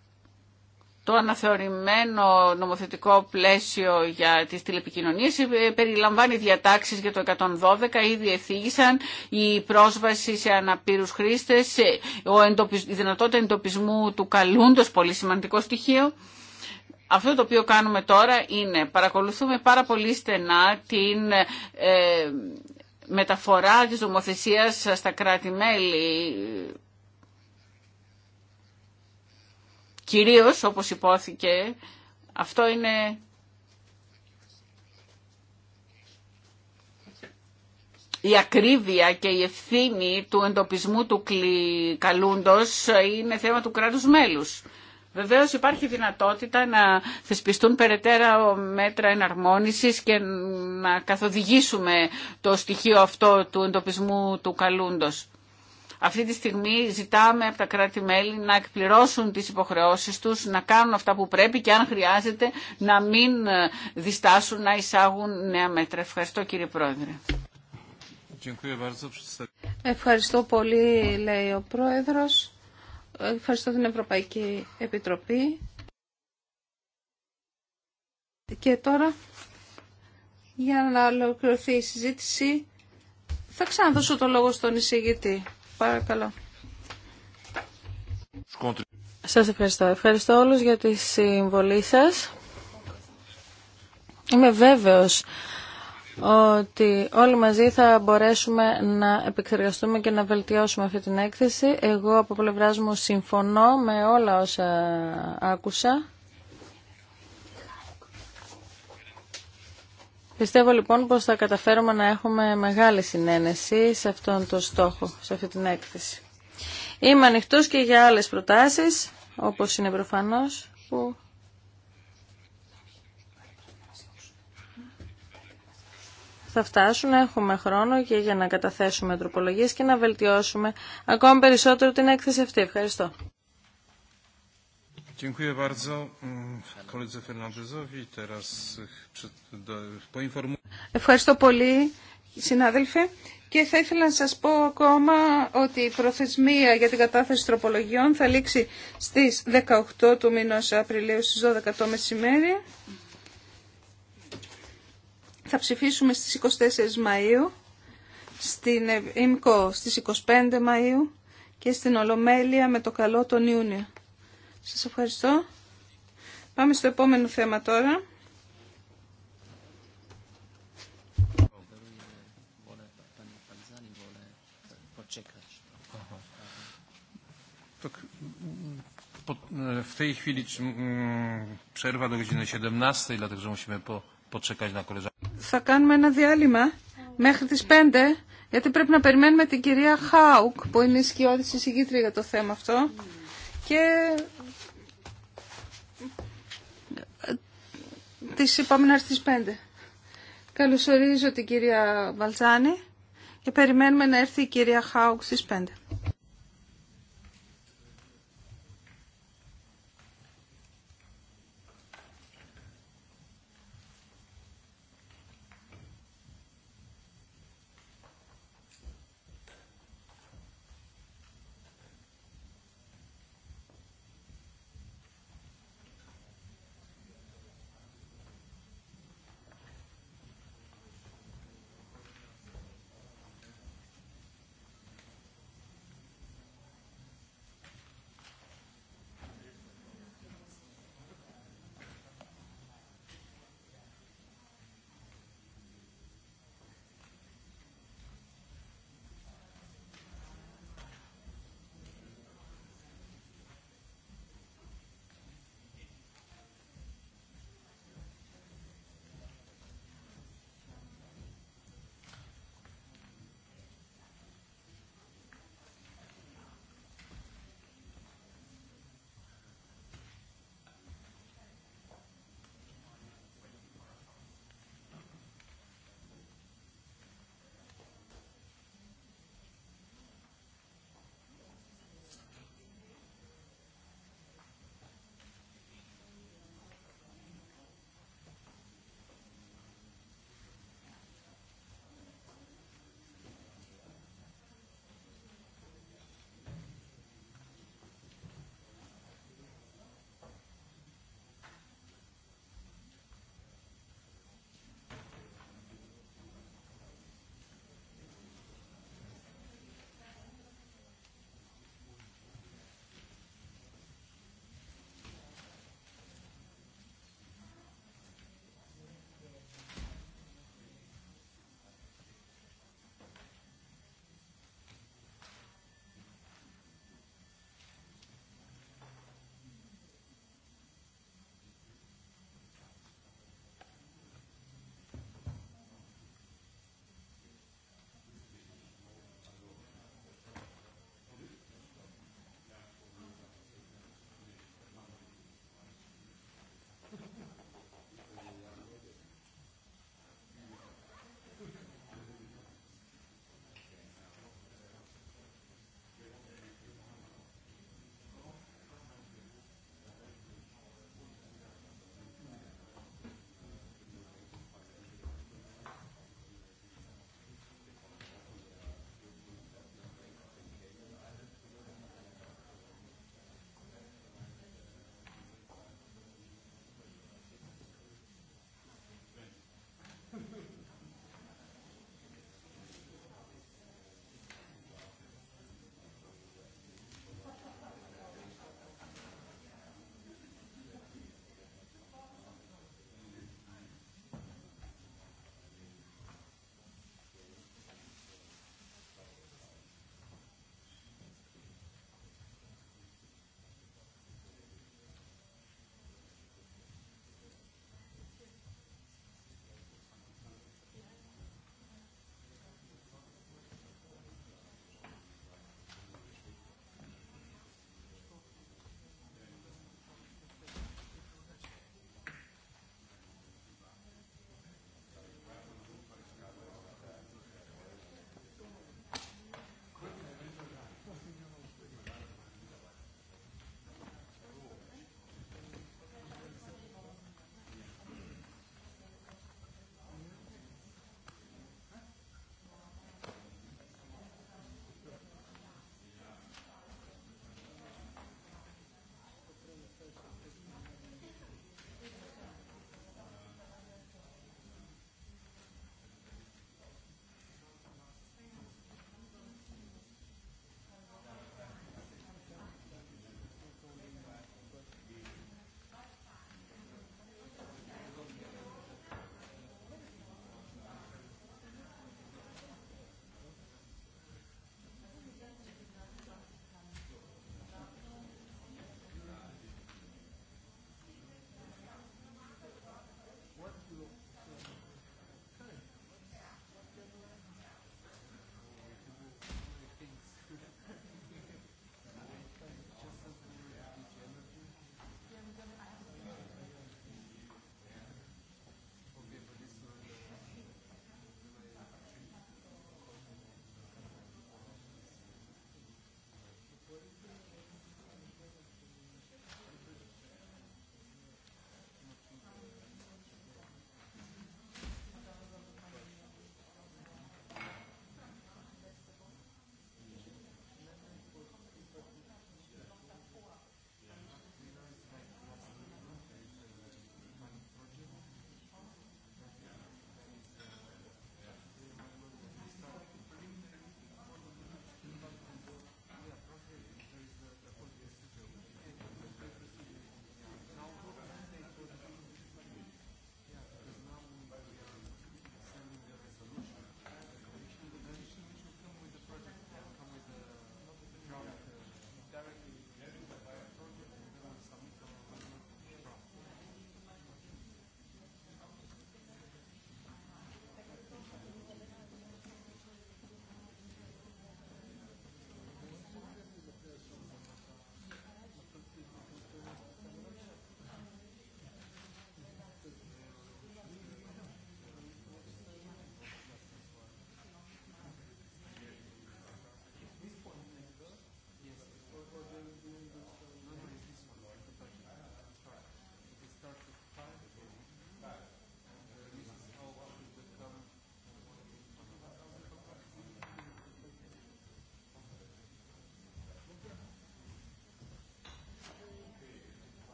το αναθεωρημένο νομοθετικό πλαίσιο για τις τηλεπικοινωνίες ε, περιλαμβάνει διατάξεις για το 112, ήδη εθίγησαν η πρόσβαση σε αναπήρους χρήστες, ε, η δυνατότητα εντοπισμού του καλούντος, πολύ σημαντικό στοιχείο, αυτό το οποίο κάνουμε τώρα είναι παρακολουθούμε πάρα πολύ στενά την ε, μεταφορά της νομοθεσία στα κράτη-μέλη. Κυρίως, όπως υπόθηκε, αυτό είναι η ακρίβεια και η ευθύνη του εντοπισμού του καλούντος ε, είναι θέμα του κράτους μέλους. Βεβαίω υπάρχει δυνατότητα να θεσπιστούν περαιτέρα μέτρα εναρμόνισης και να καθοδηγήσουμε το στοιχείο αυτό του εντοπισμού του καλούντος. Αυτή τη στιγμή ζητάμε από τα κράτη-μέλη να εκπληρώσουν τις υποχρεώσεις τους, να κάνουν αυτά που πρέπει και αν χρειάζεται να μην διστάσουν να εισάγουν νέα μέτρα. Ευχαριστώ κύριε Πρόεδρε. Ευχαριστώ πολύ λέει ο Πρόεδρος. Ευχαριστώ την Ευρωπαϊκή Επιτροπή. Και τώρα, για να ολοκληρωθεί η συζήτηση, θα ξαναδώσω το λόγο στον εισηγητή. Παρακαλώ. Σας ευχαριστώ. Ευχαριστώ όλους για τη συμβολή σας. Είμαι βέβαιος ότι όλοι μαζί θα μπορέσουμε να επεξεργαστούμε και να βελτιώσουμε αυτή την έκθεση. Εγώ από πλευρά μου συμφωνώ με όλα όσα άκουσα. Πιστεύω λοιπόν πως θα καταφέρουμε να έχουμε μεγάλη συνένεση σε αυτόν τον στόχο, σε αυτή την έκθεση. Είμαι ανοιχτός και για άλλες προτάσεις, όπως είναι προφανώς, που θα φτάσουν, έχουμε χρόνο και για να καταθέσουμε τροπολογίες και να βελτιώσουμε ακόμα περισσότερο την έκθεση αυτή. Ευχαριστώ. Ευχαριστώ πολύ, συνάδελφε. Και θα ήθελα να σας πω ακόμα ότι η προθεσμία για την κατάθεση τροπολογιών θα λήξει στις 18 του μηνός Απριλίου στις 12 το μεσημέρι. Θα ψηφίσουμε στις 24 Μαΐου, στην ΕΜΚΟ στις 25 Μαΐου και στην Ολομέλεια με το καλό τον Ιούνιο. Σας ευχαριστώ. Πάμε στο επόμενο θέμα τώρα. W tej chwili przerwa do godziny 17, dlatego że musimy po θα κάνουμε ένα διάλειμμα μέχρι τις 5, γιατί πρέπει να περιμένουμε την κυρία Χάουκ, που είναι η σκιώδη συζητήτρια για το θέμα αυτό. Και της είπαμε να έρθει 5. Καλωσορίζω την κυρία Βαλτζάνη και περιμένουμε να έρθει η κυρία Χάουκ στις 5.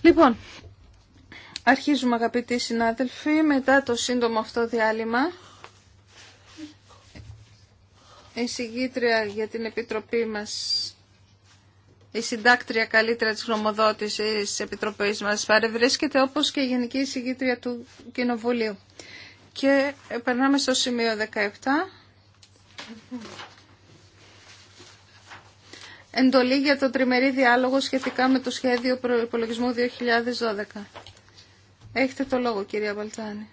Λοιπόν, αρχίζουμε αγαπητοί συνάδελφοι μετά το σύντομο αυτό διάλειμμα. Η για την Επιτροπή μας η συντάκτρια καλύτερα της γνωμοδότησης της Επιτροπής μας παρευρίσκεται όπως και η Γενική Εισηγήτρια του Κοινοβουλίου. Και περνάμε στο σημείο 17 εντολή για το τριμερή διάλογο σχετικά με το σχέδιο προϋπολογισμού 2012. Έχετε το λόγο, κυρία Βαλτάνη.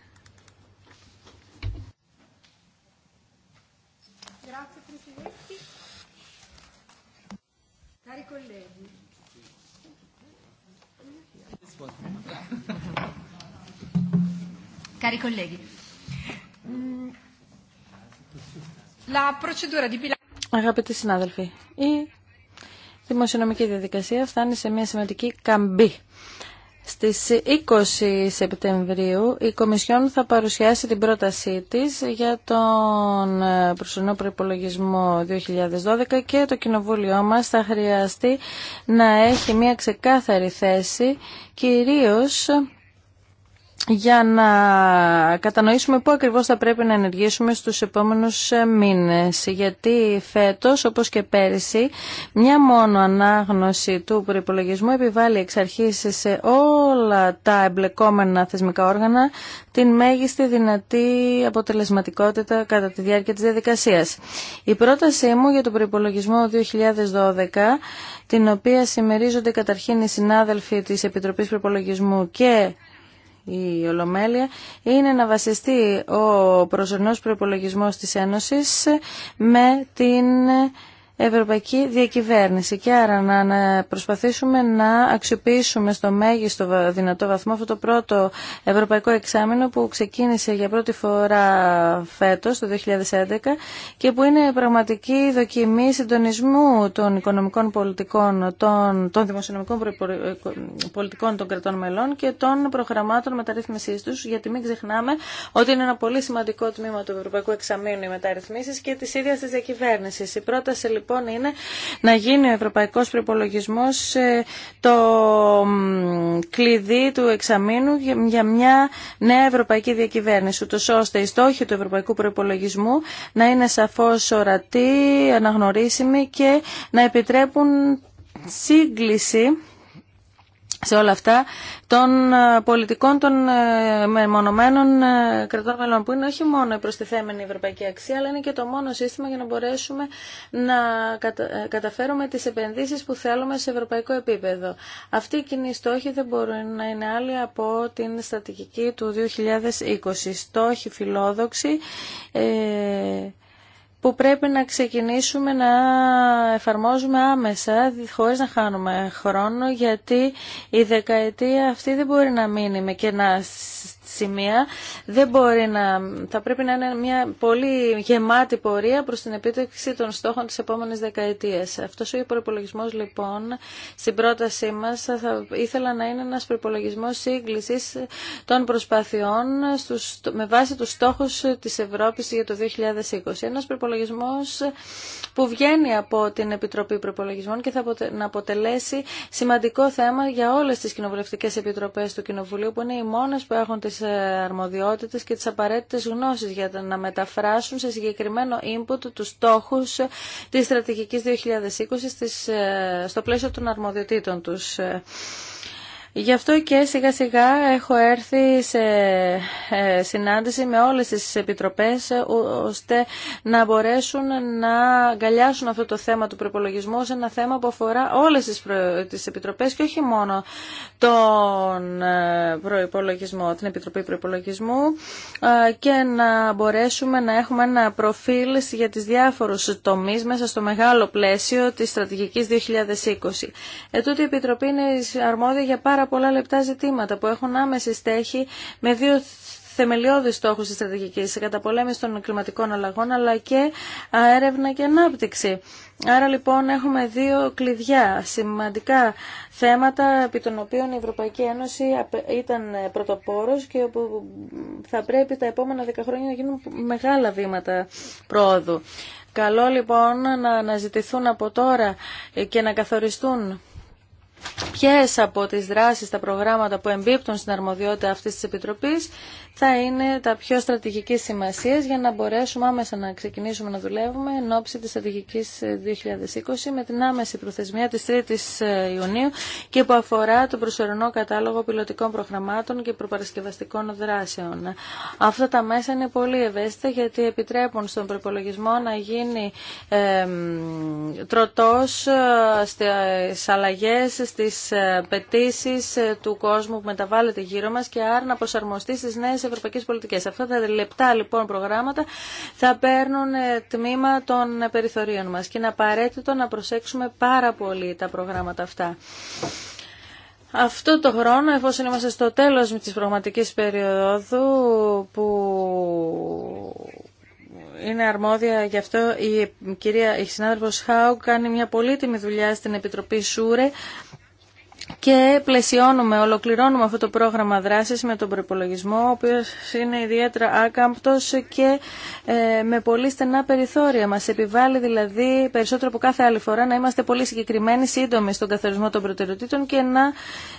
Cari colleghi, la procedura di Αγαπητοί συνάδελφοι, η δημοσιονομική διαδικασία φτάνει σε μια σημαντική καμπή. Στις 20 Σεπτεμβρίου η Κομισιόν θα παρουσιάσει την πρότασή της για τον ε, προσωρινό προϋπολογισμό 2012 και το Κοινοβούλιο μας θα χρειαστεί να έχει μια ξεκάθαρη θέση κυρίως για να κατανοήσουμε πού ακριβώς θα πρέπει να ενεργήσουμε στους επόμενους ε, μήνες. Γιατί φέτος, όπως και πέρυσι, μια μόνο ανάγνωση του προϋπολογισμού επιβάλλει εξ αρχής σε όλα τα εμπλεκόμενα θεσμικά όργανα την μέγιστη δυνατή αποτελεσματικότητα κατά τη διάρκεια της διαδικασίας. Η πρότασή μου για τον προϋπολογισμό 2012 την οποία συμμερίζονται καταρχήν οι συνάδελφοι της Επιτροπής Προπολογισμού και η Ολομέλεια είναι να βασιστεί ο προσωρινός προϋπολογισμός της Ένωσης με την ευρωπαϊκή διακυβέρνηση. Και άρα να προσπαθήσουμε να αξιοποιήσουμε στο μέγιστο δυνατό βαθμό αυτό το πρώτο ευρωπαϊκό εξάμεινο που ξεκίνησε για πρώτη φορά φέτος, το 2011, και που είναι πραγματική δοκιμή συντονισμού των οικονομικών πολιτικών, των, των δημοσιονομικών πολιτικών των κρατών μελών και των προγραμμάτων μεταρρύθμισή του, γιατί μην ξεχνάμε ότι είναι ένα πολύ σημαντικό τμήμα του Ευρωπαϊκού Εξαμήνου οι μεταρρυθμίσεις και τη ίδια τη διακυβέρνηση. Η πρόταση λοιπόν λοιπόν είναι να γίνει ο ευρωπαϊκός προϋπολογισμός το κλειδί του εξαμήνου για μια νέα ευρωπαϊκή διακυβέρνηση, ούτως ώστε οι στόχοι του ευρωπαϊκού προϋπολογισμού να είναι σαφώς ορατοί, αναγνωρίσιμοι και να επιτρέπουν σύγκληση σε όλα αυτά των ε, πολιτικών των ε, μεμονωμένων ε, κρατών μελών που είναι όχι μόνο η προστιθέμενη ευρωπαϊκή αξία αλλά είναι και το μόνο σύστημα για να μπορέσουμε να καταφέρουμε τις επενδύσεις που θέλουμε σε ευρωπαϊκό επίπεδο. Αυτή η κοινή στόχοι δεν μπορούν να είναι άλλη από την στατικική του 2020. Στόχοι φιλόδοξοι που πρέπει να ξεκινήσουμε να εφαρμόζουμε άμεσα χωρίς να χάνουμε χρόνο γιατί η δεκαετία αυτή δεν μπορεί να μείνει με κενά σημεία δεν μπορεί θα πρέπει να είναι μια πολύ γεμάτη πορεία προς την επίτευξη των στόχων της επόμενης δεκαετίας. Αυτός ο προπολογισμό λοιπόν στην πρότασή μας θα ήθελα να είναι ένας προπολογισμό σύγκληση των προσπαθειών στους, με βάση τους στόχους της Ευρώπης για το 2020. Ένας προπολογισμό που βγαίνει από την Επιτροπή Προπολογισμών και θα να αποτελέσει σημαντικό θέμα για όλες τις κοινοβουλευτικές επιτροπές του Κοινοβουλίου που είναι οι μόνες που έχουν τις αρμοδιότητες και τις απαραίτητες γνώσεις για να μεταφράσουν σε συγκεκριμένο input τους στόχους της στρατηγικής 2020 ε, στο πλαίσιο των αρμοδιοτήτων τους. Ε, Γι' αυτό και σιγά σιγά έχω έρθει σε ε, συνάντηση με όλες τις επιτροπές ε, ώστε να μπορέσουν να αγκαλιάσουν αυτό το θέμα του προπολογισμού σε ένα θέμα που αφορά όλες τις, προ... τις επιτροπές και όχι μόνο τον ε, προϋπολογισμό, την Επιτροπή Προϋπολογισμού και να μπορέσουμε να έχουμε ένα προφίλ για τις διάφορους τομείς μέσα στο μεγάλο πλαίσιο της στρατηγικής 2020. Ετούτη η Επιτροπή είναι αρμόδια για πάρα πάρα πολλά λεπτά ζητήματα που έχουν άμεση στέχη με δύο θεμελιώδεις στόχους της στρατηγικής, καταπολέμηση των κλιματικών αλλαγών, αλλά και έρευνα και ανάπτυξη. Άρα λοιπόν έχουμε δύο κλειδιά, σημαντικά θέματα επί των οποίων η Ευρωπαϊκή Ένωση ήταν πρωτοπόρος και όπου θα πρέπει τα επόμενα δέκα χρόνια να γίνουν μεγάλα βήματα πρόοδου. Καλό λοιπόν να αναζητηθούν από τώρα και να καθοριστούν ποιες από τις δράσεις, τα προγράμματα που εμπίπτουν στην αρμοδιότητα αυτής της Επιτροπής θα είναι τα πιο στρατηγική σημασία για να μπορέσουμε άμεσα να ξεκινήσουμε να δουλεύουμε εν ώψη τη στρατηγική 2020 με την άμεση προθεσμία τη 3η ε, Ιουνίου και που αφορά το προσωρινό κατάλογο πιλωτικών προγραμμάτων και προπαρασκευαστικών δράσεων. Αυτά τα μέσα είναι πολύ ευαίσθητα γιατί επιτρέπουν στον προπολογισμό να γίνει ε, τροτός στις αλλαγές, στις ε, πετήσει ε, του κόσμου που μεταβάλλεται γύρω μα και άρα να προσαρμοστεί τις ευρωπαϊκές πολιτικές. Αυτά τα λεπτά λοιπόν προγράμματα θα παίρνουν ε, τμήμα των περιθωρίων μας και είναι απαραίτητο να προσέξουμε πάρα πολύ τα προγράμματα αυτά. Αυτό το χρόνο, εφόσον είμαστε στο τέλος της πραγματικής περίοδου που είναι αρμόδια γι' αυτό η κυρία η συνάδελφος Χάου κάνει μια πολύτιμη δουλειά στην Επιτροπή Σούρε και πλαισιώνουμε, ολοκληρώνουμε αυτό το πρόγραμμα δράσης με τον προπολογισμό, ο οποίος είναι ιδιαίτερα άκαμπτος και ε, με πολύ στενά περιθώρια. Μας επιβάλλει δηλαδή περισσότερο από κάθε άλλη φορά να είμαστε πολύ συγκεκριμένοι, σύντομοι στον καθορισμό των προτεραιοτήτων και να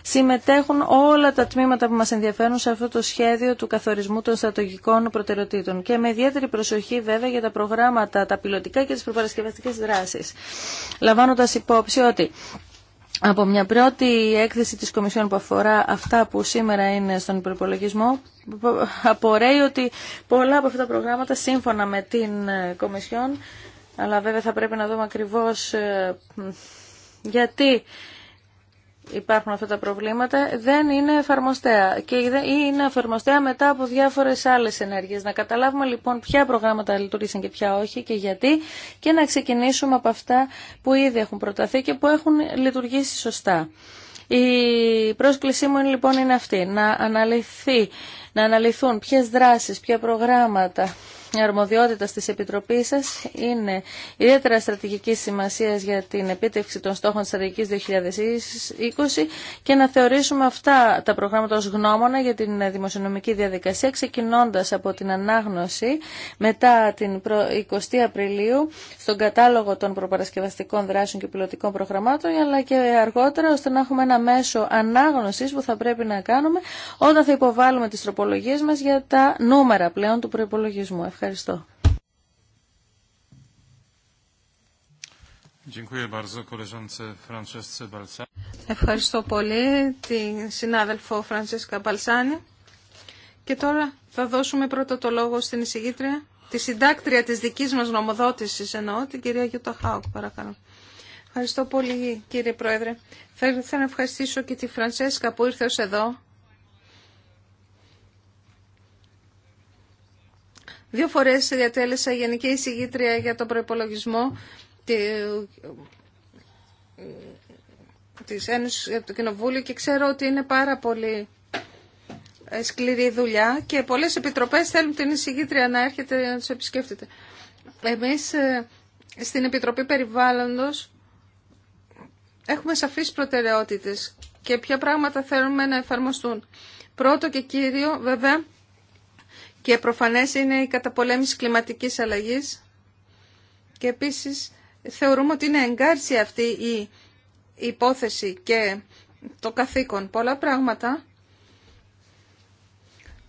συμμετέχουν όλα τα τμήματα που μας ενδιαφέρουν σε αυτό το σχέδιο του καθορισμού των στρατογικών προτεραιοτήτων. Και με ιδιαίτερη προσοχή βέβαια για τα προγράμματα, τα πιλωτικά και τις προπαρασκευαστικές δράσεις. λαμβάνοντα υπόψη ότι από μια πρώτη έκθεση της Κομισιόν που αφορά αυτά που σήμερα είναι στον υπερπολογισμό απορρέει ότι πολλά από αυτά τα προγράμματα σύμφωνα με την ε, Κομισιόν αλλά βέβαια θα πρέπει να δούμε ακριβώς ε, γιατί υπάρχουν αυτά τα προβλήματα δεν είναι εφαρμοστέα και ή είναι εφαρμοστέα μετά από διάφορες άλλες ενέργειες. Να καταλάβουμε λοιπόν ποια προγράμματα λειτουργήσαν και ποια όχι και γιατί και να ξεκινήσουμε από αυτά που ήδη έχουν προταθεί και που έχουν λειτουργήσει σωστά. Η πρόσκλησή μου λοιπόν είναι αυτή, να να αναλυθούν ποιες δράσεις, ποια προγράμματα η αρμοδιότητα της Επιτροπής σας είναι ιδιαίτερα στρατηγική σημασία για την επίτευξη των στόχων στρατηγικής 2020 και να θεωρήσουμε αυτά τα προγράμματα ως γνώμονα για την δημοσιονομική διαδικασία ξεκινώντας από την ανάγνωση μετά την 20 η Απριλίου στον κατάλογο των προπαρασκευαστικών δράσεων και πιλωτικών προγραμμάτων αλλά και αργότερα ώστε να έχουμε ένα μέσο ανάγνωσης που θα πρέπει να κάνουμε όταν θα υποβάλουμε τις τροπολογίες μας για τα νούμερα πλέον του προϋπολογισμού. Ευχαριστώ. Ευχαριστώ πολύ την συνάδελφο Φρανσέσκα Μπαλσάνη. Και τώρα θα δώσουμε πρώτα το λόγο στην εισηγήτρια, τη συντάκτρια της δικής μας νομοδότησης εννοώ, την κυρία Γιώτα Χάουκ, παρακαλώ. Ευχαριστώ πολύ κύριε Πρόεδρε. Θα ήθελα να ευχαριστήσω και τη Φρανσέσκα που ήρθε ως εδώ Δύο φορές διατέλεσα γενική εισηγήτρια για τον προϋπολογισμό της Ένωσης για το Κοινοβούλιο και ξέρω ότι είναι πάρα πολύ ε, σκληρή δουλειά και πολλές επιτροπές θέλουν την εισηγήτρια να έρχεται να τους επισκέφτεται. Εμείς ε, στην Επιτροπή Περιβάλλοντος έχουμε σαφείς προτεραιότητες και ποια πράγματα θέλουμε να εφαρμοστούν. Πρώτο και κύριο βέβαια και προφανές είναι η καταπολέμηση κλιματικής αλλαγής. Και επίσης θεωρούμε ότι είναι εγκάρσια αυτή η υπόθεση και το καθήκον. Πολλά πράγματα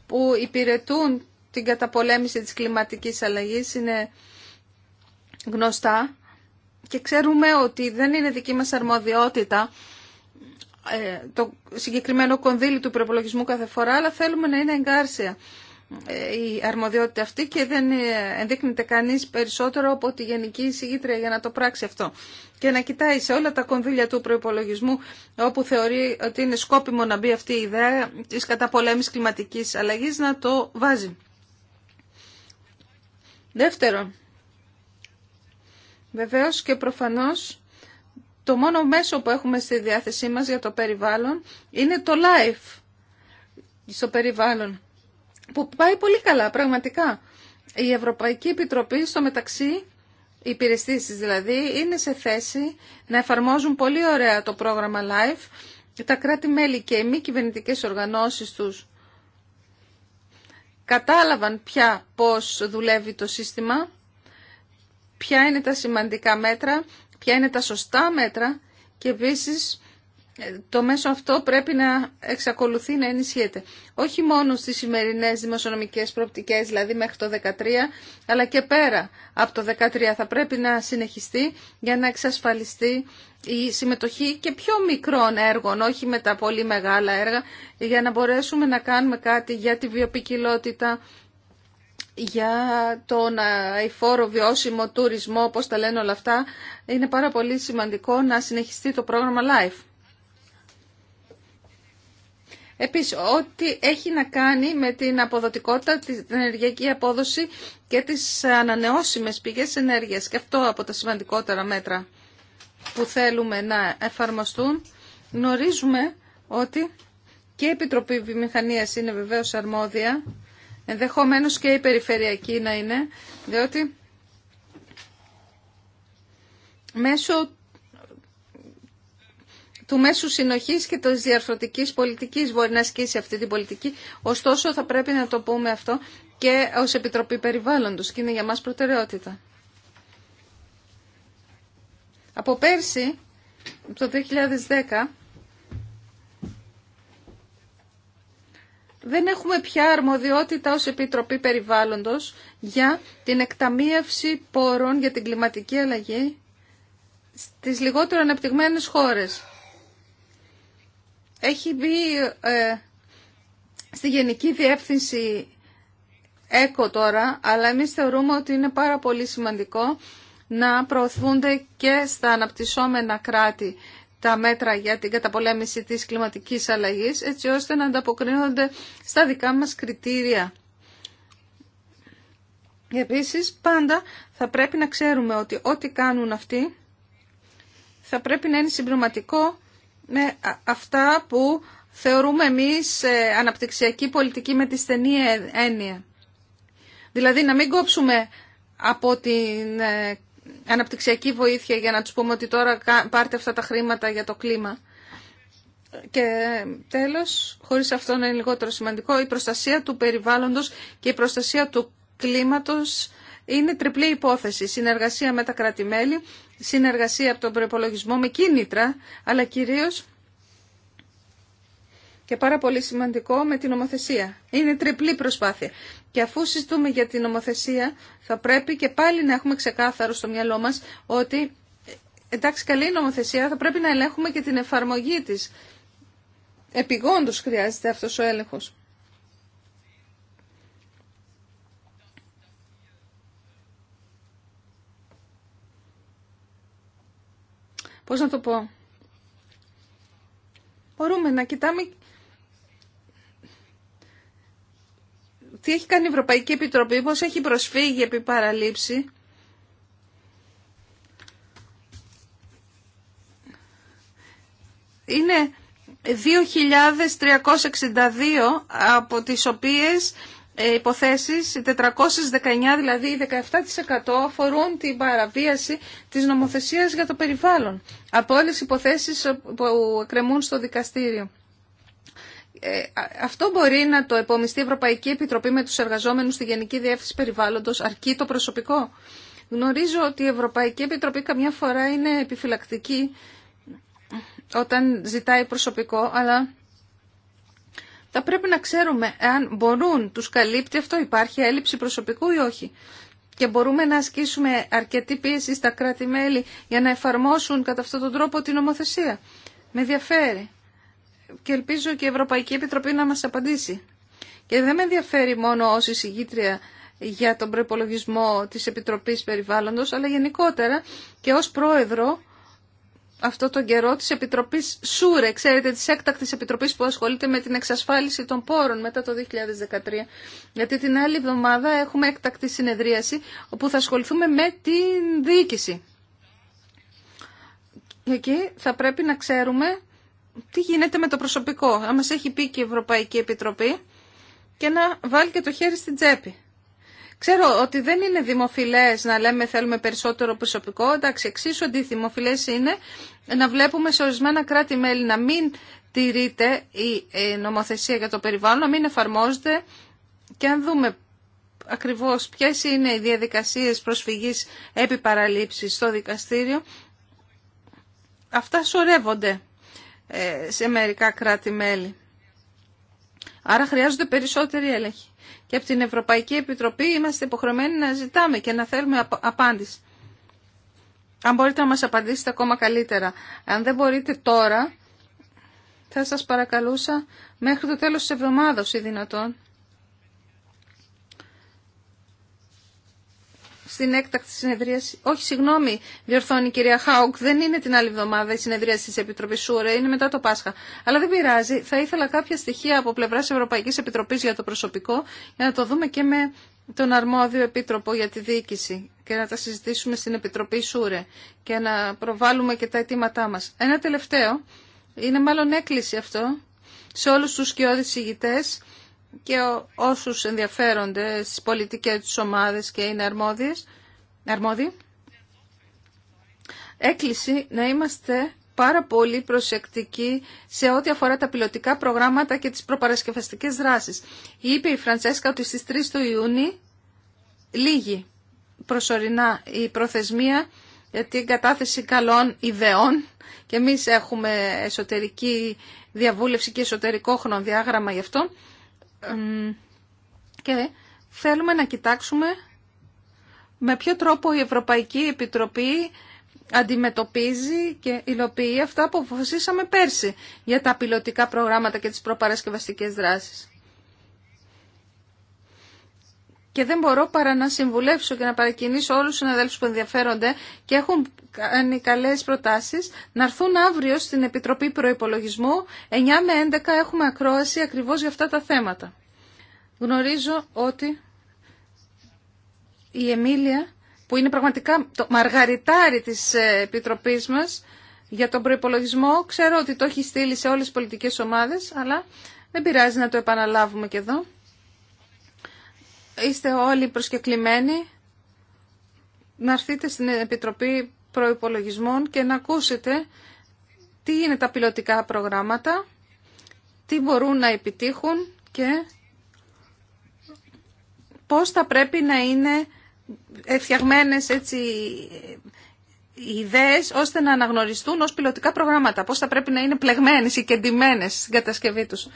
που υπηρετούν την καταπολέμηση της κλιματικής αλλαγής είναι γνωστά και ξέρουμε ότι δεν είναι δική μας αρμοδιότητα ε, το συγκεκριμένο κονδύλι του προπολογισμού κάθε φορά, αλλά θέλουμε να είναι εγκάρσια ε, η αρμοδιότητα αυτή και δεν ε, ενδείκνεται κανείς περισσότερο από τη Γενική Εισηγήτρια για να το πράξει αυτό. Και να κοιτάει σε όλα τα κονδύλια του προϋπολογισμού όπου θεωρεί ότι είναι σκόπιμο να μπει αυτή η ιδέα της καταπολέμησης κλιματικής αλλαγής να το βάζει. Δεύτερον, βεβαίως και προφανώς το μόνο μέσο που έχουμε στη διάθεσή μας για το περιβάλλον είναι το life στο περιβάλλον που πάει πολύ καλά πραγματικά. Η Ευρωπαϊκή Επιτροπή στο μεταξύ, οι υπηρεσίες δηλαδή, είναι σε θέση να εφαρμόζουν πολύ ωραία το πρόγραμμα LIFE. Τα κράτη-μέλη και οι μη κυβερνητικές οργανώσεις τους κατάλαβαν πια πώς δουλεύει το σύστημα, ποια είναι τα σημαντικά μέτρα, ποια είναι τα σωστά μέτρα και επίσης το μέσο αυτό πρέπει να εξακολουθεί να ενισχύεται. Όχι μόνο στις σημερινές δημοσιονομικές προοπτικές, δηλαδή μέχρι το 2013, αλλά και πέρα από το 2013 θα πρέπει να συνεχιστεί για να εξασφαλιστεί η συμμετοχή και πιο μικρών έργων, όχι με τα πολύ μεγάλα έργα, για να μπορέσουμε να κάνουμε κάτι για τη βιοπικιλότητα, για τον αηφόρο βιώσιμο τουρισμό, όπως τα λένε όλα αυτά, είναι πάρα πολύ σημαντικό να συνεχιστεί το πρόγραμμα LIFE. Επίσης, ό,τι έχει να κάνει με την αποδοτικότητα, την ενεργειακή απόδοση και τις ανανεώσιμες πηγές ενέργειας. Και αυτό από τα σημαντικότερα μέτρα που θέλουμε να εφαρμοστούν. Γνωρίζουμε ότι και η Επιτροπή Βιομηχανίας είναι βεβαίως αρμόδια, ενδεχομένως και η Περιφερειακή να είναι, διότι μέσω του μέσου συνοχής και τη διαρθρωτική πολιτική μπορεί να ασκήσει αυτή την πολιτική. Ωστόσο θα πρέπει να το πούμε αυτό και ω Επιτροπή Περιβάλλοντος και είναι για μα προτεραιότητα. Από πέρσι, το 2010, δεν έχουμε πια αρμοδιότητα ως Επιτροπή Περιβάλλοντος για την εκταμίευση πόρων για την κλιματική αλλαγή στις λιγότερο αναπτυγμένες χώρες έχει μπει ε, στη Γενική Διεύθυνση ΕΚΟ τώρα, αλλά εμείς θεωρούμε ότι είναι πάρα πολύ σημαντικό να προωθούνται και στα αναπτυσσόμενα κράτη τα μέτρα για την καταπολέμηση της κλιματικής αλλαγής, έτσι ώστε να ανταποκρίνονται στα δικά μας κριτήρια. Επίσης, πάντα θα πρέπει να ξέρουμε ότι ό,τι κάνουν αυτοί θα πρέπει να είναι συμπληρωματικό με ναι, αυτά που θεωρούμε εμείς ε, αναπτυξιακή πολιτική με τη στενή ε, έννοια. Δηλαδή να μην κόψουμε από την ε, αναπτυξιακή βοήθεια για να τους πούμε ότι τώρα πάρτε αυτά τα χρήματα για το κλίμα. Και τέλος, χωρίς αυτό να είναι λιγότερο σημαντικό, η προστασία του περιβάλλοντος και η προστασία του κλίματος είναι τριπλή υπόθεση. Συνεργασία με τα κρατη συνεργασία από τον προπολογισμό με κίνητρα, αλλά κυρίως και πάρα πολύ σημαντικό με την νομοθεσία. Είναι τριπλή προσπάθεια. Και αφού συζητούμε για την νομοθεσία, θα πρέπει και πάλι να έχουμε ξεκάθαρο στο μυαλό μας ότι εντάξει καλή νομοθεσία, θα πρέπει να ελέγχουμε και την εφαρμογή της. Επιγόντως χρειάζεται αυτός ο έλεγχος. πώς να το πω, μπορούμε να κοιτάμε τι έχει κάνει η Ευρωπαϊκή Επιτροπή, πώς έχει προσφύγει επί παραλήψη. Είναι 2.362 από τις οποίες ε, υποθέσεις, 419 δηλαδή 17% αφορούν την παραβίαση της νομοθεσίας για το περιβάλλον από όλες τις υποθέσεις που εκκρεμούν στο δικαστήριο. Ε, αυτό μπορεί να το επομιστεί η Ευρωπαϊκή Επιτροπή με τους εργαζόμενους στη Γενική Διεύθυνση Περιβάλλοντος, αρκεί το προσωπικό. Γνωρίζω ότι η Ευρωπαϊκή Επιτροπή καμιά φορά είναι επιφυλακτική όταν ζητάει προσωπικό, αλλά θα πρέπει να ξέρουμε αν μπορούν, τους καλύπτει αυτό, υπάρχει έλλειψη προσωπικού ή όχι. Και μπορούμε να ασκήσουμε αρκετή πίεση στα κράτη-μέλη για να εφαρμόσουν κατά αυτόν τον τρόπο την νομοθεσία. Με ενδιαφέρει. Και ελπίζω και η Ευρωπαϊκή Επιτροπή να μας απαντήσει. Και δεν με ενδιαφέρει μόνο ως εισηγήτρια για τον προπολογισμό της Επιτροπής Περιβάλλοντος, αλλά γενικότερα και ως πρόεδρο αυτό τον καιρό της Επιτροπής ΣΟΥΡΕ, ξέρετε, της έκτακτης Επιτροπής που ασχολείται με την εξασφάλιση των πόρων μετά το 2013. Γιατί την άλλη εβδομάδα έχουμε έκτακτη συνεδρίαση όπου θα ασχοληθούμε με την διοίκηση. Εκεί θα πρέπει να ξέρουμε τι γίνεται με το προσωπικό. Αν μα έχει πει και η Ευρωπαϊκή Επιτροπή και να βάλει και το χέρι στην τσέπη. Ξέρω ότι δεν είναι δημοφιλές να λέμε θέλουμε περισσότερο προσωπικό. Εντάξει, εξίσου δημοφιλές είναι να βλέπουμε σε ορισμένα κράτη-μέλη να μην τηρείται η ε, νομοθεσία για το περιβάλλον, να μην εφαρμόζεται και αν δούμε ακριβώς ποιες είναι οι διαδικασίες προσφυγής επί στο δικαστήριο, αυτά σωρεύονται ε, σε μερικά κράτη-μέλη. Άρα χρειάζονται περισσότεροι έλεγχοι και από την Ευρωπαϊκή Επιτροπή είμαστε υποχρεωμένοι να ζητάμε και να θέλουμε απάντηση. Αν μπορείτε να μας απαντήσετε ακόμα καλύτερα. Αν δεν μπορείτε τώρα, θα σας παρακαλούσα μέχρι το τέλος της εβδομάδας ή δυνατόν στην έκτακτη συνεδρίαση. Όχι, συγγνώμη, διορθώνει η κυρία Χάουκ. Δεν είναι την άλλη εβδομάδα η συνεδρίαση τη Επιτροπή Σούρε, είναι μετά το Πάσχα. Αλλά δεν πειράζει. Θα ήθελα κάποια στοιχεία από πλευρά Ευρωπαϊκή Επιτροπή για το προσωπικό, για να το δούμε και με τον αρμόδιο επίτροπο για τη διοίκηση και να τα συζητήσουμε στην Επιτροπή Σούρε και να προβάλλουμε και τα αιτήματά μα. Ένα τελευταίο. Είναι μάλλον έκκληση αυτό σε όλου του σκιώδει ηγητέ και όσους ενδιαφέρονται στις πολιτικές τους ομάδες και είναι αρμόδιες, αρμόδιοι. Έκκληση να είμαστε πάρα πολύ προσεκτικοί σε ό,τι αφορά τα πιλωτικά προγράμματα και τις προπαρασκευαστικές δράσεις. Είπε η Φραντσέσκα ότι στις 3 του Ιούνιου λίγη προσωρινά η προθεσμία για την κατάθεση καλών ιδεών και εμείς έχουμε εσωτερική διαβούλευση και εσωτερικό χρονοδιάγραμμα γι' αυτό και θέλουμε να κοιτάξουμε με ποιο τρόπο η Ευρωπαϊκή Επιτροπή αντιμετωπίζει και υλοποιεί αυτά που αποφασίσαμε πέρσι για τα πιλωτικά προγράμματα και τις προπαρασκευαστικές δράσεις και δεν μπορώ παρά να συμβουλεύσω και να παρακινήσω όλους τους συναδέλφους που ενδιαφέρονται και έχουν κάνει καλές προτάσεις να έρθουν αύριο στην Επιτροπή Προϋπολογισμού 9 με 11 έχουμε ακρόαση ακριβώς για αυτά τα θέματα. Γνωρίζω ότι η Εμίλια που είναι πραγματικά το μαργαριτάρι της ε, Επιτροπής μας για τον προϋπολογισμό ξέρω ότι το έχει στείλει σε όλες τις πολιτικές ομάδες αλλά δεν πειράζει να το επαναλάβουμε και εδώ. Είστε όλοι προσκεκλημένοι να έρθετε στην Επιτροπή Προϋπολογισμών και να ακούσετε τι είναι τα πιλωτικά προγράμματα, τι μπορούν να επιτύχουν και πώς θα πρέπει να είναι φτιαγμένες έτσι οι ιδέες ώστε να αναγνωριστούν ως πιλωτικά προγράμματα, πώς θα πρέπει να είναι πλεγμένες ή κεντυμένες στην κατασκευή τους.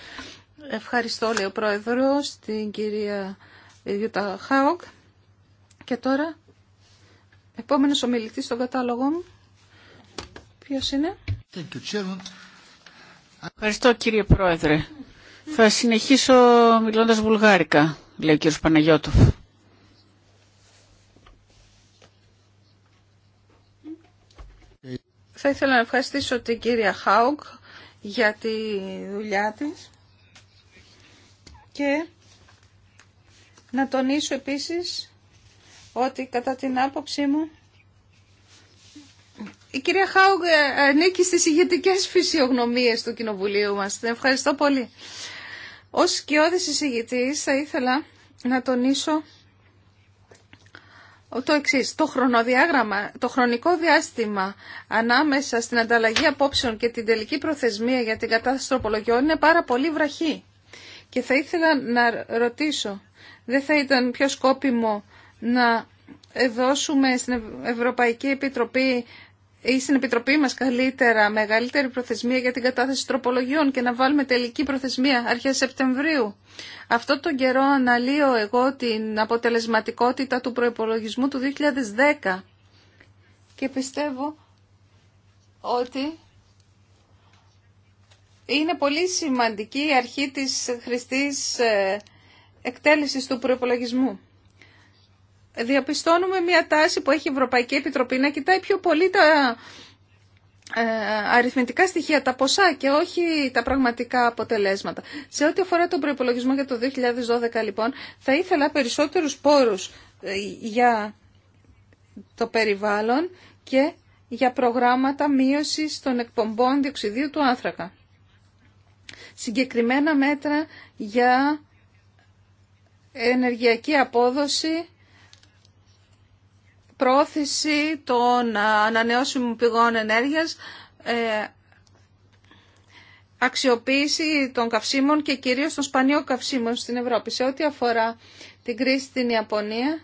Ευχαριστώ, λέει ο Πρόεδρος, την κυρία Γιούτα Χάουγκ. Και τώρα, επόμενος ομιλητή στον κατάλογο μου. Ποιος είναι? Ευχαριστώ κύριε Πρόεδρε. Θα συνεχίσω μιλώντας βουλγάρικα, λέει ο κύριος Παναγιώτοφ. Θα ήθελα να ευχαριστήσω την κυρία Χάουγκ για τη δουλειά της και να τονίσω επίσης ότι κατά την άποψή μου η κυρία χάουγ ε, ανήκει στις ηγετικές φυσιογνωμίες του Κοινοβουλίου μας. Την ευχαριστώ πολύ. Ως σκιώδης εισηγητής θα ήθελα να τονίσω το εξή. Το χρονοδιάγραμμα, το χρονικό διάστημα ανάμεσα στην ανταλλαγή απόψεων και την τελική προθεσμία για την κατάσταση τροπολογιών είναι πάρα πολύ βραχή. Και θα ήθελα να ρωτήσω δεν θα ήταν πιο σκόπιμο να δώσουμε στην Ευρωπαϊκή Επιτροπή ή στην Επιτροπή μας καλύτερα μεγαλύτερη προθεσμία για την κατάθεση τροπολογιών και να βάλουμε τελική προθεσμία αρχές Σεπτεμβρίου. Αυτό τον καιρό αναλύω εγώ την αποτελεσματικότητα του προϋπολογισμού του 2010 και πιστεύω ότι είναι πολύ σημαντική η αρχή της χρηστής ε, εκτέλεσης του προπολογισμού. Διαπιστώνουμε μια τάση που έχει η Ευρωπαϊκή Επιτροπή να κοιτάει πιο πολύ τα ε, αριθμητικά στοιχεία, τα ποσά και όχι τα πραγματικά αποτελέσματα. Σε ό,τι αφορά τον προπολογισμό για το 2012 λοιπόν, θα ήθελα περισσότερους πόρους ε, για το περιβάλλον και για προγράμματα μείωσης των εκπομπών διοξιδίου του άνθρακα. Συγκεκριμένα μέτρα για ενεργειακή απόδοση, πρόθεση των ανανεώσιμων πηγών ενέργειας, ε, αξιοποίηση των καυσίμων και κυρίως των σπανιών καυσίμων στην Ευρώπη. Σε ό,τι αφορά την κρίση στην Ιαπωνία,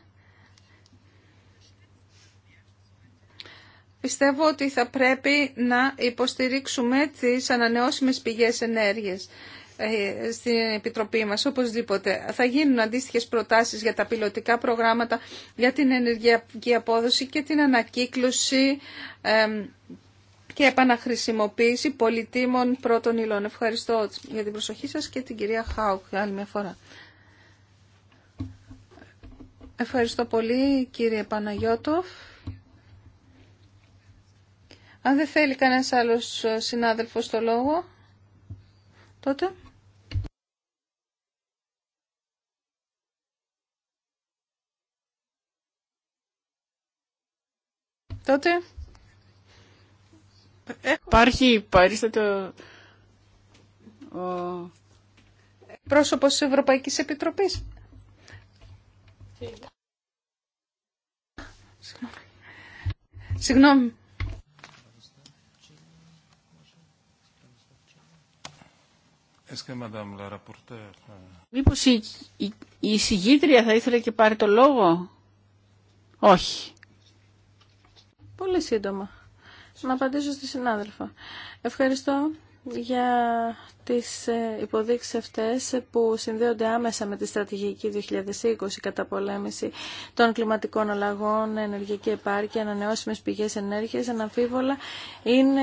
πιστεύω ότι θα πρέπει να υποστηρίξουμε τις ανανεώσιμες πηγές ενέργειας ε, στην Επιτροπή μας, οπωσδήποτε. Θα γίνουν αντίστοιχες προτάσεις για τα πιλωτικά προγράμματα, για την ενεργειακή απόδοση και την ανακύκλωση και επαναχρησιμοποίηση πολιτήμων πρώτων υλών. Ευχαριστώ για την προσοχή σας και την κυρία Χάουκ άλλη μια φορά. Ευχαριστώ πολύ κύριε Παναγιώτοφ. Αν δεν θέλει κανένας άλλος ε, συνάδελφος το λόγο, τότε... τότε υπάρχει παρίστατο ο πρόσωπος της Ευρωπαϊκής Επιτροπής. Συγγνώμη. Euh, Μήπως η, η, η θα ήθελε και πάρει το λόγο. Όχι. Πολύ σύντομα. Να απαντήσω στη συνάδελφα. Ευχαριστώ για τις ε, υποδείξεις αυτές που συνδέονται άμεσα με τη στρατηγική 2020 κατά πολέμηση των κλιματικών αλλαγών, ενεργειακή επάρκεια, ανανεώσιμες πηγές ενέργειας, αναμφίβολα είναι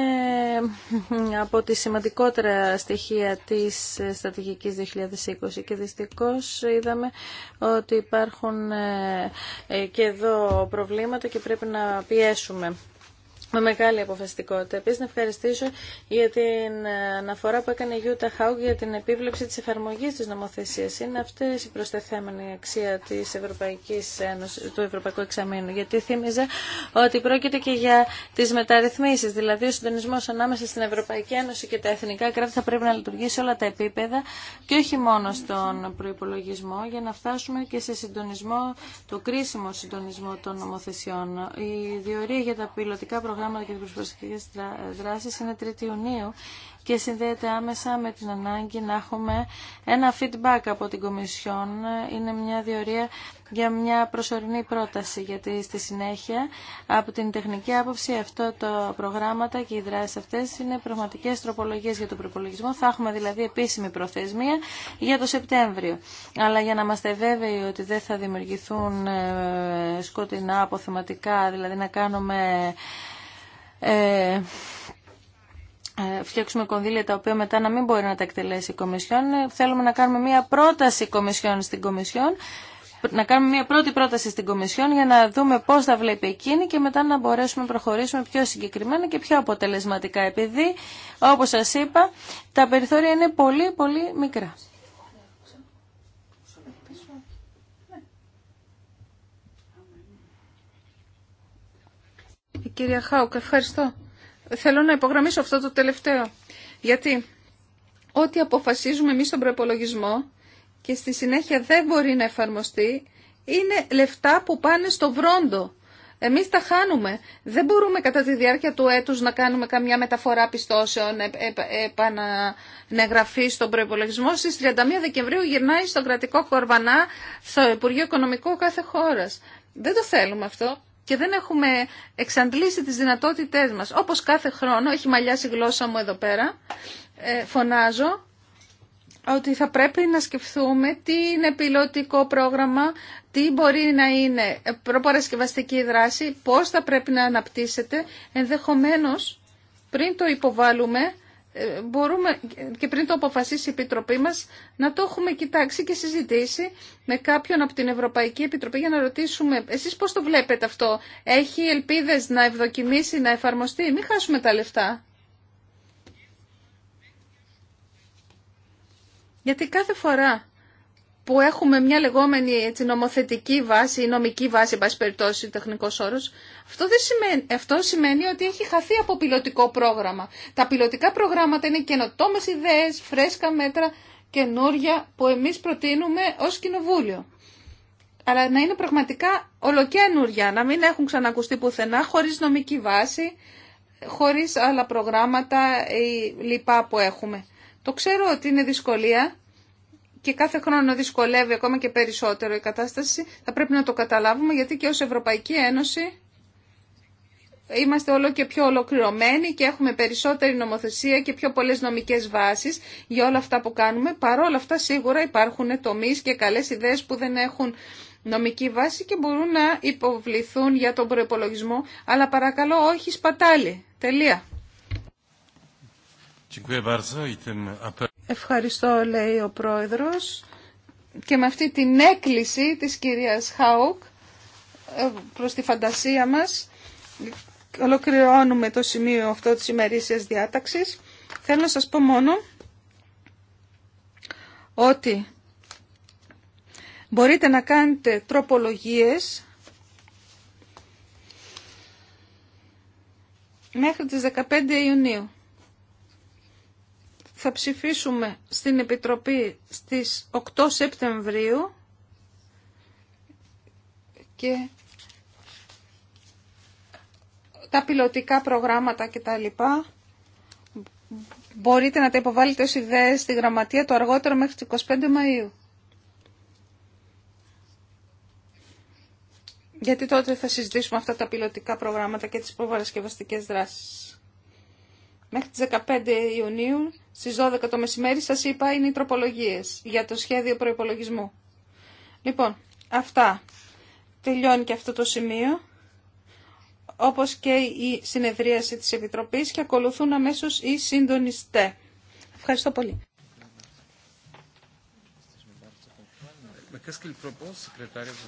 από τις σημαντικότερα στοιχεία της στρατηγικής 2020 και δυστυχώς είδαμε ότι υπάρχουν ε, ε, και εδώ προβλήματα και πρέπει να πιέσουμε με μεγάλη αποφασιστικότητα. Επίση, να ευχαριστήσω για την αναφορά που έκανε η Γιούτα Χάουγκ για την επίβλεψη τη εφαρμογή τη νομοθεσία. Είναι αυτή η προστεθέμενη αξία της Ευρωπαϊκής Ένωσης, του Ευρωπαϊκού Εξαμήνου. Γιατί θύμιζα ότι πρόκειται και για τι μεταρρυθμίσει. Δηλαδή, ο συντονισμό ανάμεσα στην Ευρωπαϊκή Ένωση και τα εθνικά κράτη θα πρέπει να λειτουργήσει σε όλα τα επίπεδα και όχι μόνο στον προπολογισμό, για να φτάσουμε και σε συντονισμό, το κρίσιμο συντονισμό των νομοθεσιών. Η διορία για τα πιλωτικά προγράμματα προγράμματα και τις προσφυγικες δράση δράσεις είναι Ιουνίου και συνδέεται άμεσα με την ανάγκη να έχουμε ένα feedback από την Κομισιόν. Είναι μια διορία για μια προσωρινή πρόταση, γιατί στη συνέχεια από την τεχνική άποψη αυτό το προγράμματα και οι δράσει αυτέ είναι πραγματικέ τροπολογίε για τον προπολογισμό. Θα έχουμε δηλαδή επίσημη προθεσμία για το Σεπτέμβριο. Αλλά για να είμαστε βέβαιοι ότι δεν θα δημιουργηθούν ε, σκοτεινά αποθεματικά, δηλαδή να κάνουμε ε, ε, φτιάξουμε κονδύλια τα οποία μετά να μην μπορεί να τα εκτελέσει η Κομισιόν. Ε, θέλουμε να κάνουμε μια πρόταση Κομισιόν στην Κομισιόν, να κάνουμε μια πρώτη πρόταση στην Κομισιόν για να δούμε πώς θα βλέπει εκείνη και μετά να μπορέσουμε να προχωρήσουμε πιο συγκεκριμένα και πιο αποτελεσματικά επειδή, όπως σας είπα, τα περιθώρια είναι πολύ πολύ μικρά. κυρία Χάουκ, ευχαριστώ. Θέλω να υπογραμμίσω αυτό το τελευταίο. Γιατί ό,τι αποφασίζουμε εμείς στον προπολογισμό και στη συνέχεια δεν μπορεί να εφαρμοστεί, είναι λεφτά που πάνε στο βρόντο. Εμείς τα χάνουμε. Δεν μπορούμε κατά τη διάρκεια του έτους να κάνουμε καμιά μεταφορά πιστώσεων, επαναγραφή στον προϋπολογισμό. Στις 31 Δεκεμβρίου γυρνάει στο κρατικό κορβανά, στο Υπουργείο Οικονομικό κάθε χώρας. Δεν το θέλουμε αυτό και δεν έχουμε εξαντλήσει τις δυνατότητές μας. Όπως κάθε χρόνο, έχει μαλλιάσει η γλώσσα μου εδώ πέρα, ε, φωνάζω ότι θα πρέπει να σκεφτούμε τι είναι πιλωτικό πρόγραμμα, τι μπορεί να είναι προπαρασκευαστική δράση, πώς θα πρέπει να αναπτύσσεται, ενδεχομένως πριν το υποβάλουμε ε, μπορούμε και πριν το αποφασίσει η Επιτροπή μας να το έχουμε κοιτάξει και συζητήσει με κάποιον από την Ευρωπαϊκή Επιτροπή για να ρωτήσουμε εσείς πώς το βλέπετε αυτό. Έχει ελπίδες να ευδοκιμήσει, να εφαρμοστεί. Μην χάσουμε τα λεφτά. Γιατί κάθε φορά που έχουμε μια λεγόμενη έτσι, νομοθετική βάση ή νομική βάση, εν πάση περιπτώσει, τεχνικό όρο, αυτό, σημαίνει, αυτό σημαίνει ότι έχει χαθεί από πιλωτικό πρόγραμμα. Τα πιλωτικά προγράμματα είναι καινοτόμε ιδέε, φρέσκα μέτρα, καινούρια που εμεί προτείνουμε ω κοινοβούλιο. Αλλά να είναι πραγματικά ολοκένουρια, να μην έχουν ξανακουστεί πουθενά, χωρί νομική βάση, χωρί άλλα προγράμματα ή λοιπά που έχουμε. Το ξέρω ότι είναι δυσκολία και κάθε χρόνο δυσκολεύει ακόμα και περισσότερο η κατάσταση, θα πρέπει να το καταλάβουμε γιατί και ως Ευρωπαϊκή Ένωση είμαστε όλο και πιο ολοκληρωμένοι και έχουμε περισσότερη νομοθεσία και πιο πολλές νομικές βάσεις για όλα αυτά που κάνουμε. Παρ' όλα αυτά σίγουρα υπάρχουν τομείς και καλές ιδέες που δεν έχουν νομική βάση και μπορούν να υποβληθούν για τον προπολογισμό, αλλά παρακαλώ όχι σπατάλη. Τελεία. Ευχαριστώ, λέει ο Πρόεδρος. Και με αυτή την έκκληση της κυρίας Χάουκ ε, προς τη φαντασία μας, ολοκληρώνουμε το σημείο αυτό της ημερήσιας διάταξης. Θέλω να σας πω μόνο ότι μπορείτε να κάνετε τροπολογίες μέχρι τις 15 Ιουνίου θα ψηφίσουμε στην Επιτροπή στις 8 Σεπτεμβρίου και τα πιλωτικά προγράμματα και τα λοιπά μπορείτε να τα υποβάλλετε ως ιδέες στη γραμματεία το αργότερο μέχρι τις 25 Μαΐου. Γιατί τότε θα συζητήσουμε αυτά τα πιλωτικά προγράμματα και τις προπαρασκευαστικές δράσεις. Μέχρι τις 15 Ιουνίου στις 12 το μεσημέρι σας είπα είναι οι τροπολογίες για το σχέδιο προϋπολογισμού. Λοιπόν, αυτά. Τελειώνει και αυτό το σημείο όπως και η συνεδρίαση της Επιτροπής και ακολουθούν αμέσως οι συντονιστέ. Ευχαριστώ πολύ.